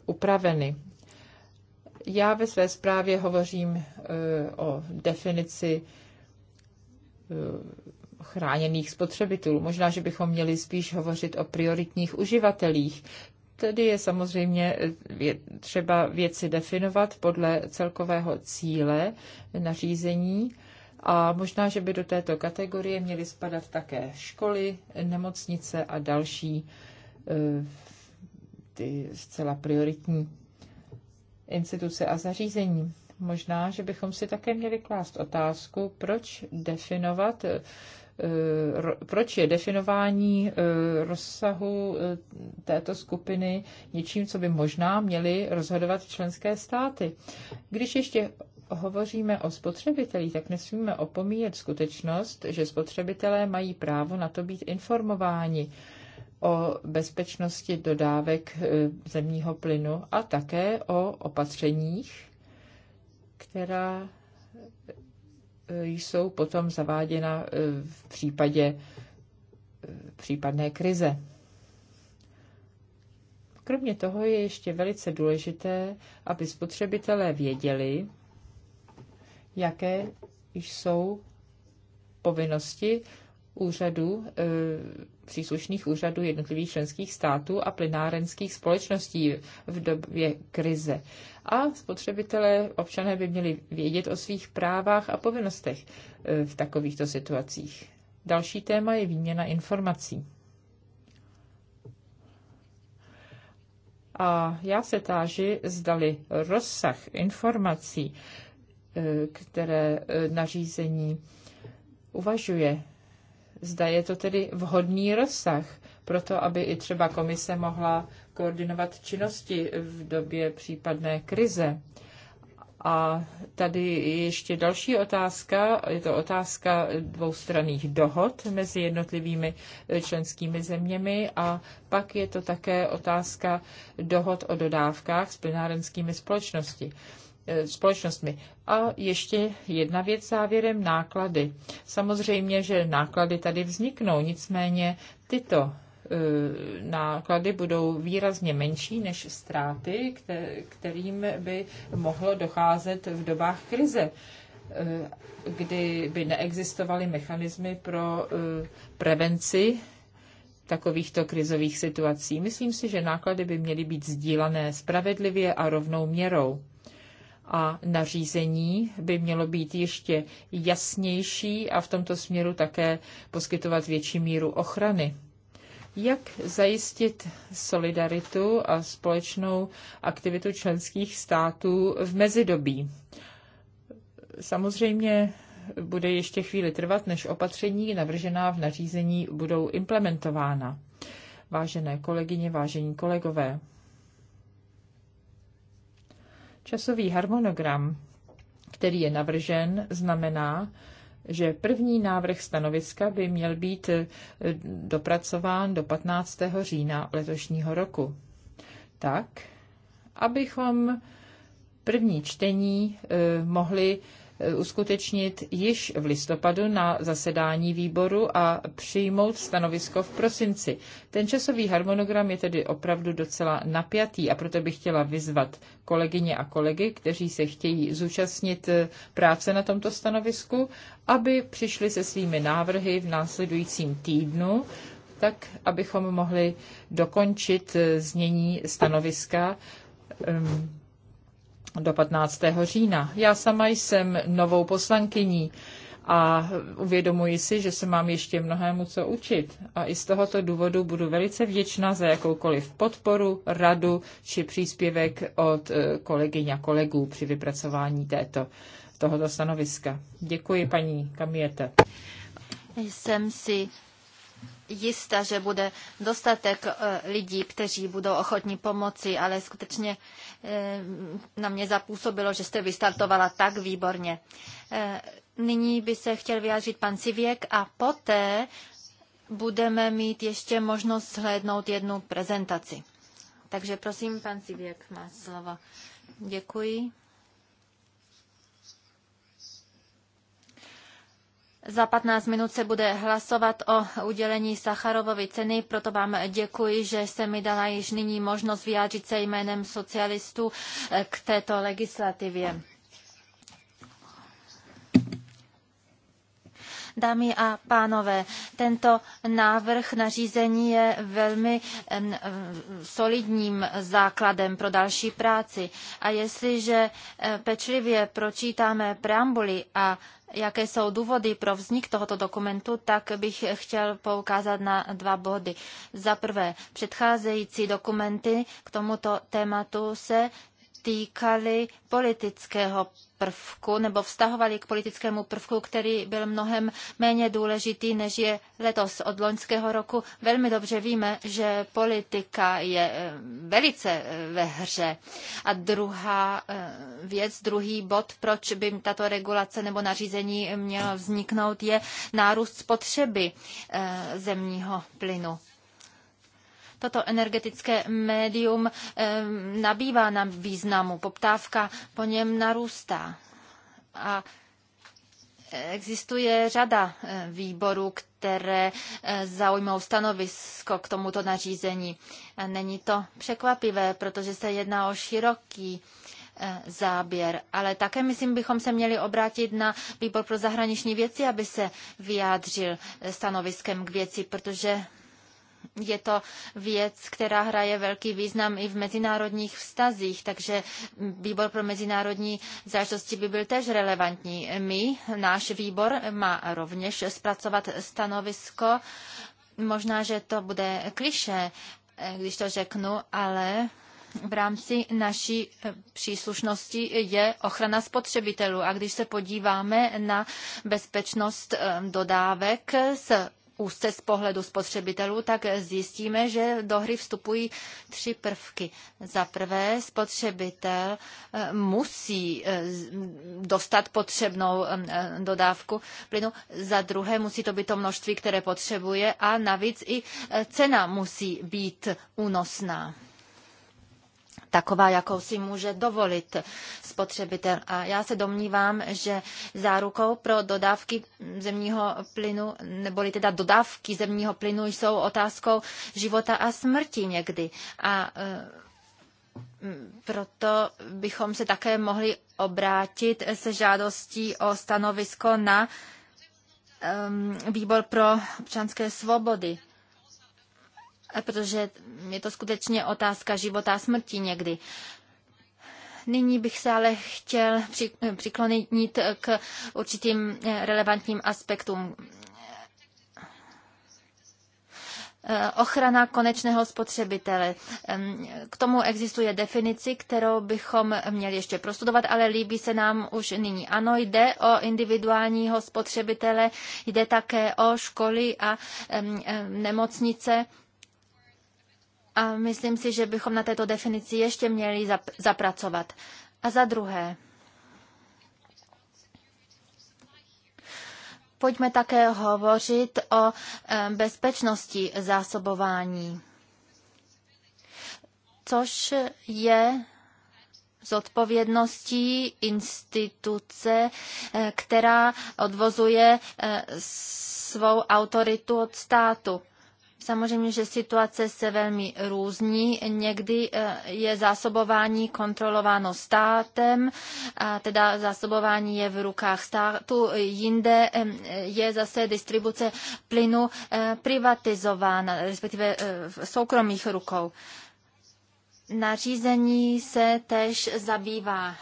upraveny. Já ve své zprávě hovořím e, o definici chráněných spotřebitelů. Možná, že bychom měli spíš hovořit o prioritních uživatelích. Tedy je samozřejmě třeba věci definovat podle celkového cíle nařízení a možná, že by do této kategorie měly spadat také školy, nemocnice a další eh, ty zcela prioritní instituce a zařízení. Možná, že bychom si také měli klást otázku, proč definovat eh, proč je definování eh, rozsahu této skupiny něčím, co by možná měly rozhodovat členské státy. Když ještě hovoříme o spotřebitelích, tak nesmíme opomíjet skutečnost, že spotřebitelé mají právo na to být informováni o bezpečnosti dodávek e, zemního plynu a také o opatřeních, která e, jsou potom zaváděna e, v případě případné krize. Kromě toho je ještě velice důležité, aby spotřebitelé věděli, jaké jsou povinnosti úřadů, eh, příslušných úřadů jednotlivých členských států a plynárenských společností v době krize. A spotřebitelé, občané by měli vědět o svých právách a povinnostech eh, v takovýchto situacích. Další téma je výměna informací. A já se táži, zdali rozsah informací, které eh, nařízení uvažuje. Zda je to tedy vhodný rozsah pro to, aby i třeba komise mohla koordinovat činnosti v době případné krize. A tady ještě další otázka, je to otázka dvoustranných dohod mezi jednotlivými eh, členskými zeměmi a pak je to také otázka dohod o dodávkách s plinárenskými společnosti. Eh, společnostmi. A ještě jedna věc závěrem, náklady. Samozřejmě, že náklady tady vzniknou, nicméně tyto eh, náklady budou výrazně menší než ztráty, kterým by mohlo docházet v dobách krize eh, kdy by neexistovaly mechanismy pro prevenci takovýchto krizových situací. Myslím si, že náklady by měly být sdílané spravedlivě a rovnou měrou a nařízení by mělo být ještě jasnější a v tomto směru také poskytovat větší míru ochrany. Jak zajistit solidaritu a společnou aktivitu členských států v mezidobí? Samozřejmě bude ještě chvíli trvat, než opatření navržená v nařízení budou implementována. Vážené kolegyně, vážení kolegové, Časový harmonogram, který je navržen, znamená, že první návrh stanoviska by měl být eh, dopracován do 15. října letošního roku. Tak, abychom první čtení eh, mohli Eh, uskutečnit již v listopadu na zasedání výboru a přijmout stanovisko v prosinci. Ten časový harmonogram je tedy opravdu docela napjatý a proto bych chtěla vyzvat kolegyně a kolegy, kteří se chtějí zúčastnit eh, práce na tomto stanovisku, aby přišli se svými návrhy v následujícím týdnu tak abychom mohli dokončit eh, znění stanoviska ehm, do 15. října. Já sama jsem novou poslankyní a uvědomuji si, že se mám ještě mnohému co učit. A i z tohoto důvodu budu velice vděčná za jakoukoliv podporu, radu či příspěvek od eh, kolegyň a kolegů při vypracování této, tohoto stanoviska. Děkuji, paní Kamiete. Jsem si jista, že bude dostatek eh, lidí, kteří budou ochotní pomoci, ale skutečně eh, na mě zapůsobilo, že jste vystartovala tak výborně. Eh, nyní by se chtěl vyjádřit pan Civěk a poté budeme mít ještě možnost zhlédnout jednu prezentaci. Takže prosím, pan Civěk má slovo. Děkuji. Za 15 minut se bude hlasovat o udělení Sacharovovy ceny, proto vám děkuji, že se mi dala již nyní možnost vyjádřit se jménem socialistů eh, k této legislativě. Dámy a pánové, tento návrh nařízení je velmi solidním základem pro další práci. A jestliže eh, pečlivě pročítáme preambuli a jaké jsou důvody pro vznik tohoto dokumentu, tak bych chtěl poukázat na dva body. Za prvé, předcházející dokumenty k tomuto tématu se týkaly politického prvku nebo vztahovaly k politickému prvku, který byl mnohem méně důležitý, než je letos od loňského roku. Velmi dobře víme, že politika je eh, velice eh, ve hře. A druhá eh, věc, druhý bod, proč by tato regulace nebo nařízení mělo vzniknout, je nárůst spotřeby zemního plynu. Toto energetické médium nabývá na významu, poptávka po něm narůstá. A Existuje řada eh, výborů, které eh, zaujmou stanovisko k tomuto nařízení. A není to překvapivé, protože se jedná o široký eh, záběr. Ale také, myslím, bychom se měli obrátit na výbor pro zahraniční věci, aby se vyjádřil stanoviskem k věci, protože je to věc, která hraje velký význam i v mezinárodních vztazích, takže výbor pro mezinárodní záležitosti by byl tež relevantní. My, náš výbor, má rovněž zpracovat stanovisko. Možná, že to bude kliše, když to řeknu, ale v rámci naší příslušnosti je ochrana spotřebitelů. A když se podíváme na bezpečnost eh, dodávek z úzce z pohledu spotřebitelů, tak zjistíme, že do hry vstupují tři prvky. Za prvé, spotřebitel eh, musí eh, dostat potřebnou eh, dodávku plynu, za druhé musí to být to množství, které potřebuje a navíc i cena musí být únosná taková, jakou si může dovolit spotřebitel. A já se domnívám, že zárukou pro dodávky zemního plynu, neboli teda dodávky zemního plynu, jsou otázkou života a smrti někdy. A e, proto bychom se také mohli obrátit se žádostí o stanovisko na e, výbor pro občanské svobody protože je to skutečně otázka života a smrti někdy. Nyní bych se ale chtěl přiklonit k určitým eh, relevantním aspektům. Eh, ochrana konečného spotřebitele. K tomu existuje definici, kterou bychom měli ještě prostudovat, ale líbí se nám už nyní. Ano, jde o individuálního spotřebitele, jde také o školy a nemocnice a myslím si, že bychom na této definici ještě měli zapracovat. A za druhé, pojďme také hovořit o eh, bezpečnosti zásobování, což je zodpovědností instituce, eh, která odvozuje eh, svou autoritu od státu. Samozřejmě, že situace se velmi různí. Někdy eh, je zásobování kontrolováno státem, a teda zásobování je v rukách státu, jinde je zase distribuce plynu eh, privatizována, respektive eh, v soukromých rukou. Nařízení se tež zabývá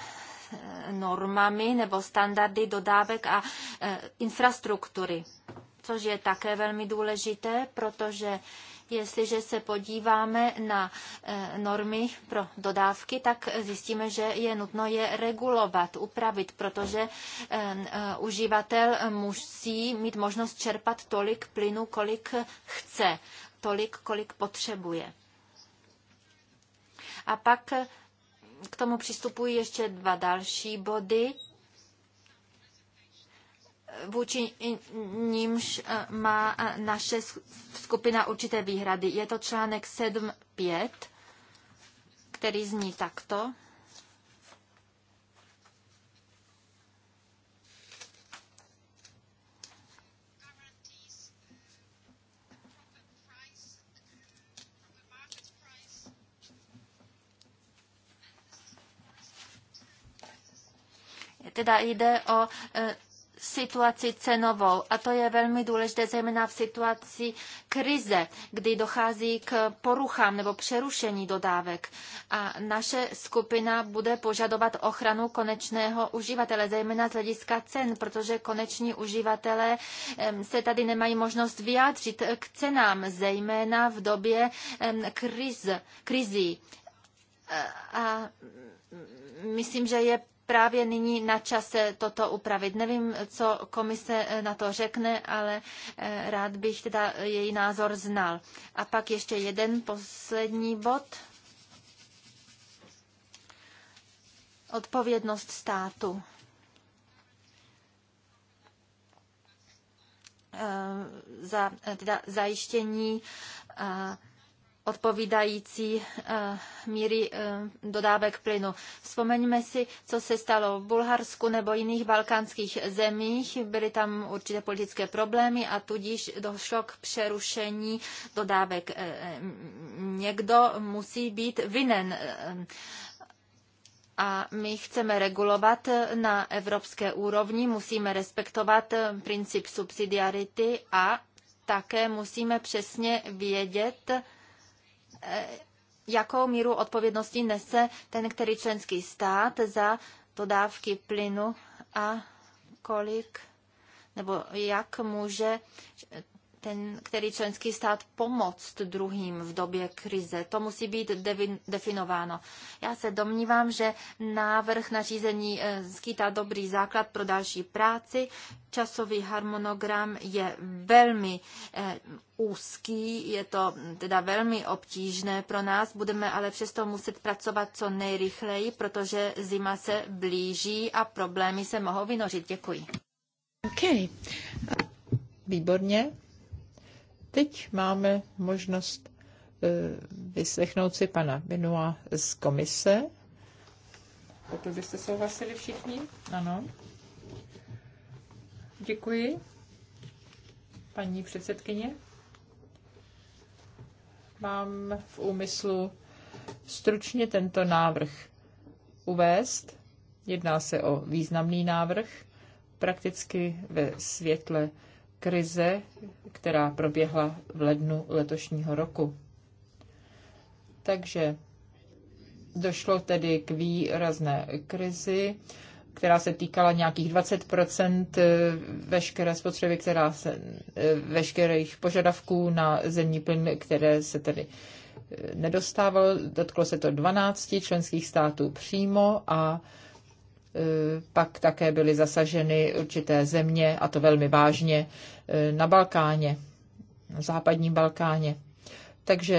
normami nebo standardy dodávek a infrastruktury což je také velmi důležité, protože jestliže se podíváme na eh, normy pro dodávky, tak zjistíme, že je nutno je regulovat, upravit, protože eh, eh, uživatel musí mít možnost čerpat tolik plynu, kolik chce, tolik, kolik potřebuje. A pak k tomu přistupují ještě dva další body vůči nímž eh, má eh, naše skupina určité výhrady. Je to článek 7.5, který zní takto. teda jde o eh, situaci cenovou. A to je velmi důležité, zejména v situaci krize, kdy dochází k poruchám nebo přerušení dodávek. A naše skupina bude požadovat ochranu konečného uživatele, zejména z hlediska cen, protože koneční uživatelé se tady nemají možnost vyjádřit k cenám, zejména v době kriz, krizí. E, a myslím, že je právě nyní na čase toto upravit. Nevím, co komise eh, na to řekne, ale eh, rád bych teda její názor znal. A pak ještě jeden poslední bod. Odpovědnost státu. Eh, za teda zajištění odpovídající eh, míry eh, dodávek plynu. Vzpomeňme si, co se stalo v Bulharsku nebo jiných balkánských zemích. Byly tam určité politické problémy a tudíž došlo k přerušení dodávek. Eh, někdo musí být vinen a my chceme regulovat na evropské úrovni, musíme respektovat princip subsidiarity a také musíme přesně vědět, jakou míru odpovědnosti nese ten, který členský stát za dodávky plynu a kolik nebo jak může ten, který členský stát pomoct druhým v době krize. To musí být definováno. Já se domnívám, že návrh nařízení eh, skýtá dobrý základ pro další práci. Časový harmonogram je velmi eh, úzký, je to teda velmi obtížné pro nás, budeme ale přesto muset pracovat co nejrychleji, protože zima se blíží a problémy se mohou vynořit. Děkuji. Okay. Výborně. Teď máme možnost eh, vyslechnout si pana Benua z komise. Pokud byste souhlasili všichni? Ano. Děkuji. Paní předsedkyně, mám v úmyslu stručně tento návrh uvést. Jedná se o významný návrh, prakticky ve světle krize, která proběhla v lednu letošního roku. Takže došlo tedy k výrazné krizi, která se týkala nějakých 20 eh, veškeré spotřeby, která se, eh, veškerých požadavků na zemní plyn, které se tedy eh, nedostávalo. Dotklo se to 12 členských států přímo a Eh, pak také byly zasaženy určité země, a to velmi vážně, eh, na Balkáně, na západním Balkáně. Takže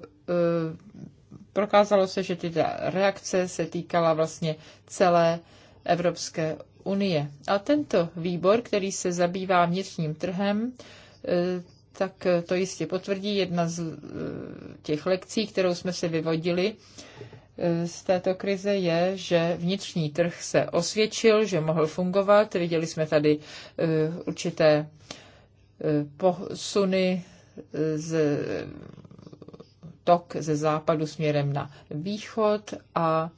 eh, prokázalo se, že tyto reakce se týkala vlastně celé Evropské unie. A tento výbor, který se zabývá vnitřním trhem, tak to jistě potvrdí jedna z těch lekcí, kterou jsme se vyvodili z této krize je, že vnitřní trh se osvědčil, že mohl fungovat. Viděli jsme tady eh, určité eh, posuny eh, z tok ze západu směrem na východ a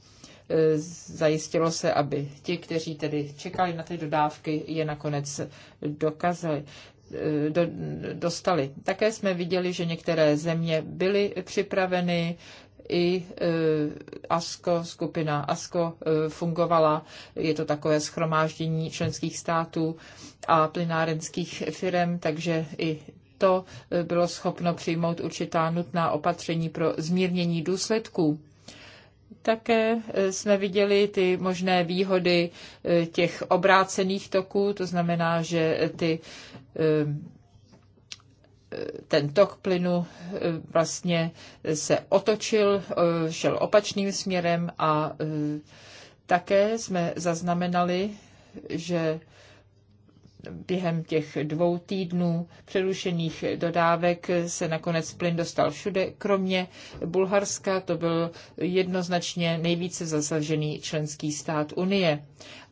zajistilo se, aby ti, kteří tedy čekali na ty dodávky, je nakonec dokázali do, dostali. Také jsme viděli, že některé země byly připraveny, i e, ASCO, skupina ASCO e, fungovala. Je to takové schromáždění členských států a plynárenských firm, takže i to e, bylo schopno přijmout určitá nutná opatření pro zmírnění důsledků. Také jsme viděli ty možné výhody těch obrácených toků, to znamená, že ty ten tok plynu eh, vlastně se otočil, eh, šel opačným směrem a eh, také jsme zaznamenali, že během těch dvou týdnů přerušených dodávek se nakonec plyn dostal všude, kromě Bulharska. To byl jednoznačně nejvíce zasažený členský stát Unie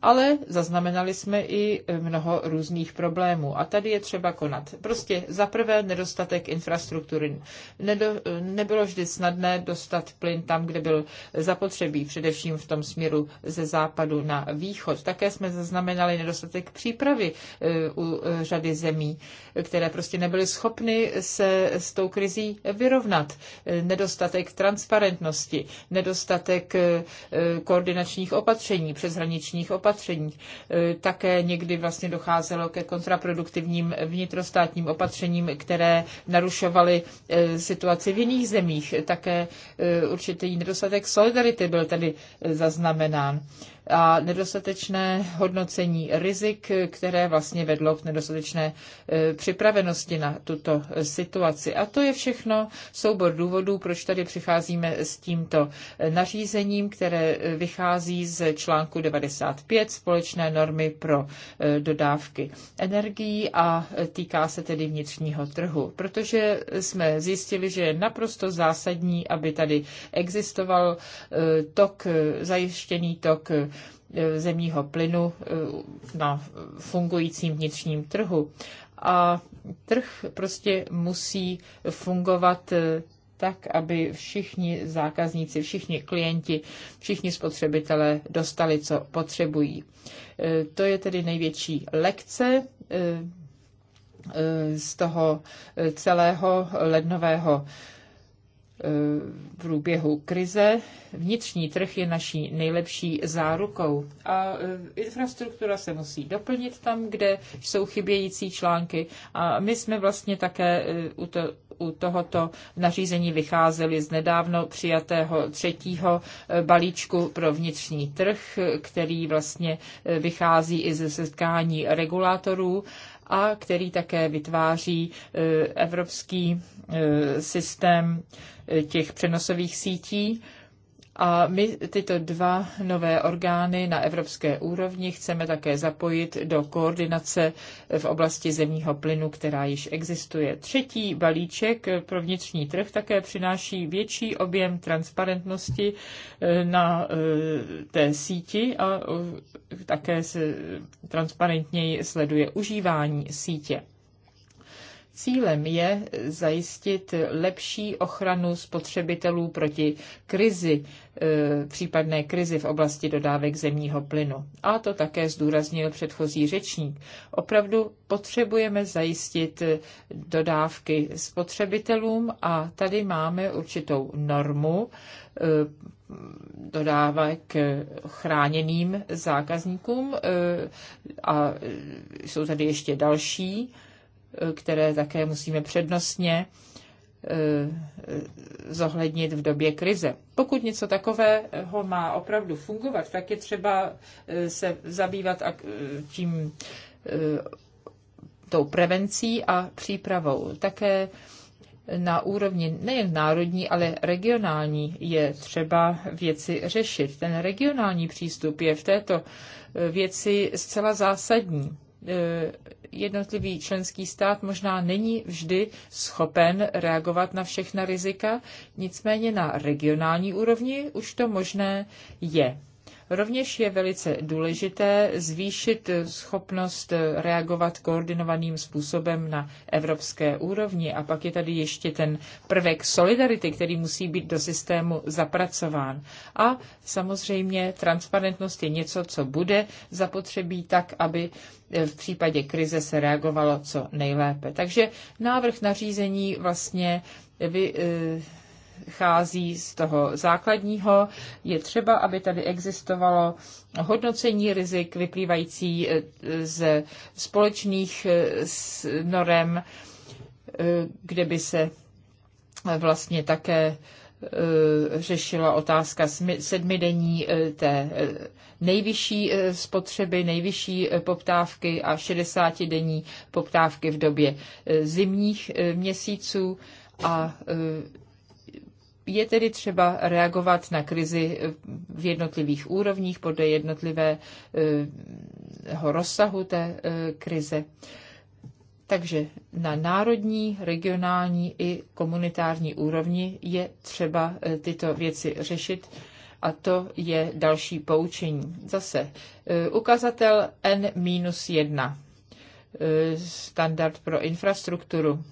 ale zaznamenali jsme i mnoho různých problémů a tady je třeba konat. Prostě za prvé nedostatek infrastruktury. Nedo, nebylo vždy snadné dostat plyn tam, kde byl zapotřebí, především v tom směru ze západu na východ. Také jsme zaznamenali nedostatek přípravy eh, u řady zemí, které prostě nebyly schopny se s tou krizí vyrovnat. Eh, nedostatek transparentnosti, nedostatek eh, koordinačních opatření přes hraniční legislativních opatřeních. E, také někdy vlastně docházelo ke kontraproduktivním vnitrostátním opatřením, které narušovaly e, situaci v jiných zemích. Také e, určitý nedostatek solidarity byl tady zaznamenán a nedostatečné hodnocení rizik, které vlastně vedlo k nedostatečné e, připravenosti na tuto situaci. A to je všechno soubor důvodů, proč tady přicházíme s tímto e, nařízením, které e, vychází z článku 95 společné normy pro dodávky energií a týká se tedy vnitřního trhu, protože jsme zjistili, že je naprosto zásadní, aby tady existoval tok, zajištěný tok Eh, zemního plynu eh, na fungujícím vnitřním trhu. A trh prostě musí fungovat eh, tak, aby všichni zákazníci, všichni klienti, všichni spotřebitelé dostali, co potřebují. To je tedy největší lekce z toho celého lednového v průběhu krize. Vnitřní trh je naší nejlepší zárukou a e, infrastruktura se musí doplnit tam, kde jsou chybějící články a my jsme vlastně také e, u, to, u tohoto nařízení vycházeli z nedávno přijatého třetího e, balíčku pro vnitřní trh, který vlastně vychází i ze setkání regulátorů a který také vytváří e, evropský e, systém e, těch přenosových sítí. A my tyto dva nové orgány na evropské úrovni chceme také zapojit do koordinace v oblasti zemního plynu, která již existuje. Třetí balíček pro vnitřní trh také přináší větší objem transparentnosti na té síti a také se transparentněji sleduje užívání sítě. Cílem je zajistit lepší ochranu spotřebitelů proti krizi, e, případné krizi v oblasti dodávek zemního plynu. A to také zdůraznil předchozí řečník. Opravdu potřebujeme zajistit dodávky spotřebitelům a tady máme určitou normu e, dodávek chráněným zákazníkům e, a jsou tady ještě další které také musíme přednostně eh, eh, zohlednit v době krize. Pokud něco takového má opravdu fungovat, tak je třeba eh, se zabývat tím tou prevencí a přípravou. Také na úrovni nejen národní, ale regionální je třeba věci řešit. Ten regionální přístup je v této věci zcela zásadní. E, jednotlivý členský stát možná není vždy schopen reagovat na všechna rizika, nicméně na regionální úrovni už to možné je. Rovněž je velice důležité zvýšit eh, schopnost eh, reagovat koordinovaným způsobem na evropské úrovni. A pak je tady ještě ten prvek solidarity, který musí být do systému zapracován. A samozřejmě transparentnost je něco, co bude zapotřebí tak, aby eh, v případě krize se reagovalo co nejlépe. Takže návrh nařízení vlastně vy, vychází z toho základního. Je třeba, aby tady existovalo hodnocení rizik vyplývající eh, ze společných eh, norem, eh, kde by se vlastně také řešila otázka sedmidení té nejvyšší spotřeby, nejvyšší poptávky a 60-denní poptávky v době zimních měsíců a je tedy třeba reagovat na krizi v jednotlivých úrovních podle jednotlivého rozsahu té eh, krize. Takže na národní, regionální i komunitární úrovni je třeba eh, tyto věci řešit a to je další poučení. Zase eh, ukazatel N-1, standard pro infrastrukturu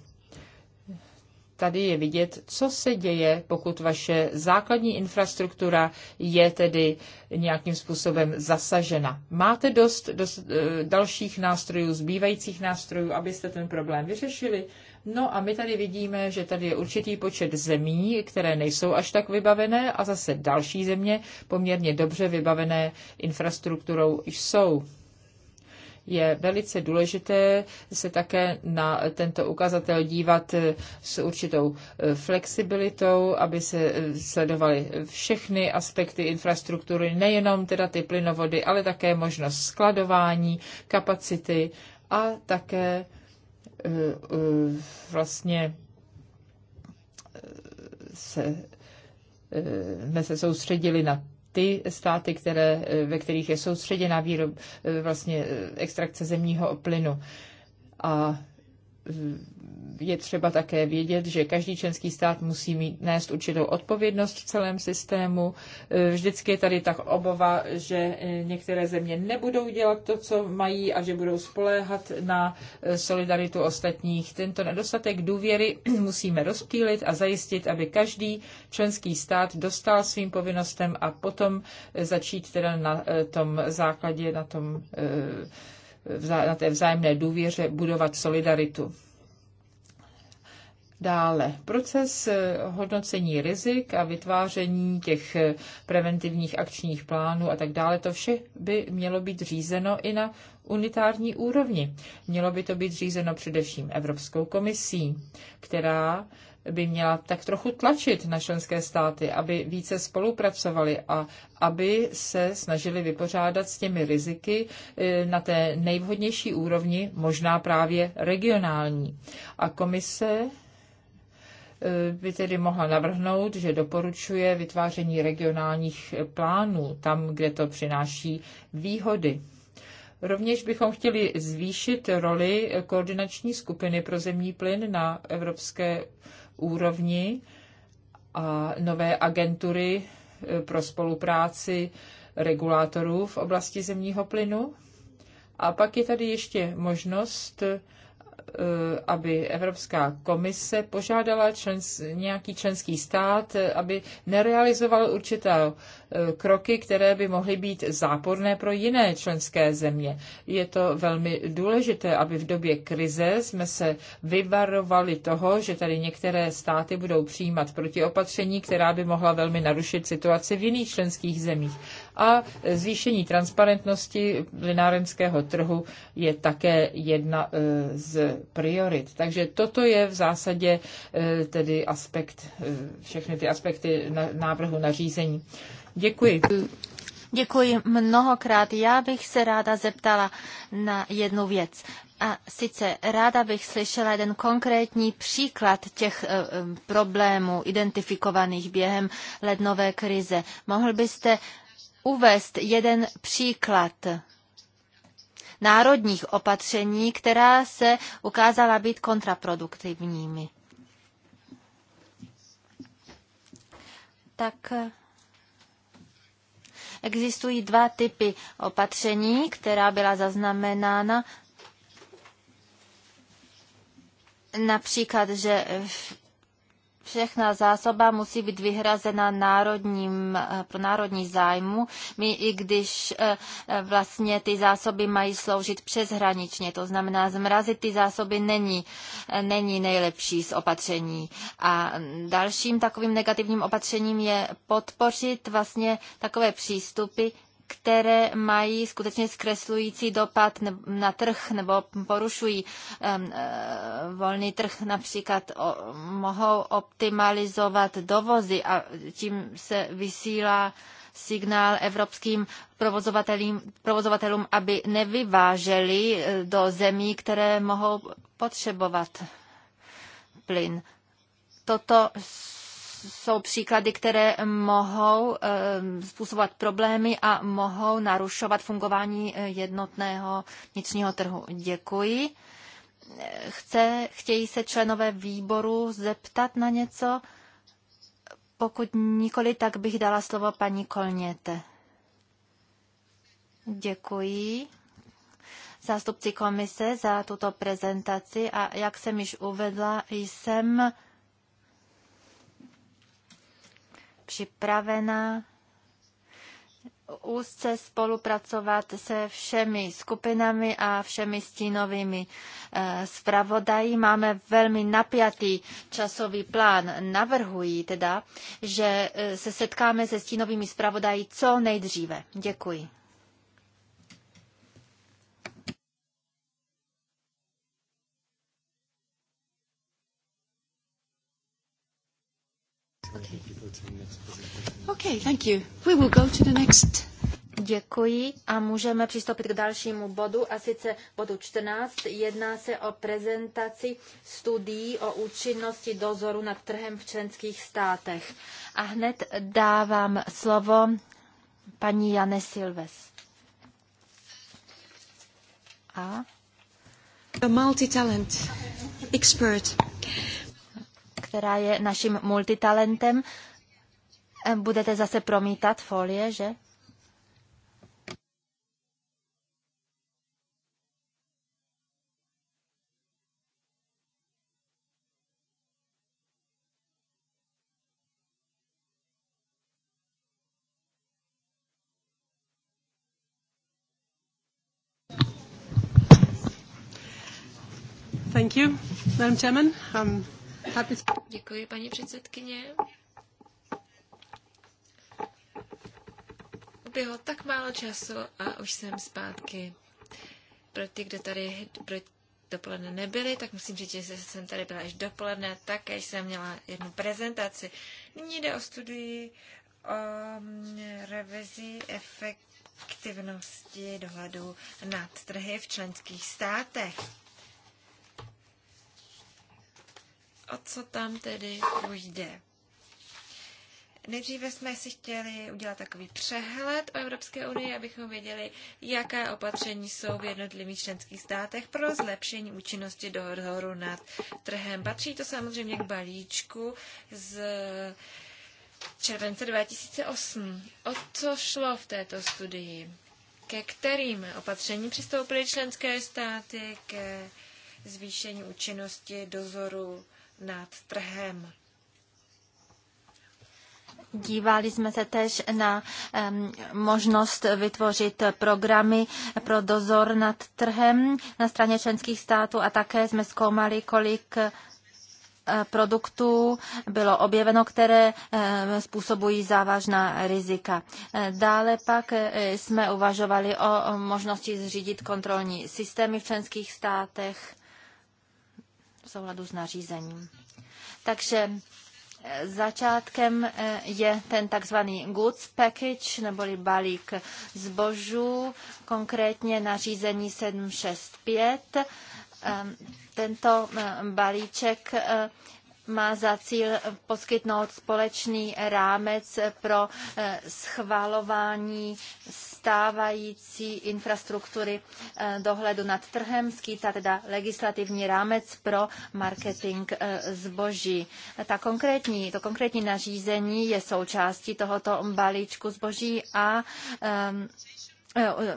tady je vidět, co se děje, pokud vaše základní infrastruktura je tedy nějakým způsobem zasažena. Máte dost, dost eh, dalších nástrojů, zbývajících nástrojů, abyste ten problém vyřešili. No a my tady vidíme, že tady je určitý počet zemí, které nejsou až tak vybavené a zase další země poměrně dobře vybavené infrastrukturou jsou je velice důležité se také na tento ukazatel dívat eh, s určitou eh, flexibilitou, aby se eh, sledovaly všechny aspekty infrastruktury, nejenom teda ty plynovody, ale také možnost skladování, kapacity a také vlastně se, jsme se soustředili na ty státy, které, ve kterých je soustředěna výrob, vlastně eh, extrakce zemního plynu. A je třeba také vědět, že každý členský stát musí mít nést určitou odpovědnost v celém systému. Eh, vždycky je tady tak obava, že eh, některé země nebudou dělat to, co mají a že budou spoléhat na eh, solidaritu ostatních. Tento nedostatek důvěry musíme rozptýlit a zajistit, aby každý členský stát dostal svým povinnostem a potom začít teda na tom základě, na tom na té vzájemné důvěře budovat solidaritu. Dále proces eh, hodnocení rizik a vytváření těch eh, preventivních akčních plánů a tak dále, to vše by mělo být řízeno i na unitární úrovni. Mělo by to být řízeno především Evropskou komisí, která by měla tak trochu tlačit na členské státy, aby více spolupracovali a aby se snažili vypořádat s těmi riziky eh, na té nejvhodnější úrovni, možná právě regionální. A komise eh, by tedy mohla navrhnout, že doporučuje vytváření regionálních plánů tam, kde to přináší výhody. Rovněž bychom chtěli zvýšit roli koordinační skupiny pro zemní plyn na evropské úrovni a nové agentury eh, pro spolupráci regulátorů v oblasti zemního plynu. A pak je tady ještě možnost Eh, aby Evropská komise požádala člens, nějaký členský stát, eh, aby nerealizoval určité eh, kroky, které by mohly být záporné pro jiné členské země. Je to velmi důležité, aby v době krize jsme se vyvarovali toho, že tady některé státy budou přijímat protiopatření, která by mohla velmi narušit situaci v jiných členských zemích a zvýšení transparentnosti linárenského trhu je také jedna e, z priorit. Takže toto je v zásadě e, tedy aspekt, e, všechny ty aspekty návrhu nařízení. Děkuji. Děkuji mnohokrát. Já bych se ráda zeptala na jednu věc. A sice ráda bych slyšela jeden konkrétní příklad těch e, problémů identifikovaných během lednové krize. Mohl byste uvést jeden příklad národních opatření, která se ukázala být kontraproduktivními. Tak eh, existují dva typy opatření, která byla zaznamenána Například, že všechna zásoba musí být vyhrazena národním, eh, pro národní zájmu, my i když eh, eh, vlastně ty zásoby mají sloužit přeshraničně, to znamená zmrazit ty zásoby není, není nejlepší z opatření. A mm, dalším takovým negativním opatřením je podpořit vlastně takové přístupy, které mají skutečně zkreslující dopad na trh nebo porušují eh, volný trh, například mohou optimalizovat dovozy a tím se vysílá signál evropským provozovatelům, provozovatelům, aby nevyváželi eh, do zemí, které mohou potřebovat plyn. Toto jsou příklady, které mohou eh, způsobovat problémy a mohou narušovat fungování eh, jednotného vnitřního trhu. Děkuji. Eh, chce, chtějí se členové výboru zeptat na něco? Pokud nikoli, tak bych dala slovo paní Kolněte. Děkuji zástupci komise za tuto prezentaci a jak jsem již uvedla, jsem připravená úzce spolupracovat se všemi skupinami a všemi stínovými eh, zpravodají. Máme velmi napjatý časový plán. Navrhuji teda, že eh, se setkáme se stínovými zpravodají co nejdříve. Děkuji. Okay. Okay, thank you. We will go to the next. Děkuji a můžeme přistoupit k dalšímu bodu, a sice bodu 14. Jedná se o prezentaci studií o účinnosti dozoru nad trhem v členských státech. A hned dávám slovo paní Jane Silves. A? A multitalent expert. Která je naším multitalentem Budete zase promítat folie, že? Thank you, Madam Chairman. I'm um, happy to... Děkuji, paní předsedkyně. Bylo tak málo času a už jsem zpátky. Pro ty, kdo tady pro dopoledne nebyli, tak musím říct, že jsem tady byla až dopoledne, také jsem měla jednu prezentaci. Nyní jde o studii o mm, revizi efektivnosti dohledu nad trhy v členských státech. O co tam tedy půjde? Nejdříve jsme si chtěli udělat takový přehled o Evropské unii, abychom věděli, jaká opatření jsou v jednotlivých členských státech pro zlepšení účinnosti dohodu nad trhem. Patří to samozřejmě k balíčku z července 2008. O co šlo v této studii? Ke kterým opatřením přistoupily členské státy ke zvýšení účinnosti dozoru nad trhem? Dívali jsme se tež na možnost vytvořit programy pro dozor nad trhem na straně členských států a také jsme zkoumali, kolik eh, produktů bylo objeveno, které eh, způsobují závažná rizika. Eh, dále pak jsme uvažovali o možnosti zřídit kontrolní systémy v členských státech v souladu s nařízením. Takže Začátkem eh, je ten takzvaný goods package, neboli balík zbožů, konkrétně nařízení 765. Ehm, tento eh, balíček eh, má za cíl poskytnout společný rámec pro eh, schvalování stávající infrastruktury eh, dohledu nad trhem, skýtá teda legislativní rámec pro marketing eh, zboží. Ta konkrétní, to konkrétní nařízení je součástí tohoto balíčku zboží a ehm, Eh, eh,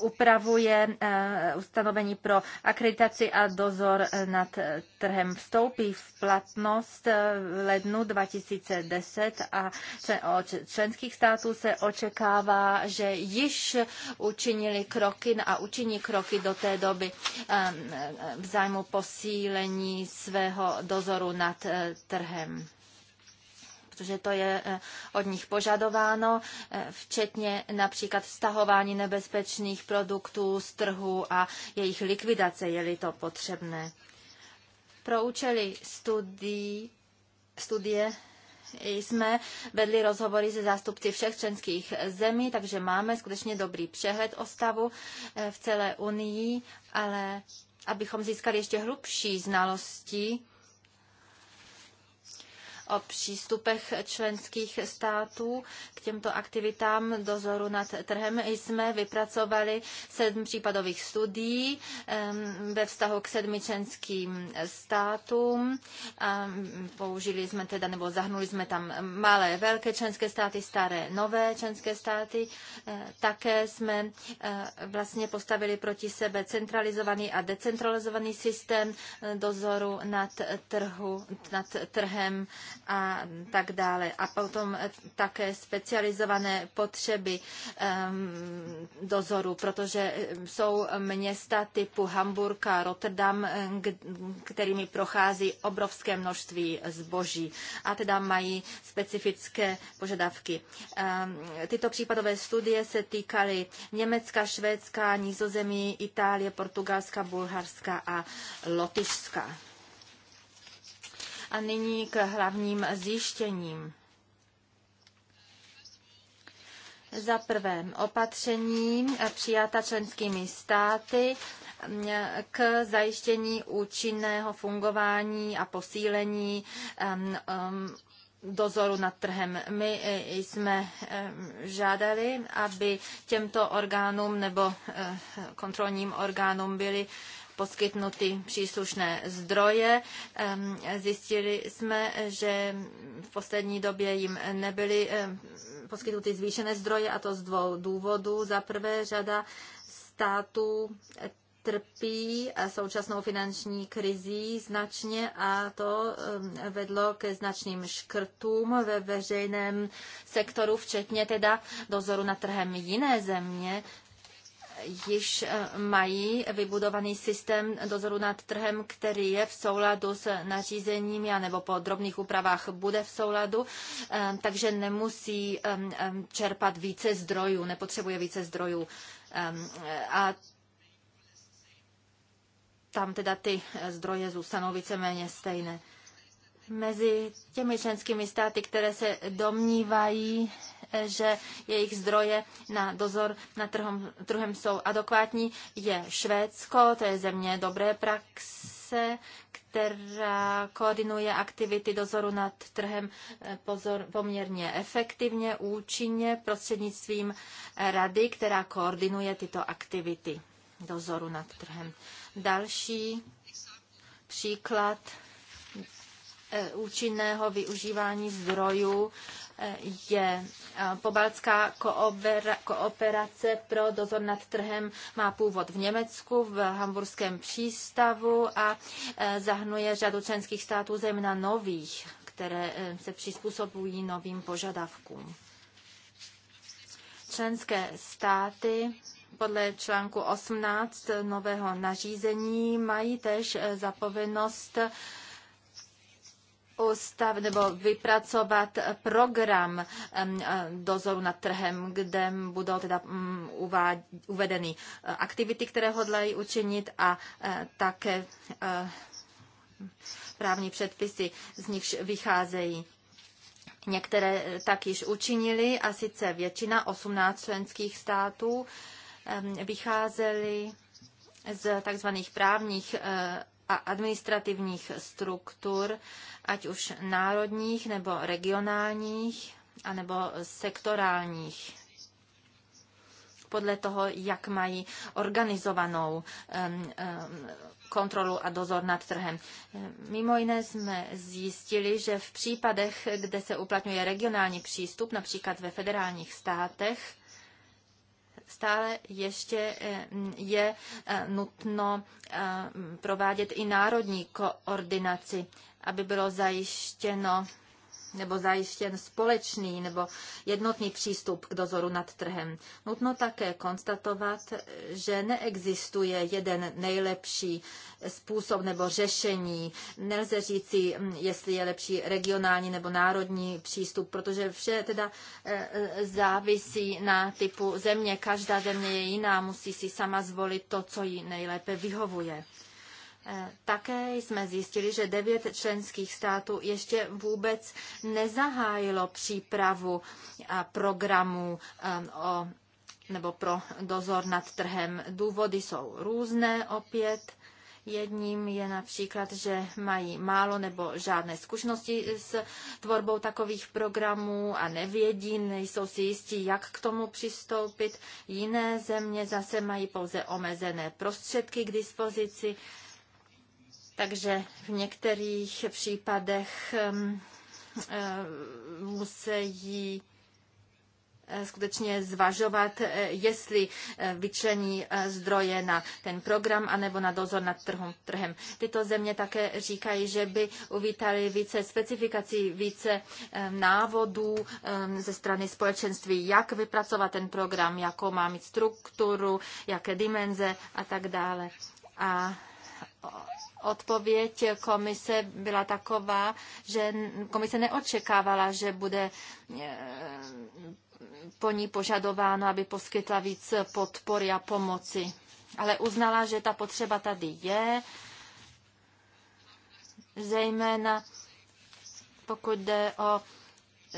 upravuje eh, ustanovení pro akreditaci a dozor nad trhem. Vstoupí v platnost v lednu 2010 a od členských států se očekává, že již učinili kroky a učiní kroky do té doby v zájmu posílení svého dozoru nad trhem protože to je eh, od nich požadováno, eh, včetně například stahování nebezpečných produktů z trhu a jejich likvidace, je-li to potřebné. Pro účely studií, studie jsme vedli rozhovory se zástupci všech členských zemí, takže máme skutečně dobrý přehled o stavu eh, v celé Unii, ale abychom získali ještě hlubší znalosti, o přístupech členských států k těmto aktivitám dozoru nad trhem. Jsme vypracovali sedm případových studií ve vztahu k sedmi členským státům. Použili jsme teda, nebo zahnuli jsme tam malé, velké členské státy, staré, nové členské státy. E, také jsme e, vlastně postavili proti sebe centralizovaný a decentralizovaný systém e, dozoru nad, trhu, nad trhem a tak dále. A potom také specializované potřeby ehm, dozoru, protože jsou města typu Hamburg a Rotterdam, kterými prochází obrovské množství zboží a teda mají specifické požadavky. Ehm, tyto případové studie se týkaly Německa, Švédska, Nizozemí, Itálie, Portugalska, Bulharska a Lotyšska. A nyní k hlavním zjištěním. Za prvé, opatření přijata členskými státy k zajištění účinného fungování a posílení dozoru nad trhem. My e, jsme žádali, aby těmto orgánům nebo e, kontrolním orgánům byly poskytnuty příslušné zdroje. Zjistili jsme, že v poslední době jim nebyly poskytnuty zvýšené zdroje a to z dvou důvodů. Za prvé řada států trpí současnou finanční krizí značně a to vedlo ke značným škrtům ve veřejném sektoru, včetně teda dozoru na trhem jiné země již eh, mají vybudovaný systém dozoru nad trhem, který je v souladu s nařízením nebo po drobných úpravách bude v souladu, eh, takže nemusí čerpat více zdrojů, nepotřebuje více zdrojů. Eh, a tam teda ty zdroje zůstanou víceméně stejné. Mezi těmi členskými státy, které se domnívají, že jejich zdroje na dozor na trhom, trhem jsou adekvátní, je Švédsko, to je země dobré praxe, která koordinuje aktivity dozoru nad trhem eh, pozor, poměrně efektivně, účinně prostřednictvím rady, která koordinuje tyto aktivity dozoru nad trhem. Další příklad eh, účinného využívání zdrojů je eh, pobaltská kooperace pro dozor nad trhem má původ v Německu, v hamburském přístavu a eh, zahnuje řadu členských států, zejména nových, které eh, se přizpůsobují novým požadavkům. Členské státy podle článku 18 nového nařízení mají tež zapovinnost ustav nebo vypracovat program dozoru nad trhem, kde budou teda mm, uvedeny e, aktivity, které hodlají učinit a e, také e, právní předpisy, z nichž vycházejí. Některé tak již učinili a sice většina 18 členských států vycházely z takzvaných právních a administrativních struktur, ať už národních nebo regionálních, anebo sektorálních podle toho, jak mají organizovanou kontrolu a dozor nad trhem. Mimo jiné jsme zjistili, že v případech, kde se uplatňuje regionální přístup, například ve federálních státech, stále ještě eh, je eh, nutno eh, provádět i národní koordinaci, aby bylo zajištěno nebo zajištěn společný nebo jednotný přístup k dozoru nad trhem. Nutno také konstatovat, že neexistuje jeden nejlepší způsob nebo řešení. Nelze říci, mm, jestli je lepší regionální nebo národní přístup, protože vše teda e, e, závisí na typu země. Každá země je jiná, musí si sama zvolit to, co jí nejlépe vyhovuje. Eh, také jsme zjistili, že devět členských států ještě vůbec nezahájilo přípravu eh, programů eh, o, nebo pro dozor nad trhem. Důvody jsou různé opět. Jedním je například, že mají málo nebo žádné zkušenosti s tvorbou takových programů a nevědí, nejsou si jistí, jak k tomu přistoupit. Jiné země zase mají pouze omezené prostředky k dispozici takže v některých případech musí e, skutečně zvažovat, e, jestli e, vyčlení zdroje na ten program anebo na dozor nad trhem. Tyto země také říkají, že by uvítali více specifikací, více návodů ze strany společenství, jak vypracovat ten program, jakou má mít strukturu, jaké dimenze a tak dále. A odpověď komise byla taková, že komise neočekávala, že bude e, po ní požadováno, aby poskytla víc podpory a pomoci. Ale uznala, že ta potřeba tady je, zejména pokud jde o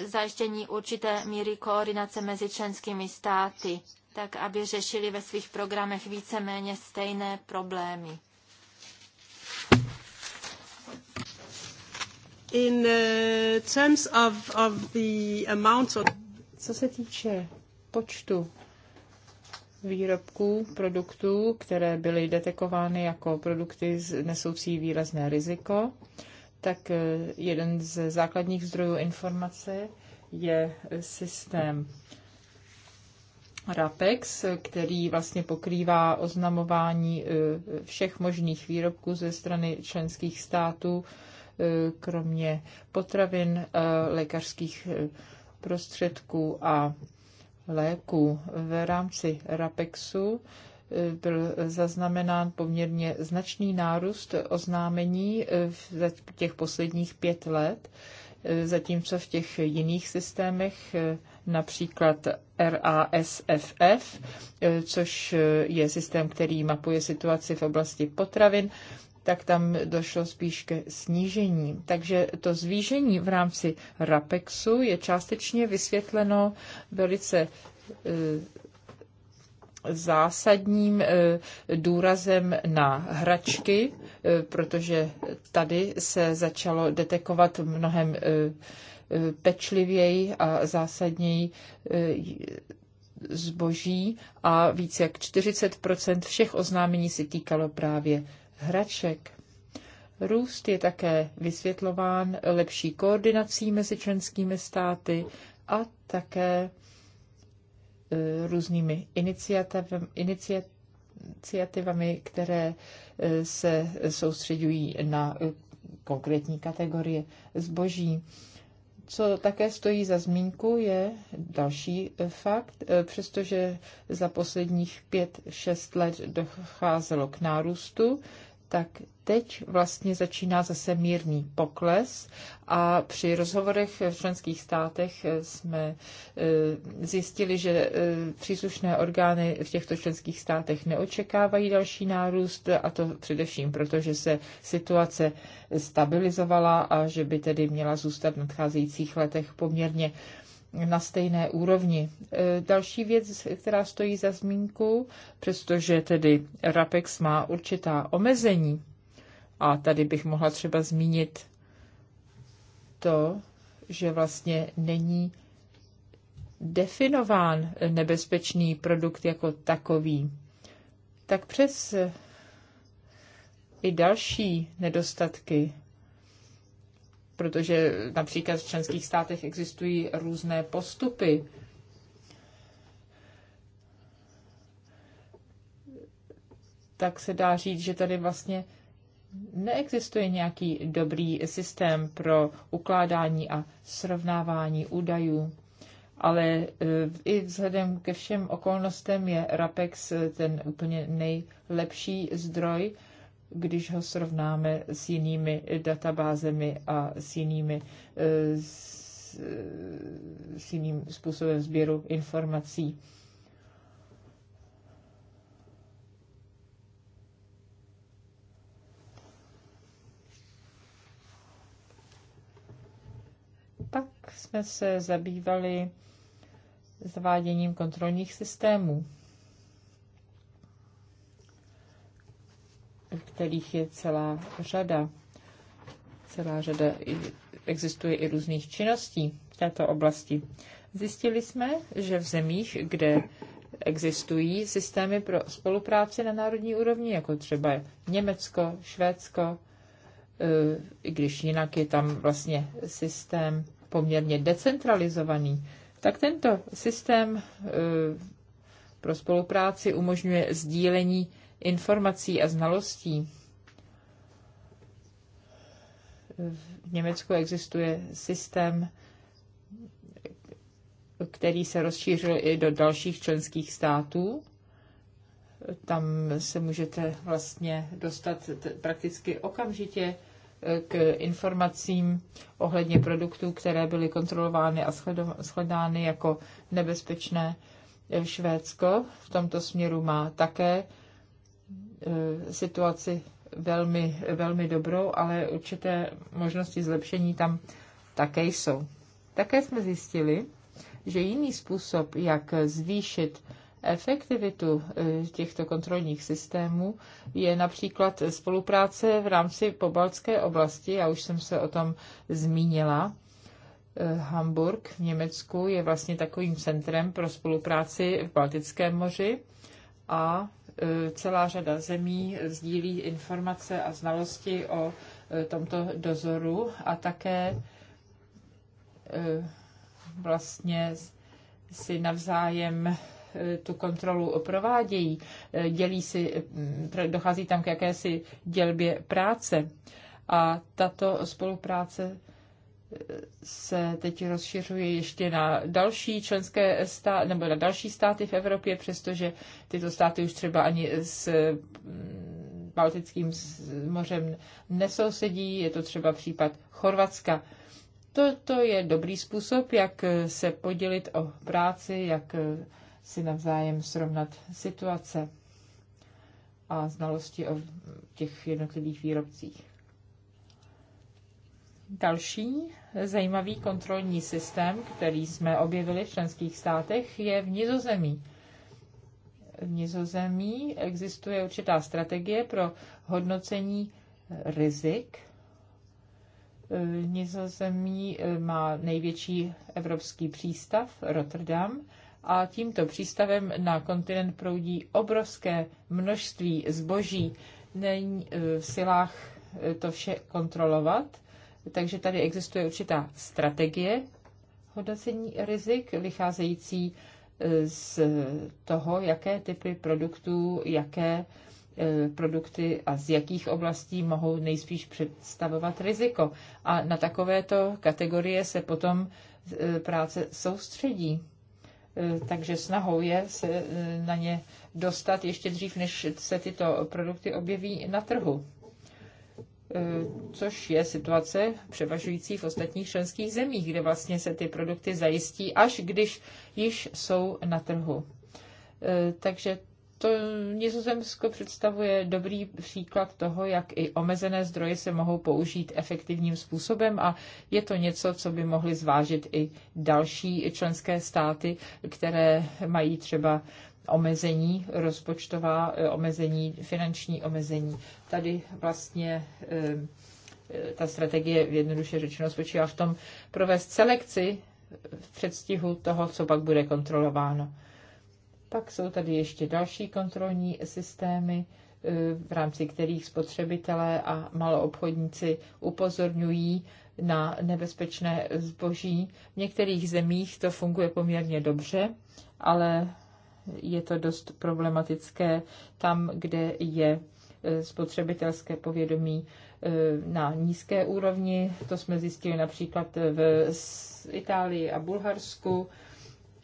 zajištění určité míry koordinace mezi členskými státy, tak aby řešili ve svých programech víceméně stejné problémy. In uh, terms of, of the of... Co se týče počtu výrobků, produktů, které byly detekovány jako produkty nesoucí výrazné riziko, tak eh, jeden z základních zdrojů informace je systém RAPEX, který vlastně pokrývá oznamování eh, všech možných výrobků ze strany členských států E, kromě potravin, e, lékařských e, prostředků a léků. V rámci RAPEXu byl zaznamenán poměrně značný nárůst oznámení za těch posledních pět let, zatímco v těch jiných systémech například RASFF, což je systém, který mapuje situaci v oblasti potravin, tak tam došlo spíš ke snížení. Takže to zvýšení v rámci RAPEXu je částečně vysvětleno velice eh, zásadním eh, důrazem na hračky, eh, protože tady se začalo detekovat mnohem pečlivěji a zásadněji zboží a více jak 40 všech oznámení se týkalo právě hraček. Růst je také vysvětlován lepší koordinací mezi členskými státy a také e, různými iniciativami, které e, se soustředují na e, konkrétní kategorie zboží co také stojí za zmínku, je další eh, fakt. Eh, přestože za posledních 5-6 let docházelo k nárůstu, tak teď vlastně začíná zase mírný pokles a při rozhovorech v členských státech eh, jsme eh, zjistili, že eh, příslušné orgány v těchto členských státech neočekávají další nárůst a to především proto, že se situace stabilizovala a že by tedy měla zůstat v nadcházejících letech poměrně na stejné úrovni. E, další věc, která stojí za zmínku, přestože tedy RAPEX má určitá omezení, a tady bych mohla třeba zmínit to, že vlastně není definován nebezpečný produkt jako takový, tak přes i další nedostatky protože například v členských státech existují různé postupy. Tak se dá říct, že tady vlastně neexistuje nějaký dobrý systém pro ukládání a srovnávání údajů, ale e, i vzhledem ke všem okolnostem je RAPEX ten úplně nejlepší zdroj, když ho srovnáme s jinými databázemi a s jinými eh, s, eh, s jiným způsobem sběru informací. Pak jsme se zabývali zaváděním kontrolních systémů. kterých je celá řada. Celá řada existuje i různých činností v této oblasti. Zjistili jsme, že v zemích, kde existují systémy pro spolupráci na národní úrovni, jako třeba Německo, Švédsko, e, i když jinak je tam vlastně systém poměrně decentralizovaný, tak tento systém e, pro spolupráci umožňuje sdílení informací a znalostí. V Německu existuje systém, který se rozšířil i do dalších členských států. Tam se můžete vlastně dostat prakticky okamžitě eh, k informacím ohledně produktů, které byly kontrolovány a shledány jako nebezpečné. Švédsko v tomto směru má také Eh, situaci velmi, velmi dobrou, ale určité možnosti zlepšení tam také jsou. Také jsme zjistili, že jiný způsob, jak zvýšit efektivitu eh, těchto kontrolních systémů je například spolupráce v rámci pobaltské oblasti. Já už jsem se o tom zmínila. Eh, Hamburg v Německu je vlastně takovým centrem pro spolupráci v Baltickém moři a E, celá řada zemí sdílí informace a znalosti o e, tomto dozoru a také e, vlastně si navzájem tu kontrolu provádějí, dělí si, dochází tam k jakési dělbě práce. A tato spolupráce se teď rozšiřuje ještě na další členské státy, nebo na další státy v Evropě, přestože tyto státy už třeba ani s mm, Baltickým mořem nesousedí, je to třeba případ Chorvatska. Toto je dobrý způsob, jak se podělit o práci, jak si navzájem srovnat situace a znalosti o těch jednotlivých výrobcích. Další zajímavý kontrolní systém, který jsme objevili v členských státech, je v Nizozemí. V Nizozemí existuje určitá strategie pro hodnocení rizik. Nizozemí eh, má největší evropský přístav Rotterdam a tímto přístavem na kontinent proudí obrovské množství zboží. Není eh, v silách eh, to vše kontrolovat takže tady existuje určitá strategie hodnocení rizik vycházející e, z toho, jaké typy produktů, jaké e, produkty a z jakých oblastí mohou nejspíš představovat riziko. A na takovéto kategorie se potom e, práce soustředí. Takže snahou je se na ně dostat ještě dřív, než se tyto produkty objeví na trhu. Eh, což je situace převažující v ostatních členských zemích, kde vlastně se ty produkty zajistí, až když již jsou na trhu. Eh, takže to Nizozemsko představuje dobrý příklad toho, jak i omezené zdroje se mohou použít efektivním způsobem a je to něco, co by mohly zvážit i další členské státy, které mají třeba omezení, rozpočtová eh, omezení, finanční omezení. Tady vlastně eh, eh, ta strategie, jednoduše řečeno, spočívá v tom provést selekci v předstihu toho, co pak bude kontrolováno. Pak jsou tady ještě další kontrolní systémy, v rámci kterých spotřebitelé a maloobchodníci upozorňují na nebezpečné zboží. V některých zemích to funguje poměrně dobře, ale je to dost problematické tam, kde je eh, spotřebitelské povědomí eh, na nízké úrovni. To jsme zjistili například v Itálii a Bulharsku.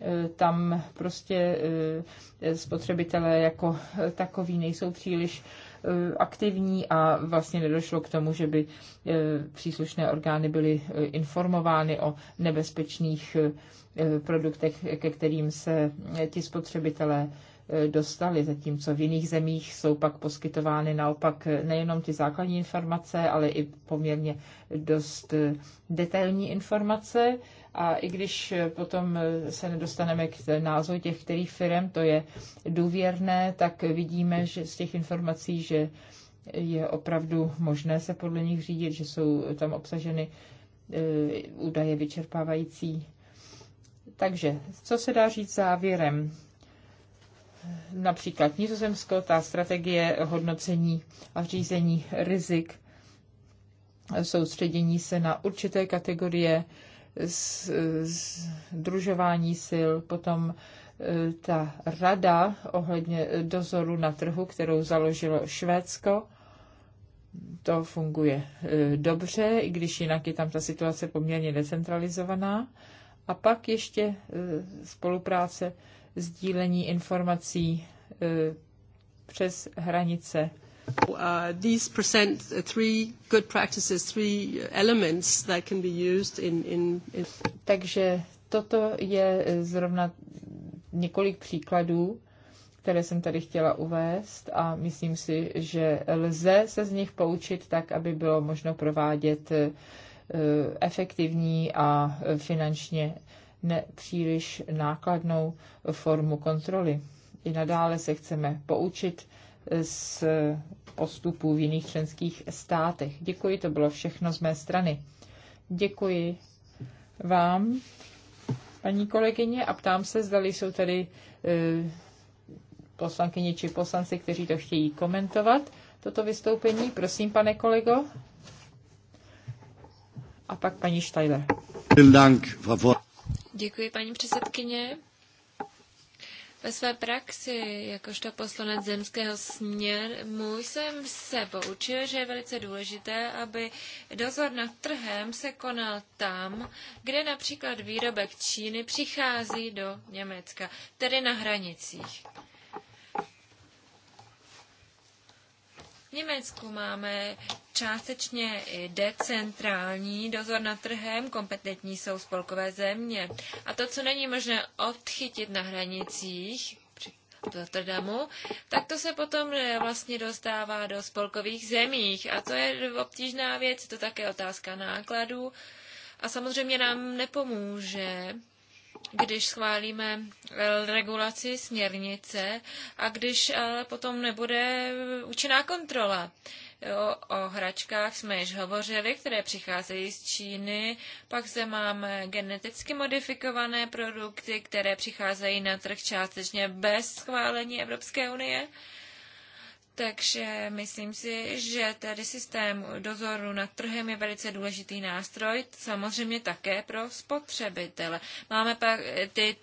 Eh, tam prostě spotřebitelé jako takový nejsou příliš Eh, aktivní a vlastně nedošlo k tomu, že by eh, příslušné orgány byly eh, informovány o nebezpečných produktech, ke kterým se ti spotřebitelé dostali, zatímco v jiných zemích jsou pak poskytovány naopak nejenom ty základní informace, ale i poměrně dost detailní informace a i když eh, potom eh, se nedostaneme k názvu těch kterých firm, to je důvěrné, tak vidíme že z těch informací, že je opravdu možné se podle nich řídit, že jsou tam obsaženy eh, údaje vyčerpávající. Takže, co se dá říct závěrem? Například Nizozemsko, ta strategie hodnocení a řízení rizik, soustředění se na určité kategorie združování sil, potom eh, ta rada ohledně dozoru na trhu, kterou založilo Švédsko, to funguje eh, dobře, i když jinak je tam ta situace poměrně decentralizovaná. A pak ještě eh, spolupráce sdílení informací přes hranice Uh, these present three good practices, three elements that can be used in, in, in... Takže toto je eh, zrovna několik příkladů, které jsem tady chtěla uvést a myslím si, že lze se z nich poučit tak, aby bylo možno provádět eh, efektivní a finančně nepříliš nákladnou formu kontroly. I nadále se chceme poučit z postupů v jiných členských státech. Děkuji, to bylo všechno z mé strany. Děkuji vám, paní kolegyně, a ptám se, zdali jsou tady eh, poslankyně či poslanci, kteří to chtějí komentovat, toto vystoupení. Prosím, pane kolego. A pak paní Štajler. Děkuji, paní předsedkyně. Ve své praxi, jakožto poslanec zemského směru jsem se poučil, že je velice důležité, aby dozor nad trhem se konal tam, kde například výrobek Číny přichází do Německa, tedy na hranicích. V Německu máme částečně i decentrální dozor nad trhem, kompetentní jsou spolkové země. A to, co není možné odchytit na hranicích, Rotterdamu, tak to se potom eh, vlastně dostává do spolkových zemích. A to je obtížná věc, to také otázka nákladů. A samozřejmě nám nepomůže když schválíme eh, regulaci směrnice a když ale eh, potom nebude účinná kontrola. O, o hračkách jsme již hovořili, které přicházejí z Číny, pak zde máme geneticky modifikované produkty, které přicházejí na trh částečně bez schválení Evropské unie. Takže myslím si, že tedy systém dozoru nad trhem je velice důležitý nástroj, samozřejmě také pro spotřebitele. Máme pak ty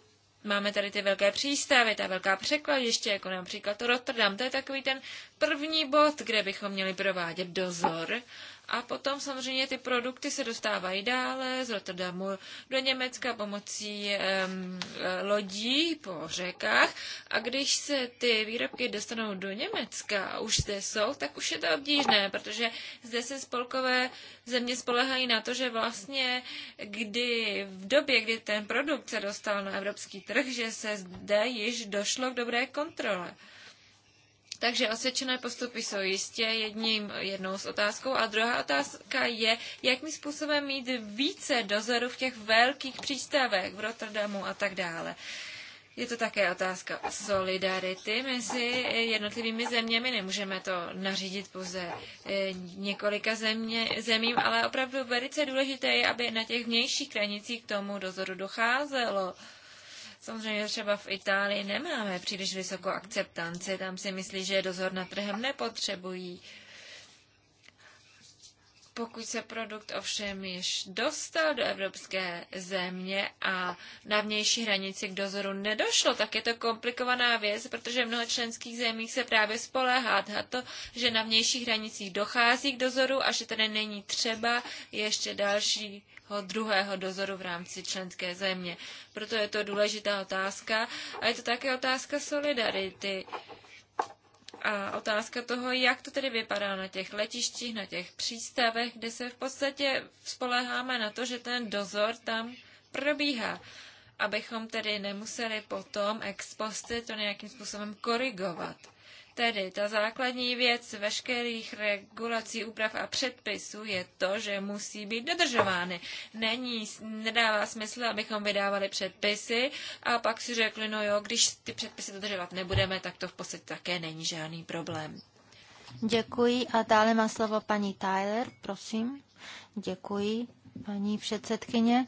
Máme tady ty velké přístavy, ta velká překladiště, jako například Rotterdam. To je takový ten první bod, kde bychom měli provádět dozor. A potom samozřejmě ty produkty se dostávají dále z Rotterdamu do Německa pomocí um, lodí po řekách. A když se ty výrobky dostanou do Německa a už zde jsou, tak už je to obtížné, protože zde se spolkové země spolehají na to, že vlastně kdy v době, kdy ten produkt se dostal na evropský trh, že se zde již došlo k dobré kontrole. Takže osvědčené postupy jsou jistě jedním, jednou z otázkou. A druhá otázka je, jakým způsobem mít více dozoru v těch velkých přístavech v Rotterdamu a tak dále. Je to také otázka solidarity mezi jednotlivými zeměmi. Nemůžeme to nařídit pouze eh, několika země, zemím, ale opravdu velice důležité je, aby na těch vnějších hranicích k tomu dozoru docházelo. Samozřejmě třeba v Itálii nemáme příliš vysokou akceptanci, tam si myslí, že dozor nad trhem nepotřebují. Pokud se produkt ovšem již dostal do evropské země a na vnější hranici k dozoru nedošlo, tak je to komplikovaná věc, protože v mnoho členských zemích se právě spolehá na to, že na vnějších hranicích dochází k dozoru a že tady není třeba ještě další druhého dozoru v rámci členské země. Proto je to důležitá otázka a je to také otázka solidarity. A otázka toho, jak to tedy vypadá na těch letištích, na těch přístavech, kde se v podstatě spoleháme na to, že ten dozor tam probíhá abychom tedy nemuseli potom ex poste to nějakým způsobem korigovat. Tedy ta základní věc veškerých regulací, úprav a předpisů je to, že musí být dodržovány. Není, nedává smysl, abychom vydávali předpisy a pak si řekli, no jo, když ty předpisy dodržovat nebudeme, tak to v podstatě také není žádný problém. Děkuji a dále má slovo paní Tyler, prosím. Děkuji, paní předsedkyně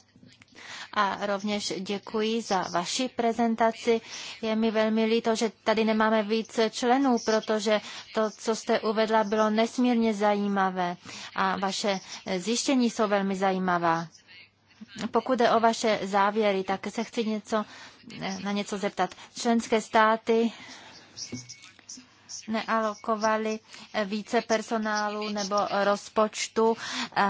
a rovněž děkuji za vaši prezentaci. Je mi velmi líto, že tady nemáme více členů, protože to, co jste uvedla, bylo nesmírně zajímavé a vaše zjištění jsou velmi zajímavá. Pokud je o vaše závěry, tak se chci něco, eh, na něco zeptat. Členské státy nealokovali eh, více personálu nebo rozpočtu eh,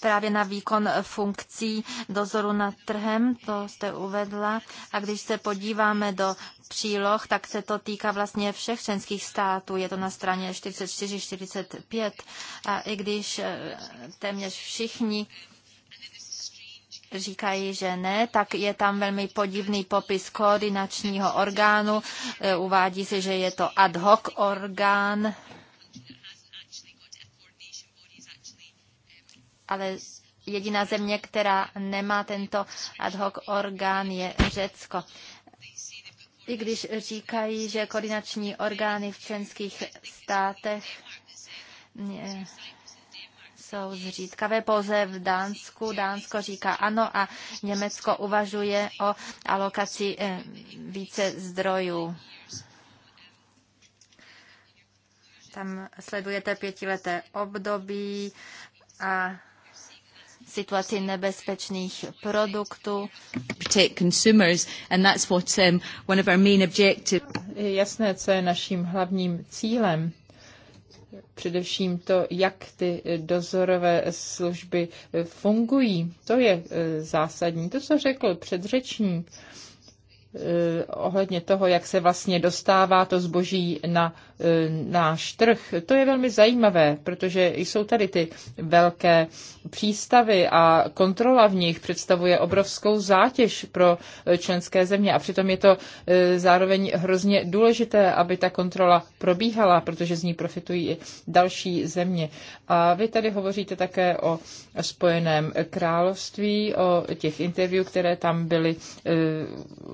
právě na výkon funkcí dozoru nad trhem, to jste uvedla. A když se podíváme do příloh, tak se to týká vlastně všech členských států. Je to na straně 44-45. A i když eh, téměř všichni říkají, že ne, tak je tam velmi podivný popis koordinačního orgánu. E, uvádí se, že je to ad hoc orgán. Ale jediná země, která nemá tento ad hoc orgán, je Řecko. I když říkají, že koordinační orgány v členských státech e, jsou zřídkavé. Pouze v Dánsku Dánsko říká ano a Německo uvažuje o alokaci eh, více zdrojů. Tam sledujete pětileté období a situaci nebezpečných produktů. Protect consumers and that's what um, one of our main objectives. Je jasné, co je naším hlavním cílem Především to, jak ty eh, dozorové služby eh, fungují, to je eh, zásadní. To, co řekl předřečník, ohledně toho, jak se vlastně dostává to zboží na E, náš trh. To je velmi zajímavé, protože jsou tady ty velké přístavy a kontrola v nich představuje obrovskou zátěž pro e, členské země a přitom je to e, zároveň hrozně důležité, aby ta kontrola probíhala, protože z ní profitují i další země. A vy tady hovoříte také o Spojeném království, o těch interview, které tam byly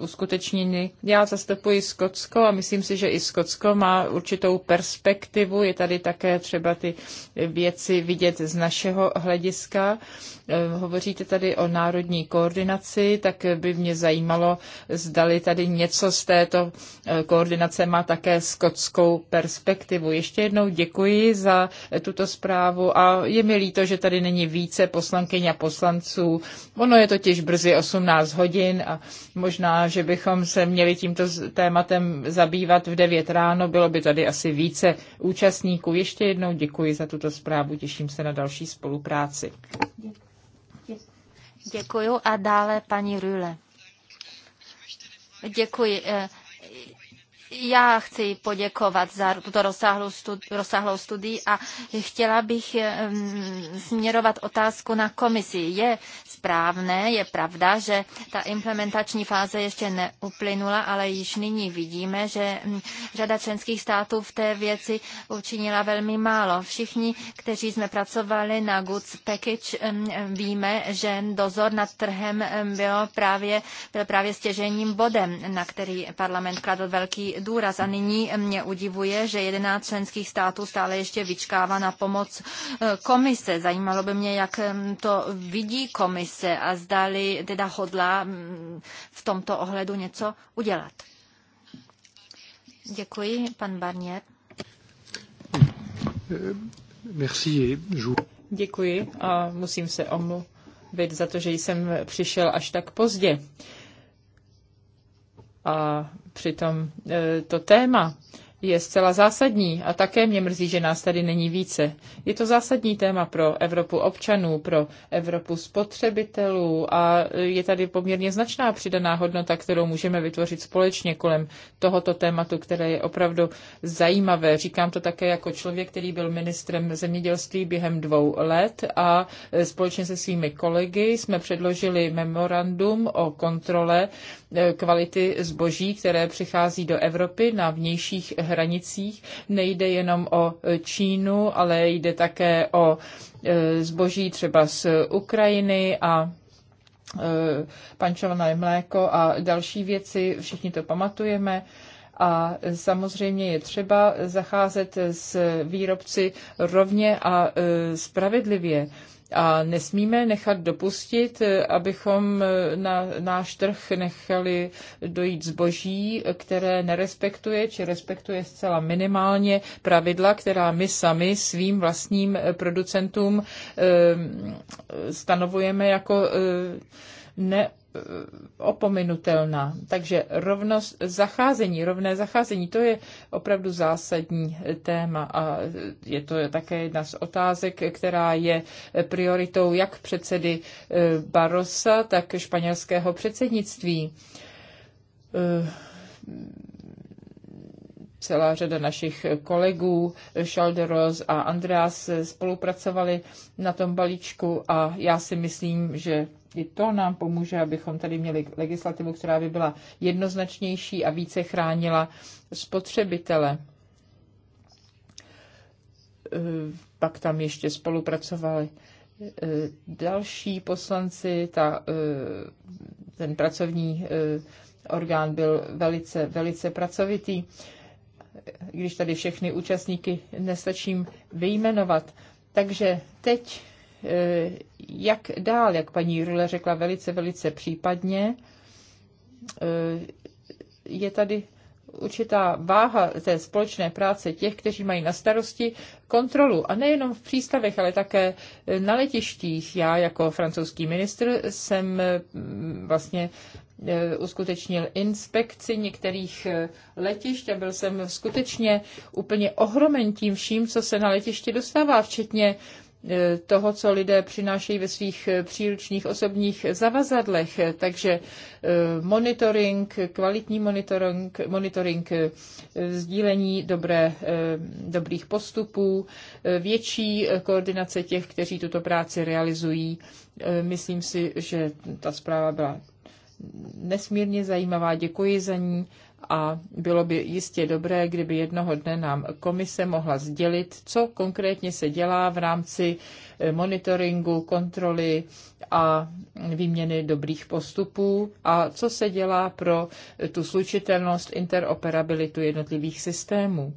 uskutečněny. Já zastupuji Skotsko a myslím si, že i Skotsko má určitě určitou perspektivu. Je tady také třeba ty věci vidět z našeho hlediska. Eh, hovoříte tady o národní koordinaci, tak by mě zajímalo, zdali tady něco z této eh, koordinace má také skotskou perspektivu. Ještě jednou děkuji za eh, tuto zprávu a je mi líto, že tady není více poslankyň a poslanců. Ono je totiž brzy 18 hodin a možná, že bychom se měli tímto tématem zabývat v 9 ráno, bylo by tady tedy asi více účastníků. Ještě jednou děkuji za tuto zprávu, těším se na další spolupráci. Děkuji a dále paní Rüle. Děkuji. Eh, já chci poděkovat za tuto rozsáhlou, studi- rozsáhlou studii a chtěla bych um, směrovat otázku na komisi. Je správné, je pravda, že ta implementační fáze ještě neuplynula, ale již nyní vidíme, že řada členských států v té věci učinila velmi málo. Všichni, kteří jsme pracovali na Goods Package, víme, že dozor nad trhem byl právě, byl právě stěžením bodem, na který parlament kladl velký důraz. A nyní mě udivuje, že 11 členských států stále ještě vyčkává na pomoc eh, komise. Zajímalo by mě, jak eh, to vidí komise a zdali teda hodla mm, v tomto ohledu něco udělat. Děkuji, pan Barnier. Merci. Děkuji a musím se omluvit za to, že jsem přišel až tak pozdě. A Přitom e, to téma je zcela zásadní a také mě mrzí, že nás tady není více. Je to zásadní téma pro Evropu občanů, pro Evropu spotřebitelů a je tady poměrně značná přidaná hodnota, kterou můžeme vytvořit společně kolem tohoto tématu, které je opravdu zajímavé. Říkám to také jako člověk, který byl ministrem zemědělství během dvou let a e, společně se svými kolegy jsme předložili memorandum o kontrole Eh, kvality zboží, které přichází do Evropy na vnějších hranicích. Nejde jenom o eh, Čínu, ale jde také o eh, zboží třeba z Ukrajiny a pančované mléko a další věci, všichni to pamatujeme. A samozřejmě je třeba zacházet s výrobci rovně a spravedlivě. A nesmíme nechat dopustit, abychom na náš trh nechali dojít zboží, které nerespektuje, či respektuje zcela minimálně pravidla, která my sami svým vlastním producentům eh, stanovujeme jako eh, ne Eh, opominutelná. Takže rovnost zacházení, rovné zacházení, to je opravdu zásadní téma a je to také jedna z otázek, která je prioritou jak předsedy eh, Barossa, tak španělského předsednictví eh, celá řada našich kolegů, Šalderos a Andreas, spolupracovali na tom balíčku a já si myslím, že i to nám pomůže, abychom tady měli legislativu, která by byla jednoznačnější a více chránila spotřebitele. Eh, pak tam ještě spolupracovali eh, další poslanci, ta, eh, ten pracovní orgán byl velice, velice pracovitý. Když tady všechny účastníky nestačím vyjmenovat. Takže teď Eh, jak dál, jak paní Jurle řekla velice, velice případně, eh, je tady určitá váha té společné práce těch, kteří mají na starosti kontrolu. A nejenom v přístavech, ale také eh, na letištích. Já jako francouzský ministr jsem mm, vlastně uskutečnil inspekci některých letišť a byl jsem skutečně úplně ohromen tím vším, co se na letiště dostává, včetně E, toho, co lidé přinášejí ve svých e, příručních osobních zavazadlech. Takže e, monitoring, kvalitní monitoring, monitoring sdílení dobré, dobrých postupů, větší koordinace těch, kteří tuto práci realizují. Myslím si, že ta zpráva byla nesmírně zajímavá. Děkuji za ní a bylo by jistě dobré, kdyby jednoho dne nám komise mohla sdělit, co konkrétně se dělá v rámci eh, monitoringu, kontroly a výměny dobrých postupů a co se dělá pro eh, tu slučitelnost, interoperabilitu jednotlivých systémů.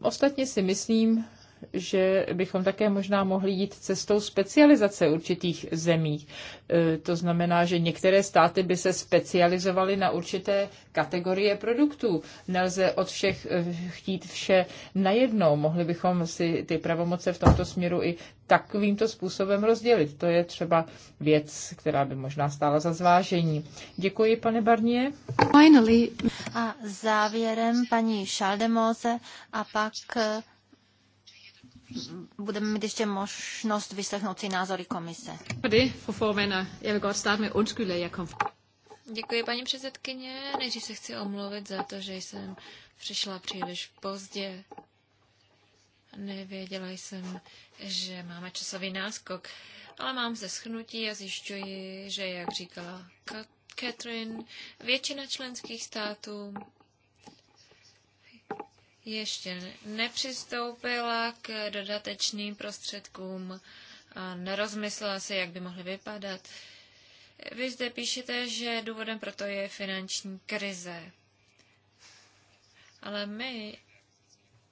Ostatně si myslím, že bychom také možná mohli jít cestou specializace určitých zemí. E, to znamená, že některé státy by se specializovaly na určité kategorie produktů. Nelze od všech e, chtít vše najednou. Mohli bychom si ty pravomoce v tomto směru i takovýmto způsobem rozdělit. To je třeba věc, která by možná stála za zvážení. Děkuji, pane Barnier. Finally. A závěrem paní Šaldemose a pak e, budeme mít ještě možnost vyslechnout si názory komise. Děkuji, paní předsedkyně. Nejdřív se chci omluvit za to, že jsem přišla příliš pozdě. Nevěděla jsem, že máme časový náskok, ale mám ze schnutí a zjišťuji, že, jak říkala Catherine, většina členských států ještě nepřistoupila k dodatečným prostředkům a nerozmyslela si, jak by mohly vypadat. Vy zde píšete, že důvodem pro to je finanční krize. Ale my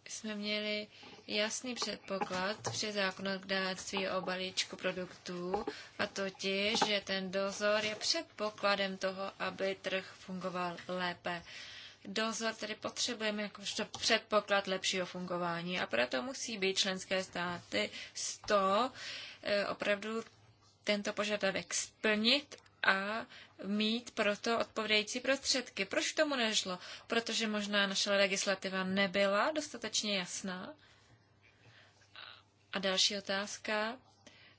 jsme měli jasný předpoklad při zákonodárství o balíčku produktů a totiž, že ten dozor je předpokladem toho, aby trh fungoval lépe. Dozor tedy potřebujeme jakožto předpoklad lepšího fungování a proto musí být členské státy 100 eh, opravdu tento požadavek splnit a mít proto odpovědející prostředky. Proč tomu nešlo? Protože možná naše legislativa nebyla dostatečně jasná. A další otázka.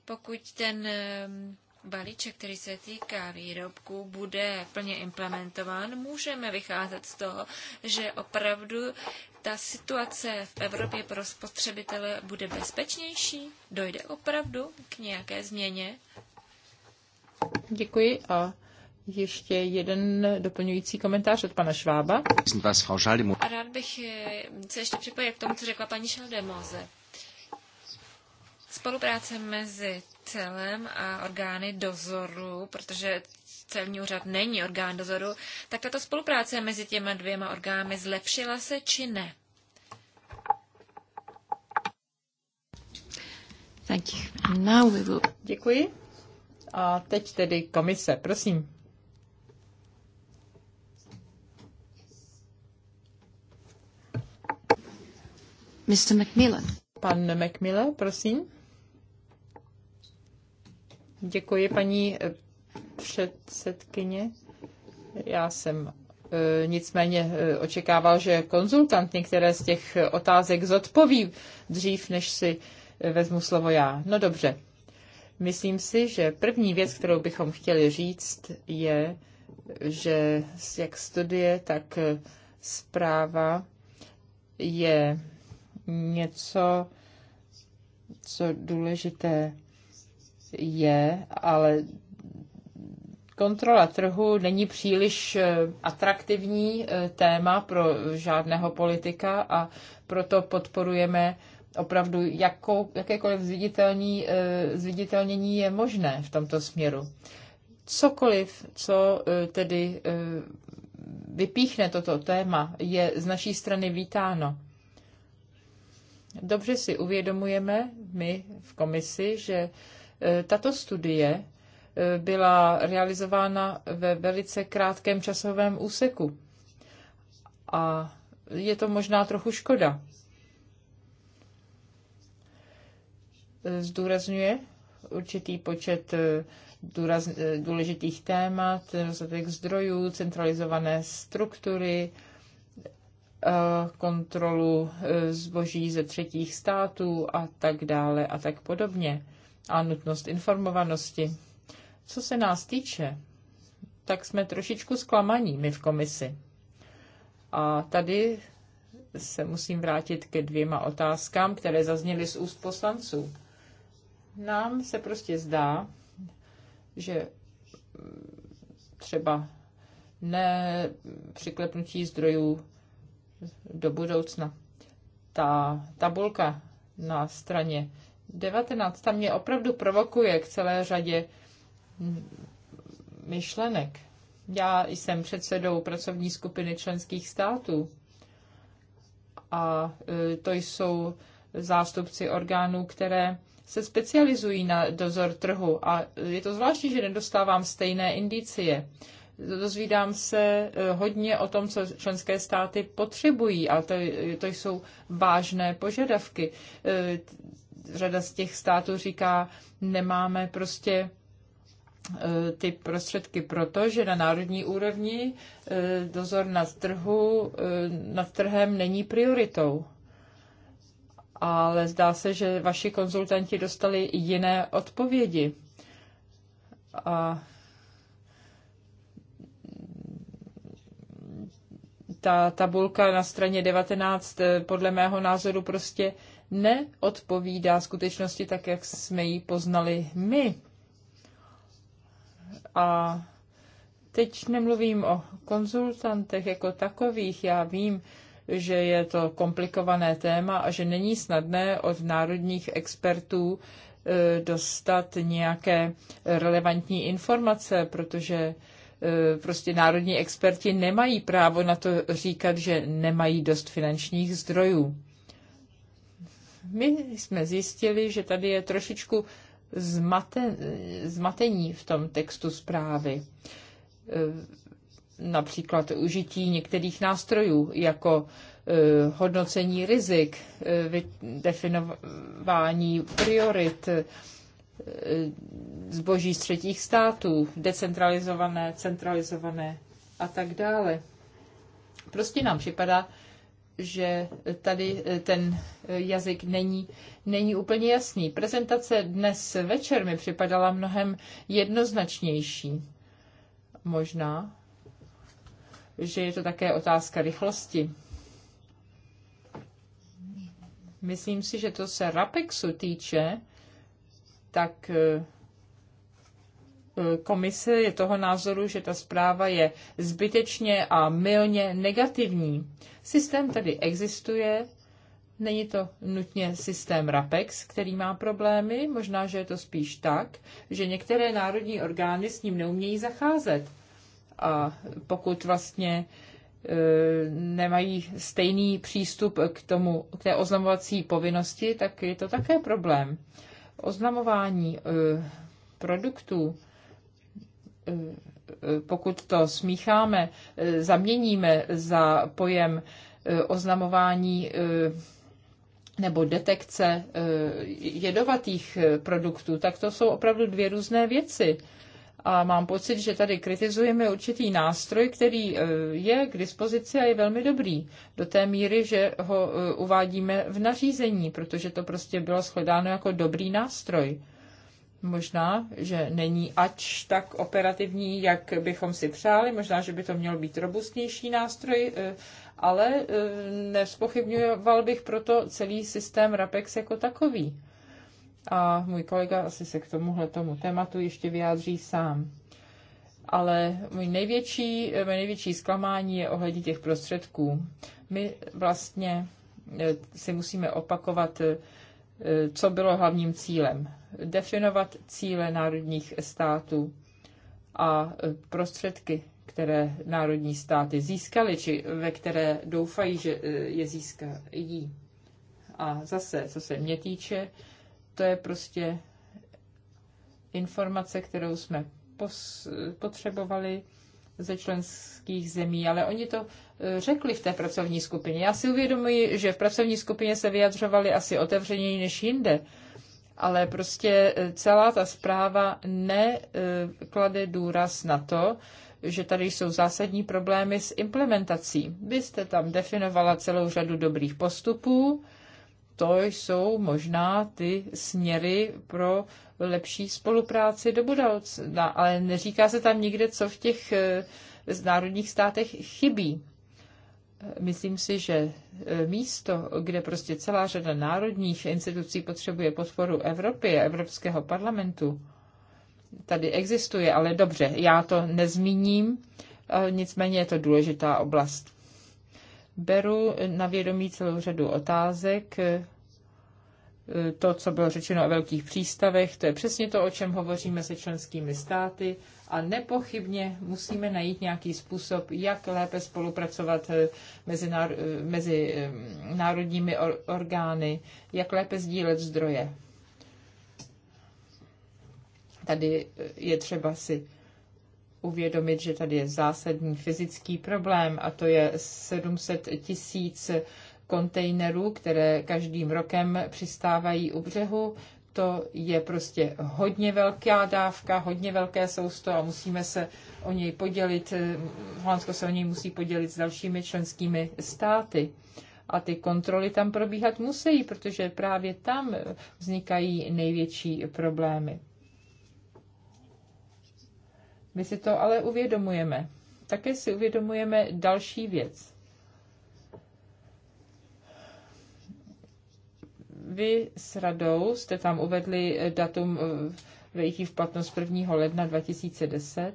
Pokud ten eh, balíček, který se týká výrobků, bude plně implementován, můžeme vycházet z toho, že opravdu ta situace v Evropě pro spotřebitele bude bezpečnější? Dojde opravdu k nějaké změně? Děkuji a ještě jeden doplňující komentář od pana Švába. A rád bych se ještě připojil k tomu, co řekla paní Šaldemoze. Spolupráce mezi celem a orgány dozoru, protože celní úřad není orgán dozoru, tak tato spolupráce mezi těma dvěma orgány zlepšila se či ne? Thank you. now we will... Děkuji. A teď tedy komise, prosím. Mr. Macmillan. Pan Macmillan, prosím. Děkuji, paní eh, předsedkyně. Já jsem eh, nicméně eh, očekával, že konzultant některé z těch otázek zodpoví dřív, než si vezmu slovo já. No dobře. Myslím si, že první věc, kterou bychom chtěli říct, je, že jak studie, tak zpráva je něco, co důležité je, ale kontrola trhu není příliš eh, atraktivní eh, téma pro žádného politika a proto podporujeme opravdu jakou, jakékoliv zviditelní, eh, zviditelnění je možné v tomto směru. Cokoliv, co tedy vypíchne toto téma, je z naší strany vítáno. Dobře si uvědomujeme my v komisi, že tato studie eh, byla realizována ve velice krátkém časovém úseku. A je to možná trochu škoda. Zdůrazňuje určitý počet eh, důraz, eh, důležitých témat, dostatek zdrojů, centralizované struktury, kontrolu zboží ze třetích států a tak dále a tak podobně a nutnost informovanosti. Co se nás týče, tak jsme trošičku zklamaní my v komisi. A tady se musím vrátit ke dvěma otázkám, které zazněly z úst poslanců. Nám se prostě zdá, že třeba ne přiklepnutí zdrojů do budoucna. Ta tabulka na straně 19, tam mě opravdu provokuje k celé řadě myšlenek. Já jsem předsedou pracovní skupiny členských států a e, to jsou zástupci orgánů, které se specializují na dozor trhu a e, je to zvláštní, že nedostávám stejné indicie. Dozvídám se e, hodně o tom, co členské státy potřebují a to, to jsou vážné požadavky řada z těch států říká, nemáme prostě eh, ty prostředky proto, že na národní úrovni eh, dozor nad, trhu, eh, nad trhem není prioritou. Ale zdá se, že vaši konzultanti dostali jiné odpovědi. A ta tabulka na straně 19 podle mého názoru prostě neodpovídá skutečnosti tak, jak jsme ji poznali my. A teď nemluvím o konzultantech jako takových. Já vím, že je to komplikované téma a že není snadné od národních expertů e, dostat nějaké relevantní informace, protože e, prostě národní experti nemají právo na to říkat, že nemají dost finančních zdrojů. My jsme zjistili, že tady je trošičku zmate, zmatení v tom textu zprávy. E, například užití některých nástrojů, jako e, hodnocení rizik, e, definování priorit, zboží z třetích států, decentralizované, centralizované a tak dále. Prostě nám připadá, že tady eh, ten eh, jazyk není, není úplně jasný. Prezentace dnes večer mi připadala mnohem jednoznačnější. Možná, že je to také otázka rychlosti. Myslím si, že to se RAPEXu týče, tak eh, Eh, komise je toho názoru, že ta zpráva je zbytečně a mylně negativní. Systém tady existuje, není to nutně systém RAPEX, který má problémy, možná, že je to spíš tak, že některé národní orgány s ním neumějí zacházet. A pokud vlastně eh, nemají stejný přístup k, tomu, k té oznamovací povinnosti, tak je to také problém. Oznamování eh, produktů pokud to smícháme, zaměníme za pojem eh, oznamování eh, nebo detekce eh, jedovatých produktů, tak to jsou opravdu dvě různé věci. A mám pocit, že tady kritizujeme určitý nástroj, který je k dispozici a je velmi dobrý. Do té míry, že ho uvádíme v nařízení, protože to prostě bylo shledáno jako dobrý nástroj. Možná, že není ač tak operativní, jak bychom si přáli, možná, že by to měl být robustnější nástroj, eh, ale eh, nespochybňoval bych proto celý systém RAPEX jako takový. A můj kolega asi se k tomuhle tomu tématu ještě vyjádří sám. Ale můj největší, eh, můj největší zklamání je ohledně těch prostředků. My vlastně si musíme opakovat Eh, co bylo hlavním cílem. Definovat cíle národních států a eh, prostředky, které národní státy získaly, či ve které doufají, že eh, je získají. A zase, co se mě týče, to je prostě informace, kterou jsme potřebovali ze členských zemí, ale oni to e, řekli v té pracovní skupině. Já si uvědomuji, že v pracovní skupině se vyjadřovali asi otevřeněji než jinde, ale prostě e, celá ta zpráva neklade e, důraz na to, že tady jsou zásadní problémy s implementací. Byste tam definovala celou řadu dobrých postupů, to jsou možná ty směry pro lepší spolupráci do budoucna, ale neříká se tam nikde, co v těch eh, z národních státech chybí. Myslím si, že eh, místo, kde prostě celá řada národních institucí potřebuje podporu Evropy a Evropského parlamentu, tady existuje, ale dobře, já to nezmíním, eh, nicméně je to důležitá oblast. Beru na vědomí celou řadu otázek, to, co bylo řečeno o velkých přístavech, to je přesně to, o čem hovoříme se členskými státy a nepochybně musíme najít nějaký způsob, jak lépe spolupracovat eh, mezi, náro, eh, mezi eh, národními or, orgány, jak lépe sdílet zdroje. Tady je třeba si uvědomit, že tady je zásadní fyzický problém a to je 700 tisíc 000 kontejnerů, které každým rokem přistávají u břehu. To je prostě hodně velká dávka, hodně velké sousto a musíme se o něj podělit. Holandsko se o něj musí podělit s dalšími členskými státy. A ty kontroly tam probíhat musí, protože právě tam vznikají největší problémy. My si to ale uvědomujeme. Také si uvědomujeme další věc Vy s radou jste tam uvedli eh, datum eh, vejití v platnost 1. ledna 2010.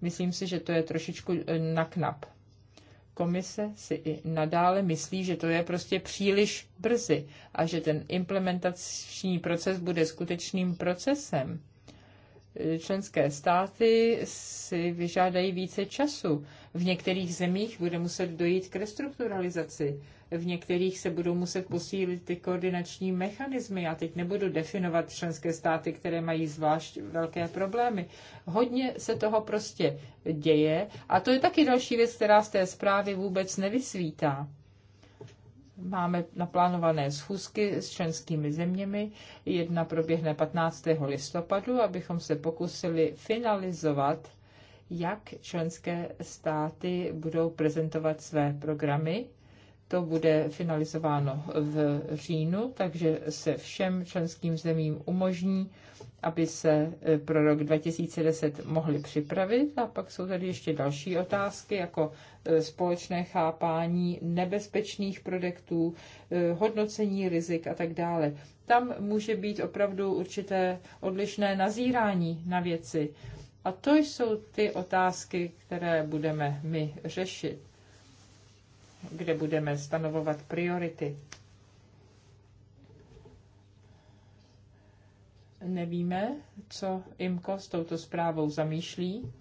Myslím si, že to je trošičku eh, naknap. Komise si i nadále myslí, že to je prostě příliš brzy a že ten implementační proces bude skutečným procesem. Členské státy si vyžádají více času. V některých zemích bude muset dojít k restrukturalizaci v některých se budou muset posílit ty koordinační mechanismy. Já teď nebudu definovat členské státy, které mají zvlášť velké problémy. Hodně se toho prostě děje a to je taky další věc, která z té zprávy vůbec nevysvítá. Máme naplánované schůzky s členskými zeměmi. Jedna proběhne 15. listopadu, abychom se pokusili finalizovat, jak členské státy budou prezentovat své programy to bude finalizováno v říjnu, takže se všem členským zemím umožní, aby se eh, pro rok 2010 mohli připravit. A pak jsou tady ještě další otázky, jako eh, společné chápání nebezpečných produktů, eh, hodnocení rizik a tak dále. Tam může být opravdu určité odlišné nazírání na věci. A to jsou ty otázky, které budeme my řešit kde budeme stanovovat priority. Nevíme, co IMKO s touto zprávou zamýšlí.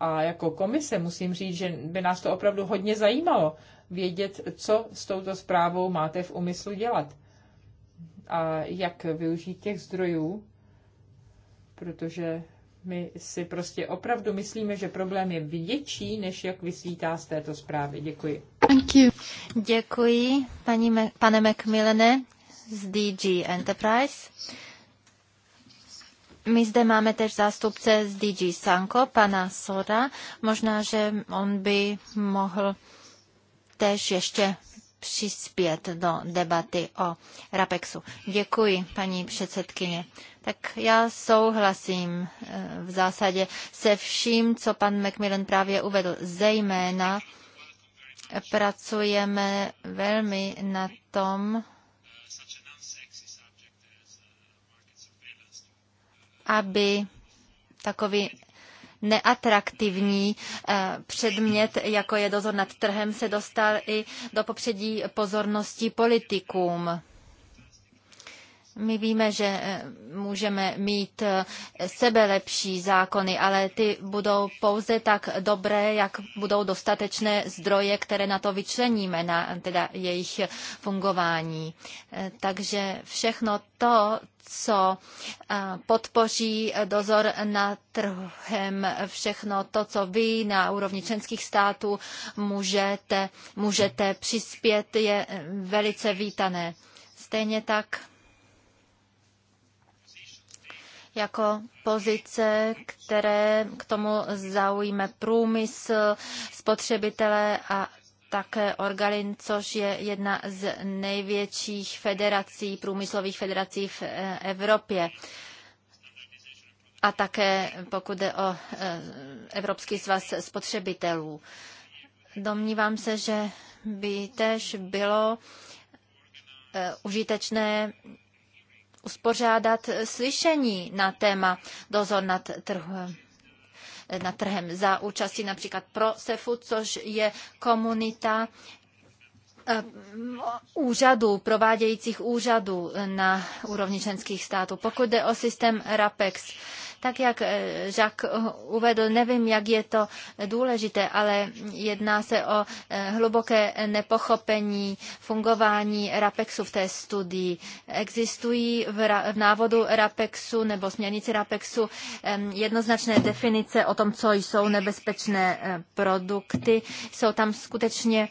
A jako komise musím říct, že by nás to opravdu hodně zajímalo vědět, co s touto zprávou máte v úmyslu dělat a jak využít těch zdrojů, protože my si prostě opravdu myslíme, že problém je větší, než jak vysvítá z této zprávy. Děkuji. Thank you. Děkuji, paní, Me pane McMillene z DG Enterprise. My zde máme tež zástupce z DG Sanko, pana Sora. Možná, že on by mohl tež ještě přispět do debaty o RAPEXu. Děkuji, paní předsedkyně. Tak já souhlasím eh, v zásadě se vším, co pan Macmillan právě uvedl. Zejména pracujeme velmi na tom, aby takový neatraktivní eh, předmět, jako je dozor nad trhem, se dostal i do popředí pozornosti politikům. My víme, že eh, můžeme mít eh, sebelepší zákony, ale ty budou pouze tak dobré, jak budou dostatečné zdroje, které na to vyčleníme, na teda jejich fungování. Eh, takže všechno to, co podpoří dozor na trhem, všechno to, co vy na úrovni členských států můžete, můžete přispět, je velice vítané. Stejně tak jako pozice, které k tomu zaujme průmysl, spotřebitele a také Orgalin, což je jedna z největších federací, průmyslových federací v eh, Evropě. A také pokud jde o eh, Evropský svaz spotřebitelů. Domnívám se, že by tež bylo eh, užitečné uspořádat slyšení na téma dozor nad trhem na trhem za účastí například SEFU, což je komunita eh, úřadů, provádějících úřadů na úrovni členských států. Pokud jde o systém RAPEX, tak jak Žak eh, eh, uvedl, nevím, jak je to důležité, ale jedná se o eh, hluboké nepochopení fungování RAPEXu v té studii. Existují v, ra- v návodu RAPEXu nebo směrnici RAPEXu jednoznačné definice o tom, co jsou nebezpečné produkty. Jsou tam skutečně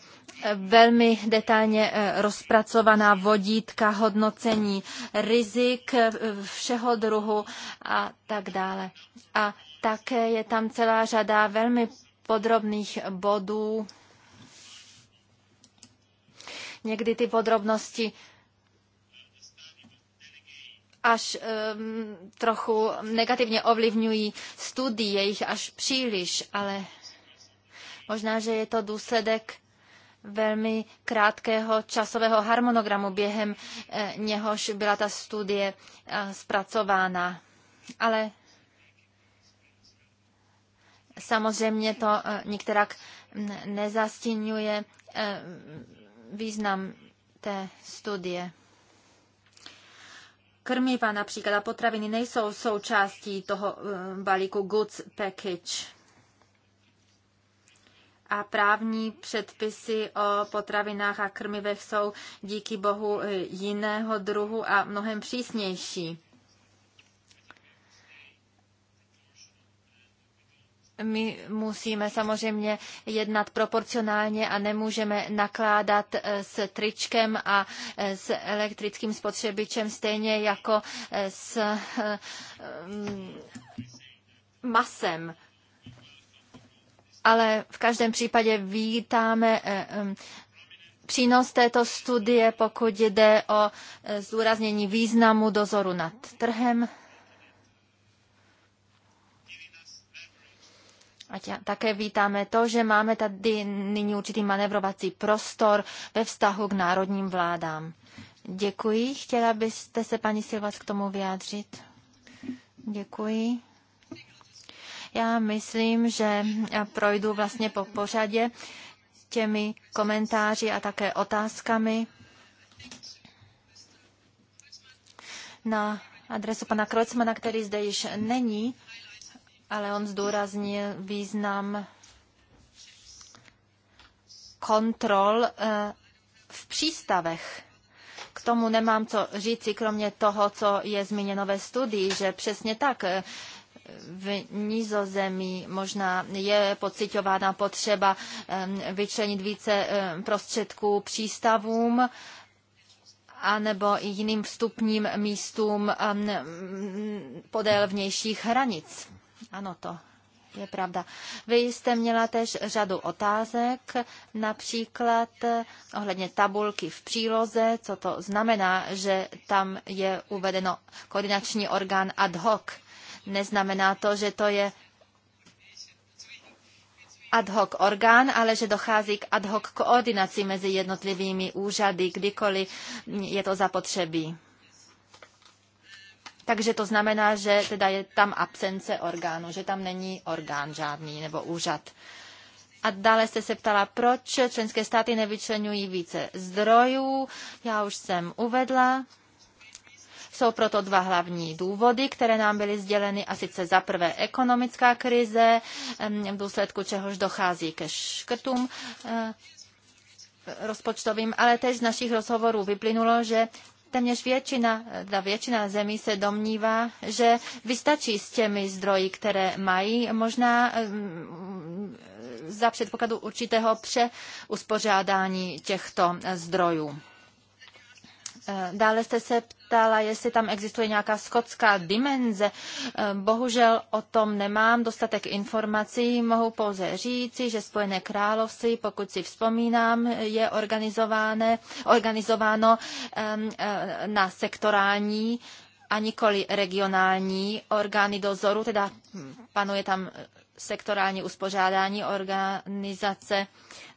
velmi detailně eh, rozpracovaná vodítka, hodnocení rizik eh, všeho druhu a tak dále. A také je tam celá řada velmi podrobných bodů. Někdy ty podrobnosti až um, trochu negativně ovlivňují studii, jejich až příliš, ale možná, že je to důsledek velmi krátkého časového harmonogramu, během eh, něhož byla ta studie eh, zpracována. Ale samozřejmě to eh, některak mm, nezastínuje význam té studie. Krmiva například a potraviny nejsou součástí toho balíku goods package a právní předpisy o potravinách a krmivech jsou díky bohu jiného druhu a mnohem přísnější. My musíme samozřejmě jednat proporcionálně a nemůžeme nakládat s tričkem a s elektrickým spotřebičem stejně jako s eh, mm, masem ale v každém případě vítáme eh, přínos této studie, pokud jde o eh, zdůraznění významu dozoru nad trhem. A tě, také vítáme to, že máme tady nyní určitý manevrovací prostor ve vztahu k národním vládám. Děkuji. Chtěla byste se, paní Silvac, k tomu vyjádřit? Děkuji. Já myslím, že eh, projdu vlastně po pořadě těmi komentáři a také otázkami na adresu pana Krocmana, který zde již není, ale on zdůraznil význam kontrol eh, v přístavech. K tomu nemám co říci, kromě toho, co je zmíněno ve studii, že přesně tak eh, v nízozemí možná je pocitována potřeba vyčlenit více prostředků přístavům anebo i jiným vstupním místům podél vnějších hranic. Ano, to je pravda. Vy jste měla tež řadu otázek, například eh, ohledně tabulky v příloze, co to znamená, že tam je uvedeno koordinační orgán ad hoc. Neznamená to, že to je ad hoc orgán, ale že dochází k ad hoc koordinaci mezi jednotlivými úřady, kdykoliv je to zapotřebí. Takže to znamená, že teda je tam absence orgánu, že tam není orgán žádný nebo úřad. A dále jste se ptala, proč členské státy nevyčlenují více zdrojů. Já už jsem uvedla, jsou proto dva hlavní důvody, které nám byly sděleny, a sice za prvé ekonomická krize, v důsledku čehož dochází ke škrtům eh, rozpočtovým, ale tež z našich rozhovorů vyplynulo, že téměř většina, ta většina zemí se domnívá, že vystačí s těmi zdroji, které mají, možná za předpokladu určitého přeuspořádání těchto zdrojů. Dále jste se ptala, jestli tam existuje nějaká skotská dimenze. Eh, bohužel o tom nemám dostatek informací. Mohu pouze říci, že Spojené království, pokud si vzpomínám, je organizováno eh, na sektorální a nikoli regionální orgány dozoru, teda hm, panuje tam eh, sektorální uspořádání organizace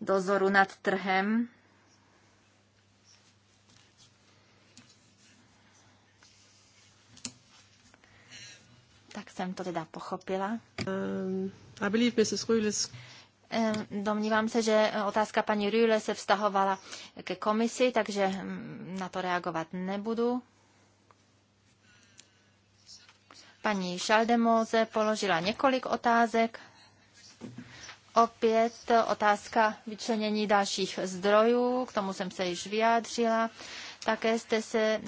dozoru nad trhem Tak jsem to teda pochopila. Um, I believe Mrs. Rühle's... Domnívám se, že eh, otázka paní Rühle se vztahovala ke komisi, takže hm, na to reagovat nebudu. Paní Šaldemoze položila několik otázek. Opět otázka vyčlenění dalších zdrojů, k tomu jsem se již vyjádřila. Také jste se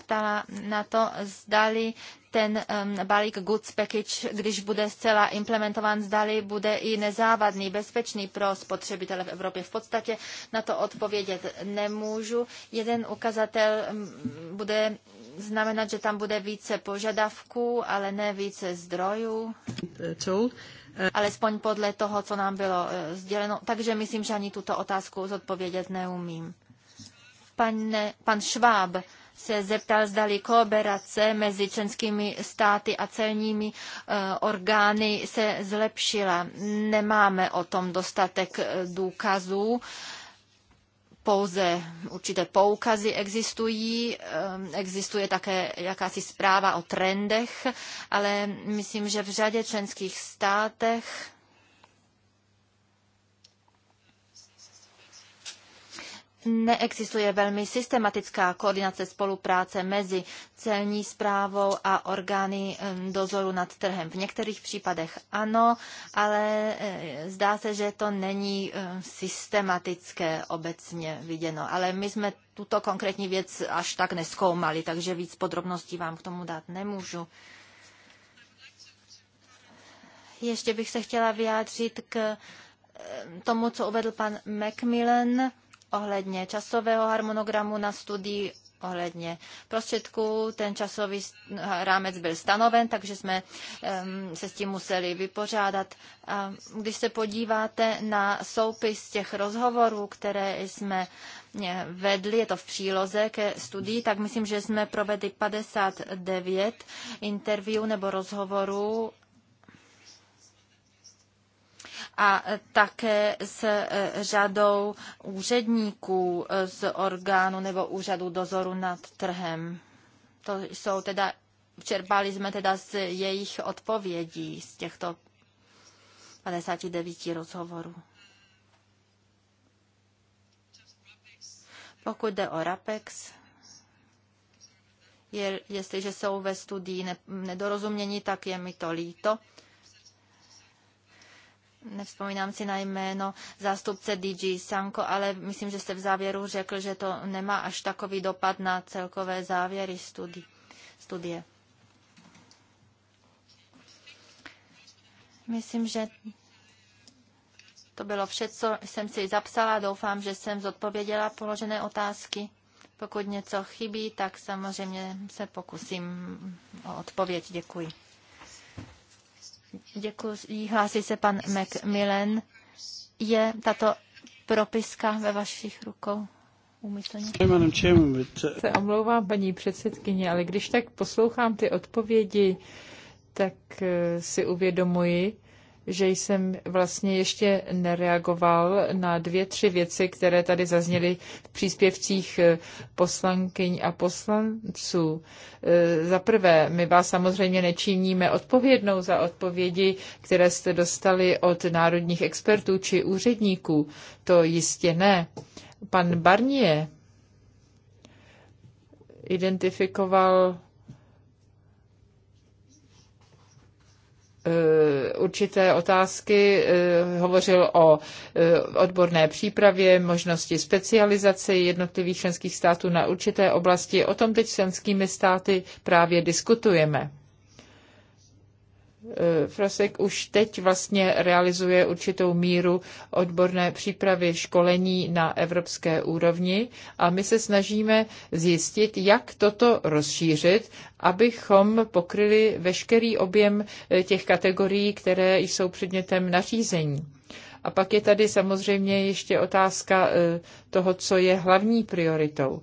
ptala na to, zdali ten balík goods package, když bude zcela implementován, zdali bude i nezávadný, bezpečný pro spotřebitele v Evropě. V podstatě na to odpovědět nemůžu. Jeden ukazatel bude znamenat, že tam bude více požadavků, ale ne více zdrojů. Told. Alespoň podle toho, co nám bylo eh, sděleno. Takže myslím, že ani tuto otázku zodpovědět neumím. Pane, pan Šváb se zeptal, zdali kooperace mezi členskými státy a celními eh, orgány se zlepšila. Nemáme o tom dostatek eh, důkazů pouze určité poukazy existují, ehm, existuje také jakási zpráva o trendech, ale myslím, že v řadě členských státech neexistuje velmi systematická koordinace spolupráce mezi celní zprávou a orgány dozoru nad trhem. V některých případech ano, ale eh, zdá se, že to není eh, systematické obecně viděno. Ale my jsme tuto konkrétní věc až tak neskoumali, takže víc podrobností vám k tomu dát nemůžu. Ještě bych se chtěla vyjádřit k eh, tomu, co uvedl pan Macmillan ohledně časového harmonogramu na studii, ohledně prostředků. Ten časový rámec byl stanoven, takže jsme se s tím museli vypořádat. A když se podíváte na soupis těch rozhovorů, které jsme eh, vedli, je to v příloze ke studii, tak myslím, že jsme provedli 59 interview nebo rozhovorů a e, také s e, řadou úředníků e, z orgánu nebo úřadu dozoru nad trhem. To jsou teda, čerpali jsme teda z jejich odpovědí z těchto 59 rozhovorů. Pokud jde o RAPEX, je, jestliže jsou ve studii nedorozumění, tak je mi to líto. Nevzpomínám si na jméno zástupce DG Sanko, ale myslím, že jste v závěru řekl, že to nemá až takový dopad na celkové závěry studi- studie. Myslím, že to bylo vše, co jsem si zapsala. Doufám, že jsem zodpověděla položené otázky. Pokud něco chybí, tak samozřejmě se pokusím o odpověď. Děkuji. Děkuji. Hlásí se pan Macmillan. Je tato propiska ve vašich rukou? Uh, se omlouvám, paní předsedkyně, ale když tak poslouchám ty odpovědi, tak eh, si uvědomuji, že jsem vlastně ještě nereagoval na dvě, tři věci, které tady zazněly v příspěvcích eh, poslankyň a poslanců. Eh, za prvé, my vás samozřejmě nečiníme odpovědnou za odpovědi, které jste dostali od národních expertů či úředníků. To jistě ne. Pan Barnier identifikoval Eh, určité otázky, eh, hovořil o eh, odborné přípravě, možnosti specializace jednotlivých členských států na určité oblasti. O tom teď členskými státy právě diskutujeme. Eh, Frasek už teď vlastně realizuje určitou míru odborné přípravy školení na evropské úrovni a my se snažíme zjistit, jak toto rozšířit, abychom pokryli veškerý objem eh, těch kategorií, které jsou předmětem nařízení. A pak je tady samozřejmě ještě otázka eh, toho, co je hlavní prioritou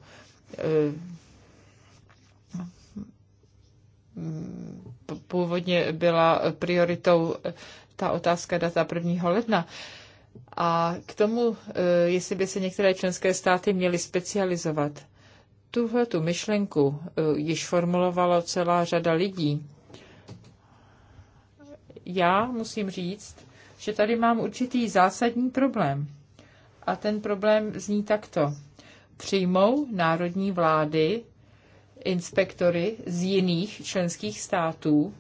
původně byla prioritou eh, ta otázka data 1. ledna. A k tomu, eh, jestli by se některé členské státy měly specializovat. Tuhle tu myšlenku eh, již formulovala celá řada lidí. Já musím říct, že tady mám určitý zásadní problém. A ten problém zní takto. Přijmou národní vlády inspektory z jiných členských států,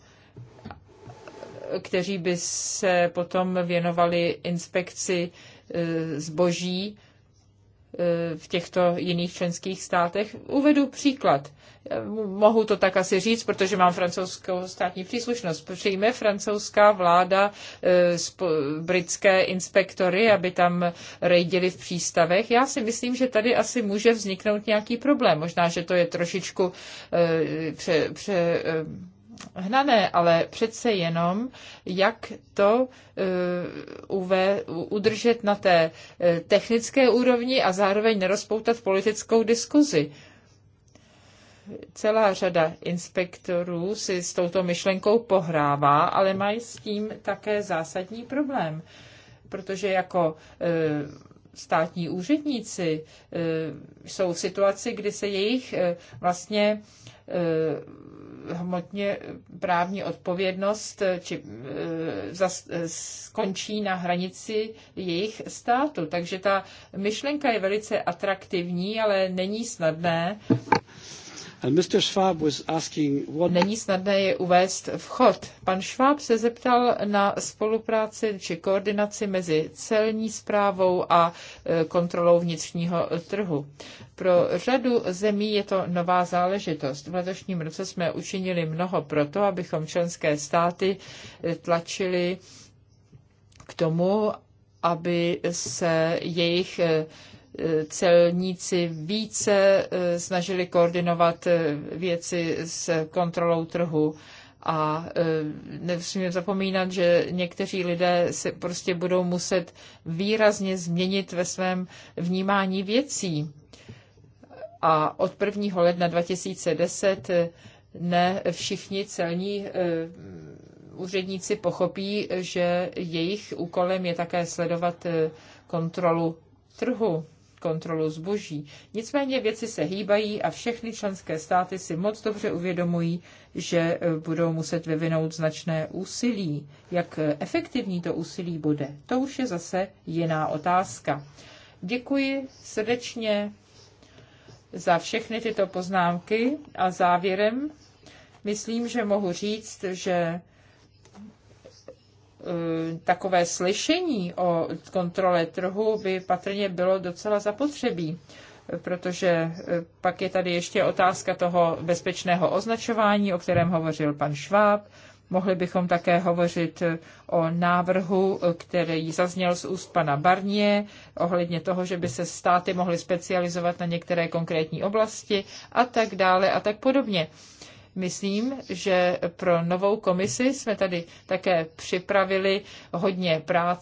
kteří by se potom věnovali inspekci eh, zboží Eh, v těchto jiných členských státech. Uvedu příklad. Mohu to tak asi říct, protože mám francouzskou státní příslušnost. Přijme francouzská vláda eh, britské inspektory, aby tam rejdili v přístavech. Já si myslím, že tady asi může vzniknout nějaký problém. Možná, že to je trošičku eh, pře, pře, hnané, ale přece jenom, jak to eh, uve, udržet na té eh, technické úrovni a zároveň nerozpoutat politickou diskuzi celá řada inspektorů si s touto myšlenkou pohrává, ale mají s tím také zásadní problém, protože jako eh, státní úředníci jsou v situaci, kdy se jejich vlastně hmotně právní odpovědnost eh, či eh, zas, eh, skončí na hranici jejich státu. Takže ta myšlenka je velice atraktivní, ale není snadné Není snadné je uvést v chod. Pan Schwab se zeptal na spolupráci či koordinaci mezi celní zprávou a e, kontrolou vnitřního trhu. Pro řadu zemí je to nová záležitost. V letošním roce jsme učinili mnoho proto, abychom členské státy e, tlačili k tomu, aby se jejich e, celníci více eh, snažili koordinovat eh, věci s kontrolou trhu. A eh, nesmíme zapomínat, že někteří lidé se prostě budou muset výrazně změnit ve svém vnímání věcí. A od 1. ledna 2010 ne všichni celní úředníci pochopí, že jejich úkolem je také sledovat kontrolu trhu kontrolu zboží. Nicméně věci se hýbají a všechny členské státy si moc dobře uvědomují, že eh, budou muset vyvinout značné úsilí. Jak eh, efektivní to úsilí bude, to už je zase jiná otázka. Děkuji srdečně za všechny tyto poznámky a závěrem myslím, že mohu říct, že Eh, takové slyšení o kontrole trhu by patrně bylo docela zapotřebí protože eh, pak je tady ještě otázka toho bezpečného označování, o kterém hovořil pan Šváb. Mohli bychom také hovořit eh, o návrhu, který zazněl z úst pana Barnie, ohledně toho, že by se státy mohly specializovat na některé konkrétní oblasti a tak dále a tak podobně. Myslím, že pro novou komisi jsme tady také připravili hodně práce